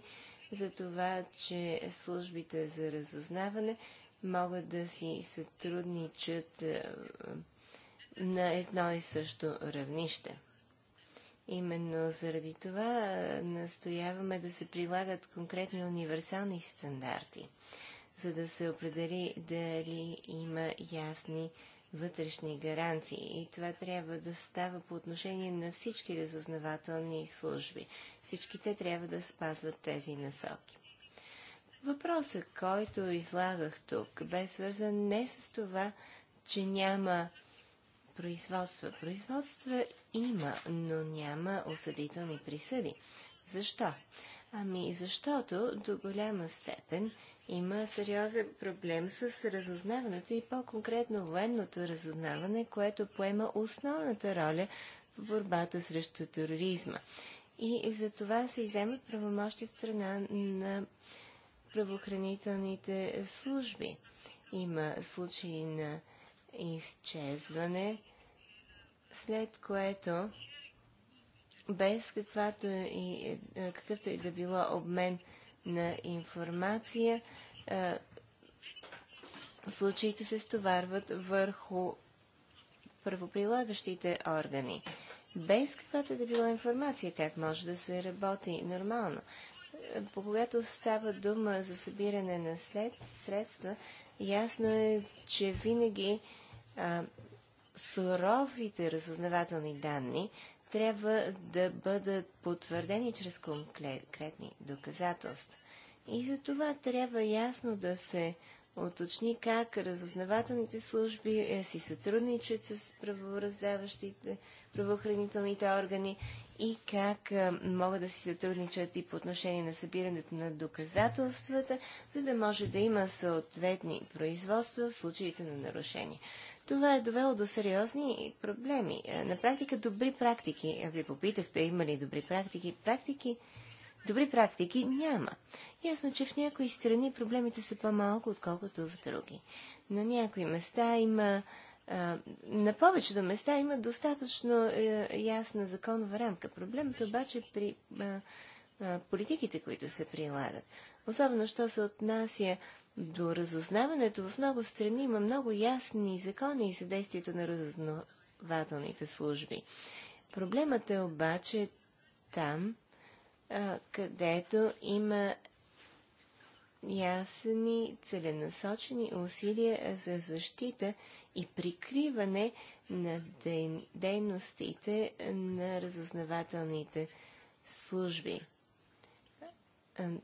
за това, че службите за разузнаване могат да си сътрудничат е, на едно и също равнище. Именно заради това е, настояваме да се прилагат конкретни универсални стандарти, за да се определи дали има ясни вътрешни гаранции. И това трябва да става по отношение на всички разузнавателни служби. Всички те трябва да спазват тези насоки. Въпросът, който излагах тук, бе свързан не с това, че няма производства. Производства има, но няма осъдителни присъди. Защо? Ами защото до голяма степен има сериозен проблем с разузнаването и по-конкретно военното разузнаване, което поема основната роля в борбата срещу тероризма. И за това се иземат правомощи от страна на правоохранителните служби. Има случаи на изчезване, след което без каквато и, е, какъвто и да било обмен на информация, случаите се стоварват върху правоприлагащите органи. Без каквато да била информация, как може да се работи нормално. По когато става дума за събиране на след, средства, ясно е, че винаги а, суровите разузнавателни данни трябва да бъдат потвърдени чрез конкретни доказателства. И за това трябва ясно да се уточни как разузнавателните служби е, си сътрудничат с правораздаващите, правоохранителните органи и как е, могат да си сътрудничат и по отношение на събирането на доказателствата, за да може да има съответни производства в случаите на нарушение. Това е довело до сериозни проблеми. Е, на практика добри практики. Е, ви попитахте, има ли добри практики? Практики, добри практики няма. Ясно, че в някои страни проблемите са по-малко, отколкото в други. На някои места има на повечето места има достатъчно е, ясна законова рамка. Проблемът обаче при политиките, които се прилагат. Особено, що се отнася до разузнаването в много страни има много ясни закони и съдействието на разузнавателните служби. Проблемът е обаче там, където има ясни, целенасочени усилия за защита и прикриване на дейностите на разузнавателните служби.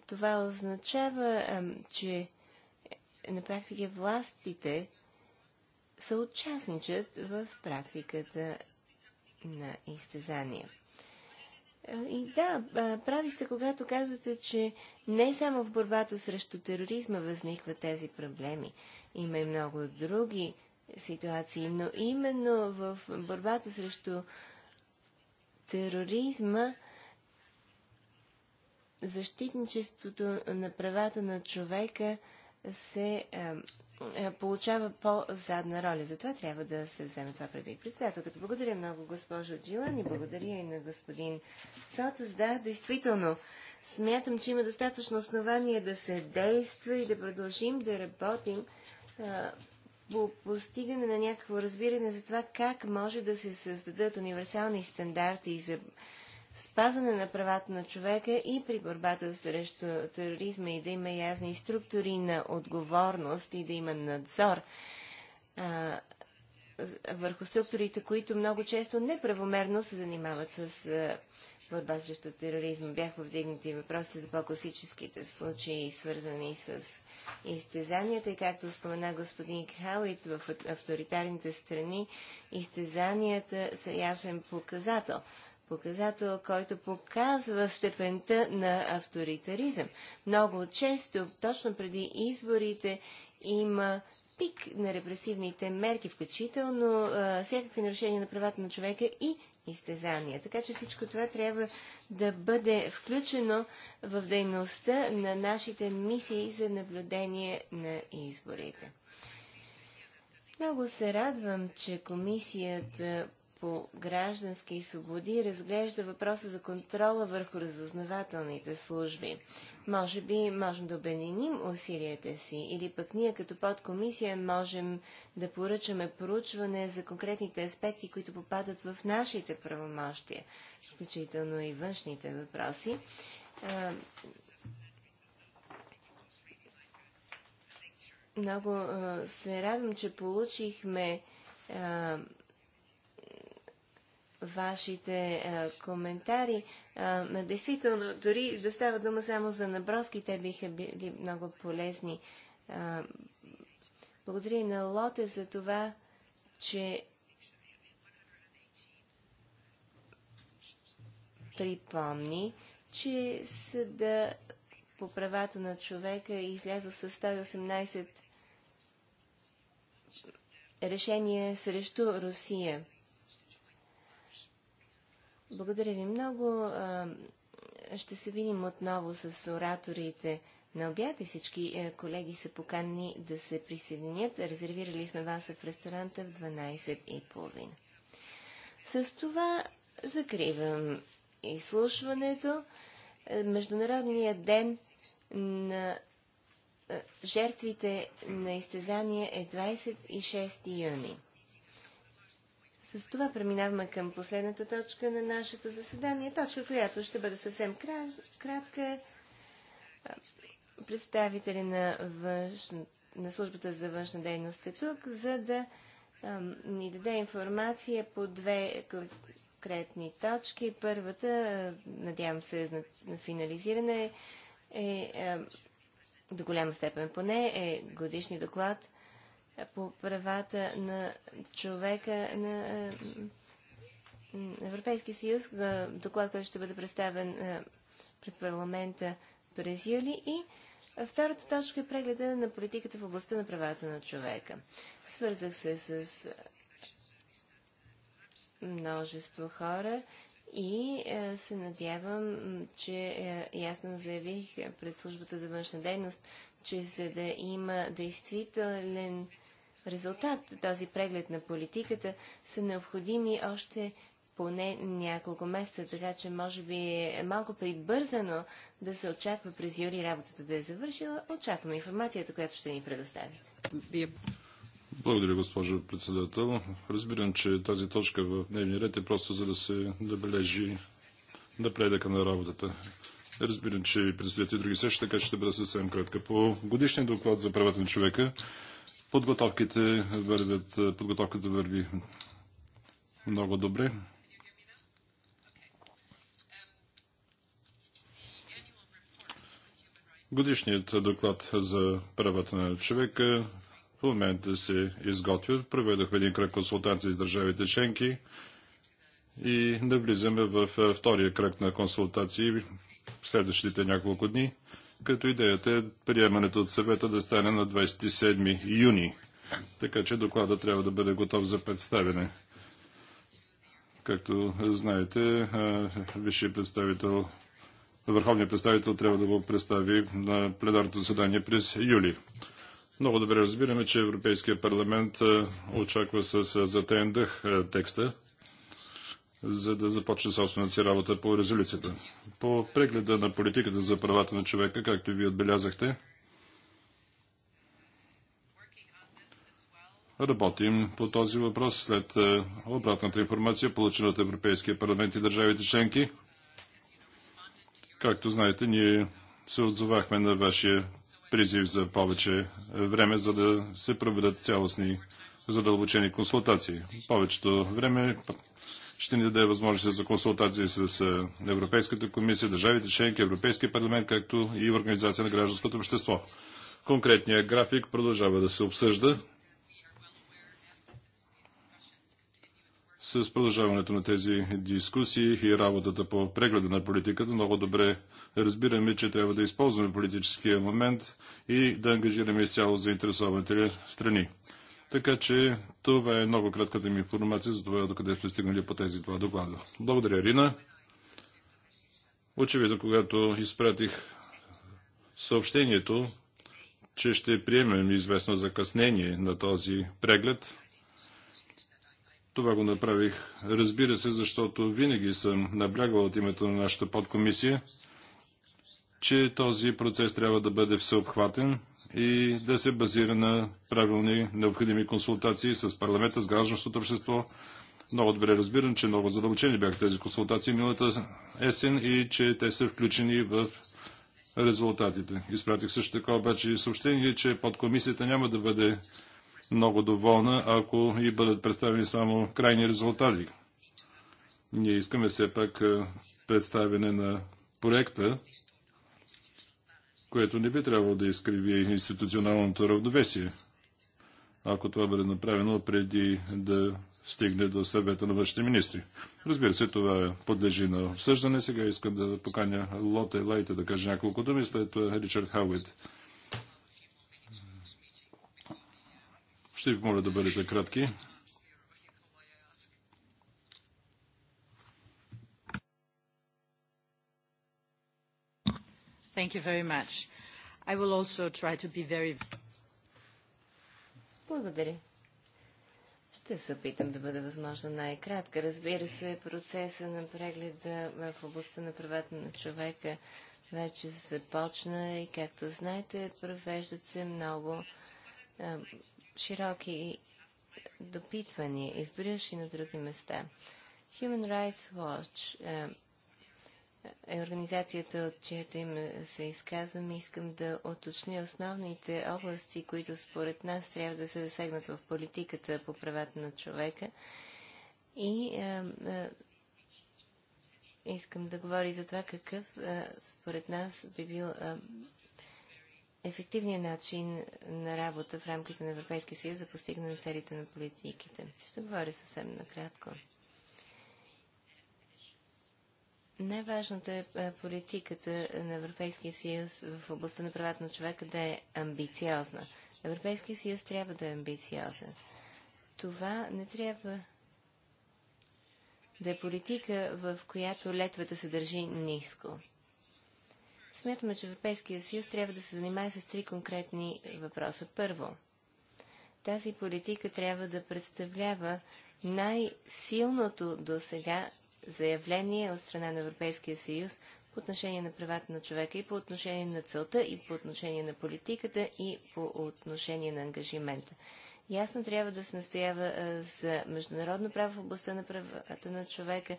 Това означава, че на практика властите са участничат в практиката на изтезания. Е, и да, прави сте, когато казвате, че не само в борбата срещу тероризма възникват тези проблеми. Има и много други ситуации, но именно в борбата срещу тероризма защитничеството на правата на човека се е, е, получава по-задна роля. Затова трябва да се вземе това преди Председателката, благодаря много госпожо Джилан и благодаря и на господин Сотас. Да, действително, смятам, че има достатъчно основание да се действа и да продължим да работим е, по постигане на някакво разбиране за това как може да се създадат универсални стандарти за спазване на правата на човека и при борбата срещу тероризма и да има ясни структури на отговорност и да има надзор а, върху структурите, които много често неправомерно се занимават с а, борба срещу тероризма. Бях повдигнати въпросите за по-класическите случаи, свързани с изтезанията и както спомена господин Хауит в авторитарните страни, изтезанията са ясен показател – показател, който показва степента на авторитаризъм. Много често, точно преди изборите, има пик на репресивните мерки, включително а, всякакви нарушения на правата на човека и изтезания. Така че всичко това трябва да бъде включено в дейността на нашите мисии за наблюдение на изборите. Много се радвам, че комисията по граждански свободи разглежда въпроса за контрола върху разузнавателните служби. Може би можем да обединим усилията си или пък ние като подкомисия можем да поръчаме поручване за конкретните аспекти, които попадат в нашите правомощия, включително и външните въпроси. Много се радвам, че получихме вашите а, е, коментари. А, е, действително, дори да става дума само за наброски, те биха били много полезни. А, е, благодаря и на Лоте за това, че припомни, че съда по правата на човека излязъл с 118 решения срещу Русия. Благодаря ви много. Ще се видим отново с ораторите на обяд и всички е, колеги са поканни да се присъединят. Резервирали сме вас в ресторанта в 12.30. С това закривам изслушването. Е, Международният ден на е, жертвите на изтезания е 26 юни. С това преминаваме към последната точка на нашето заседание. Точка, която ще бъде съвсем кратка. Представители на, външна, на службата за външна дейност е тук, за да ам, ни даде информация по две конкретни точки. Първата, надявам се, на финализиране е, е до голяма степен поне, е годишни доклад по правата на човека на Европейския съюз, доклад, който ще бъде представен пред парламента през юли и Втората точка е прегледа на политиката в областта на правата на човека. Свързах се с множество хора и се надявам, че ясно заявих пред службата за външна дейност, че за да има действителен резултат този преглед на политиката, са необходими още поне няколко месеца, така че може би е малко прибързано да се очаква през юли работата да е завършила. Очакваме информацията, която ще ни предоставите. Благодаря, госпожо председател. Разбирам, че тази точка в дневния ред е просто за да се набележи напредъка на работата. Разбирам, че предстоят и други срещи, така че ще бъда съвсем кратка. По годишния доклад за правата на човека Подготовките вървят, подготовката върви много добре. Годишният доклад за правата на човека в момента се изготвя. Проведохме един кръг консултации с държавите членки и навлизаме в втория кръг на консултации в следващите няколко дни като идеята е приемането от съвета да стане на 27 юни. Така че доклада трябва да бъде готов за представяне. Както знаете, висшият представител, върховният представител трябва да го представи на пленарното заседание през юли. Много добре разбираме, че Европейския парламент очаква с затен дъх текста за да започне собствената си работа по резолюцията. По прегледа на политиката за правата на човека, както ви отбелязахте, Работим по този въпрос след е, обратната информация, получена от Европейския парламент и държавите членки. Както знаете, ние се отзовахме на вашия призив за повече време, за да се проведат цялостни задълбочени консултации. Повечето време ще ни даде възможност за консултации с Европейската комисия, държавите членки, Европейския парламент, както и Организация на гражданското общество. Конкретният график продължава да се обсъжда. С продължаването на тези дискусии и работата по прегледа на политиката, много добре разбираме, че трябва да използваме политическия момент и да ангажираме изцяло заинтересованите страни. Така че това е много кратката ми информация за това, докъде сме стигнали по тези два доклада. Благодаря, Рина. Очевидно, когато изпратих съобщението, че ще приемем известно закъснение на този преглед, това го направих, разбира се, защото винаги съм наблягал от името на нашата подкомисия че този процес трябва да бъде всеобхватен и да се базира на правилни необходими консултации с парламента, с гражданското общество. Много добре разбирам, че много задълбочени бяха тези консултации миналата есен и че те са включени в резултатите. Изпратих също така обаче съобщение, че подкомисията няма да бъде много доволна, ако и бъдат представени само крайни резултати. Ние искаме все пак представяне на проекта което не би трябвало да изкриви институционалното равновесие, ако това бъде направено преди да стигне до съвета на външните министри. Разбира се, това подлежи на обсъждане. Сега искам да поканя Лота и Лайте да кажа няколко думи, след това Ричард Хауит. Ще ви помоля да бъдете кратки. Thank you very much. I will also try to be very... Благодаря. Ще се опитам да бъда възможно най-кратка. Разбира се, процеса на прегледа в областта на правата на човека вече започна и, както знаете, провеждат се много а, широки допитвания и в Брюш и на други места. Human Rights Watch а, е организацията, от чието име се изказвам. Искам да оточня основните области, които според нас трябва да се засегнат в политиката по правата на човека. И е, е, искам да говоря за това какъв е, според нас би бил е, ефективният начин на работа в рамките на Европейския съюз за постигане на целите на политиките. Ще говоря съвсем накратко. Най-важното е, е политиката на Европейския съюз в областта на правата на човека да е амбициозна. Европейския съюз трябва да е амбициозен. Това не трябва да е политика, в която летвата се държи ниско. Смятаме, че Европейския съюз трябва да се занимае с три конкретни въпроса. Първо, тази политика трябва да представлява най-силното до сега заявление от страна на Европейския съюз по отношение на правата на човека и по отношение на целта, и по отношение на политиката, и по отношение на ангажимента. Ясно трябва да се настоява за международно право в областта на правата на човека,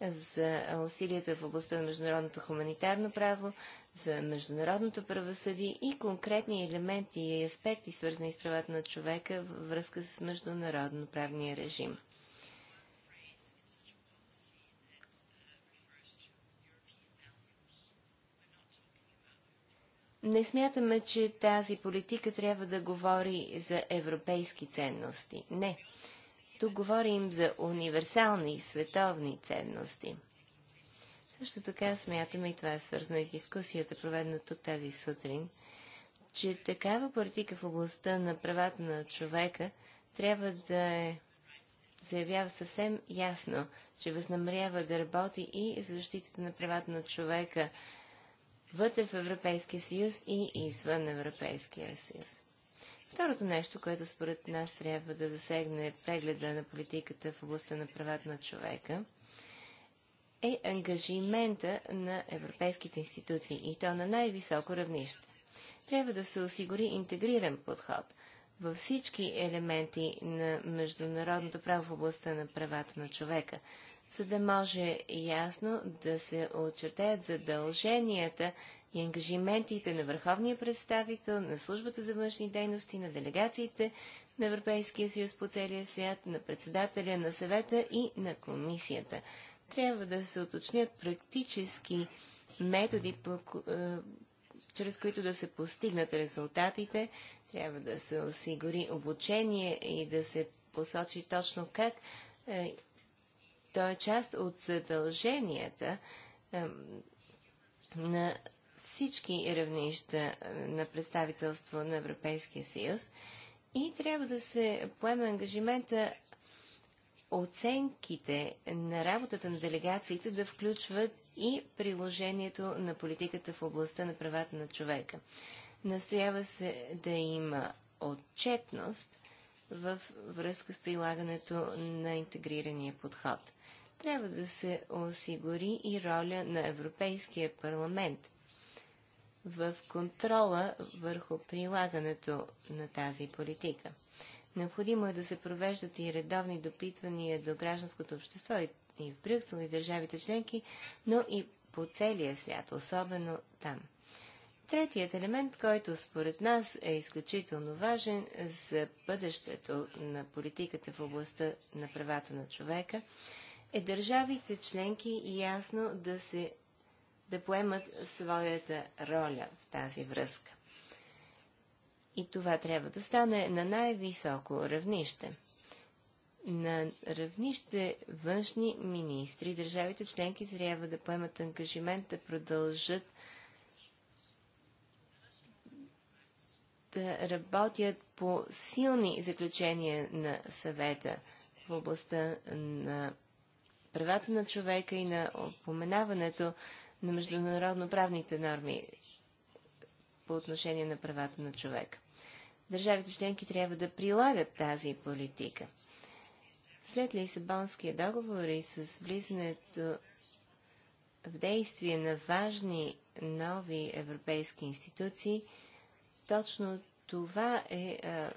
за усилията в областта на международното хуманитарно право, за международното правосъдие и конкретни елементи и аспекти, свързани с правата на човека във връзка с международно правния режим. Не смятаме, че тази политика трябва да говори за европейски ценности. Не. Тук говорим за универсални и световни ценности. Също така смятаме, и това е свързано и с дискусията, проведена тук тази сутрин, че такава политика в областта на правата на човека трябва да е заявява съвсем ясно, че възнамерява да работи и за защитата на правата на човека вътре в Европейския съюз и извън Европейския съюз. Второто нещо, което според нас трябва да засегне прегледа на политиката в областта на правата на човека, е ангажимента на европейските институции и то на най-високо равнище. Трябва да се осигури интегриран подход във всички елементи на международното право в областта на правата на човека – за да може ясно да се очертаят задълженията и ангажиментите на върховния представител, на службата за външни дейности, на делегациите на Европейския съюз по целия свят, на председателя на съвета и на комисията. Трябва да се уточнят практически методи, е, чрез които да се постигнат резултатите. Трябва да се осигури обучение и да се посочи точно как е, той е част от задълженията на всички равнища на представителство на Европейския съюз и трябва да се поеме ангажимента оценките на работата на делегациите да включват и приложението на политиката в областта на правата на човека. Настоява се да има отчетност в връзка с прилагането на интегрирания подход. Трябва да се осигури и роля на Европейския парламент в контрола върху прилагането на тази политика. Необходимо е да се провеждат и редовни допитвания до гражданското общество и в Брюксел и в държавите членки, но и по целия свят, особено там. Третият елемент, който според нас е изключително важен за бъдещето на политиката в областта на правата на човека, е държавите членки ясно да, се, да поемат своята роля в тази връзка. И това трябва да стане на най-високо равнище. На равнище външни министри държавите членки трябва да поемат ангажимент да продължат да работят по силни заключения на съвета в областта на правата на човека и на опоменаването на международно-правните норми по отношение на правата на човека. Държавите членки трябва да прилагат тази политика. След Лисабонския договор и с влизането в действие на важни нови европейски институции, точно това е а,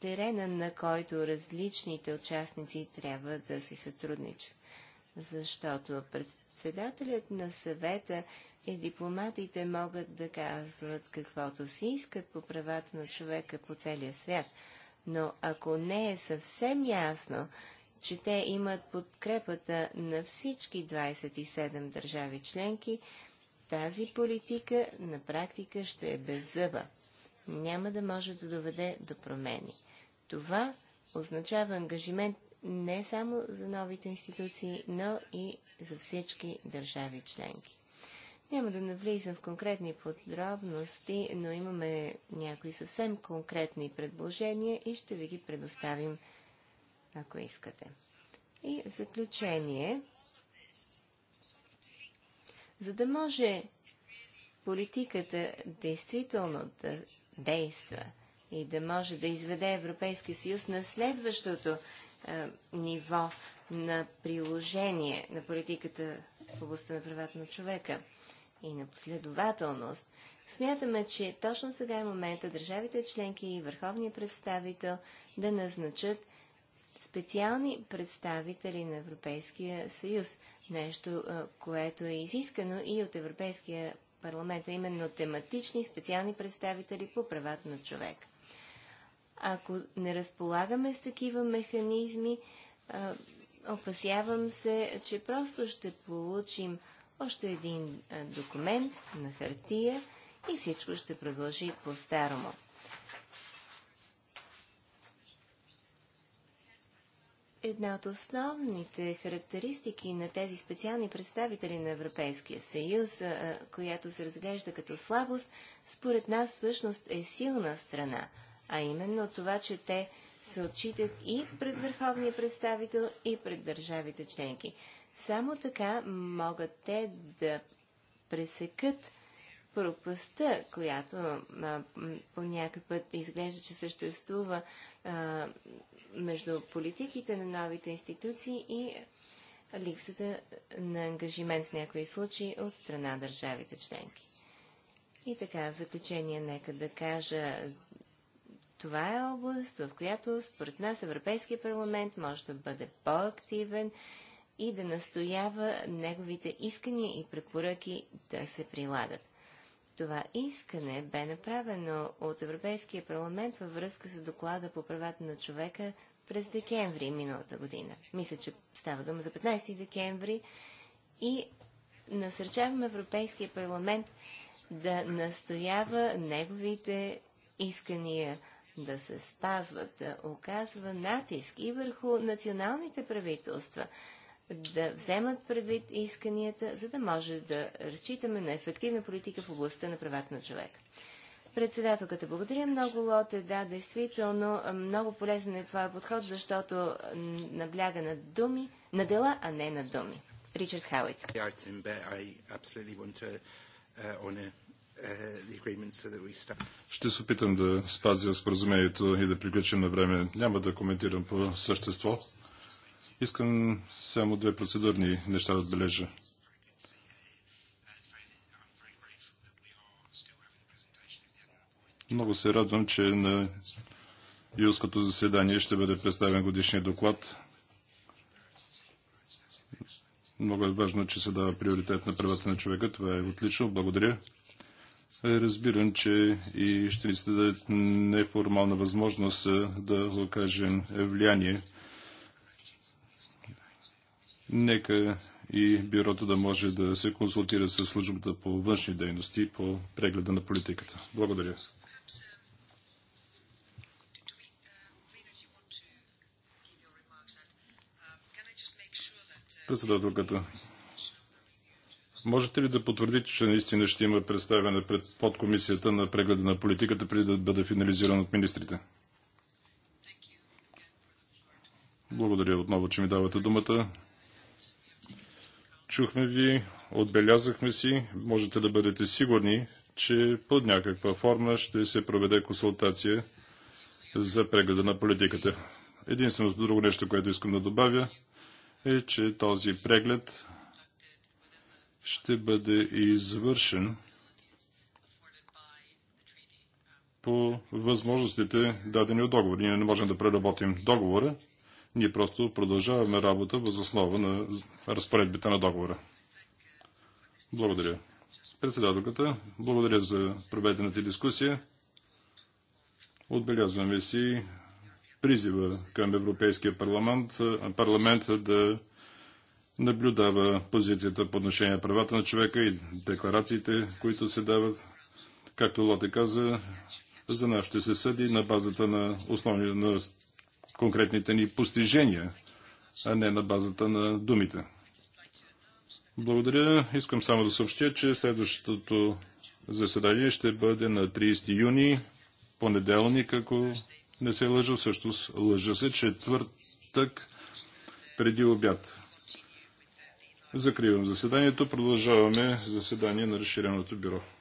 терена, на който различните участници трябва да си сътрудничат. Защото председателят на съвета и дипломатите могат да казват каквото си искат по правата на човека по целия свят. Но ако не е съвсем ясно, че те имат подкрепата на всички 27 държави членки, тази политика на практика ще е беззъба. Няма да може да доведе до промени. Това означава ангажимент не само за новите институции, но и за всички държави членки. Няма да навлизам в конкретни подробности, но имаме някои съвсем конкретни предложения и ще ви ги предоставим, ако искате. И в заключение, за да може политиката действително да действа и да може да изведе Европейския съюз на следващото е, ниво на приложение на политиката в областта на правата на човека и на последователност, смятаме, че точно сега е момента държавите членки и върховния представител да назначат специални представители на Европейския съюз. Нещо, което е изискано и от Европейския парламент, а именно тематични специални представители по правата на човек. Ако не разполагаме с такива механизми, опасявам се, че просто ще получим още един документ на хартия и всичко ще продължи по-старому. една от основните характеристики на тези специални представители на Европейския съюз, която се разглежда като слабост, според нас всъщност е силна страна, а именно това, че те се отчитат и пред върховния представител, и пред държавите членки. Само така могат те да пресекат пропаста, която а, по някакъв път изглежда, че съществува а, между политиките на новите институции и липсата на ангажимент в някои случаи от страна държавите членки. И така, в заключение, нека да кажа, това е област, в която според нас Европейския парламент може да бъде по-активен и да настоява неговите искания и препоръки да се прилагат. Това искане бе направено от Европейския парламент във връзка с доклада по правата на човека през декември миналата година. Мисля, че става дума за 15 декември и насърчаваме Европейския парламент да настоява неговите искания да се спазват, да оказва натиск и върху националните правителства, да вземат предвид исканията, за да може да разчитаме на ефективна политика в областта на правата на човека. Председателката, благодаря много, Лоте. Да, действително, много полезен е това подход, защото набляга на думи, на дела, а не на думи. Ричард Хауит. Uh, uh, Ще се опитам да спазя споразумението и да приключим на време. Няма да коментирам по същество. Искам само две процедурни неща да отбележа. Много се радвам, че на юлското заседание ще бъде представен годишния доклад. Много е важно, че се дава приоритет на правата на човека. Това е отлично. Благодаря. Разбирам, че и ще ни се даде неформална възможност да окажем влияние Нека и бюрото да може да се консултира с службата по външни дейности по прегледа на политиката. Благодаря. Председателката, можете ли да потвърдите, че наистина ще има представяне пред подкомисията на прегледа на политиката, преди да бъде финализиран от министрите? Благодаря отново, че ми давате думата. Чухме ви, отбелязахме си, можете да бъдете сигурни, че под някаква форма ще се проведе консултация за прегледа на политиката. Единственото друго нещо, което искам да добавя, е, че този преглед ще бъде извършен по възможностите дадени от договор. Ние не можем да преработим договора, ние просто продължаваме работа въз основа на разпоредбите на договора. Благодаря. Председателката, благодаря за проведената дискусия. Отбелязваме си призива към Европейския парламент, парламент да наблюдава позицията по отношение на правата на човека и декларациите, които се дават. Както Лоте каза, за нас ще се съди на базата на, основни, на конкретните ни постижения, а не на базата на думите. Благодаря. Искам само да съобщя, че следващото заседание ще бъде на 30 юни, понеделник, ако не се лъжа, също лъжа се, четвъртък преди обяд. Закривам заседанието. Продължаваме заседание на разширеното бюро.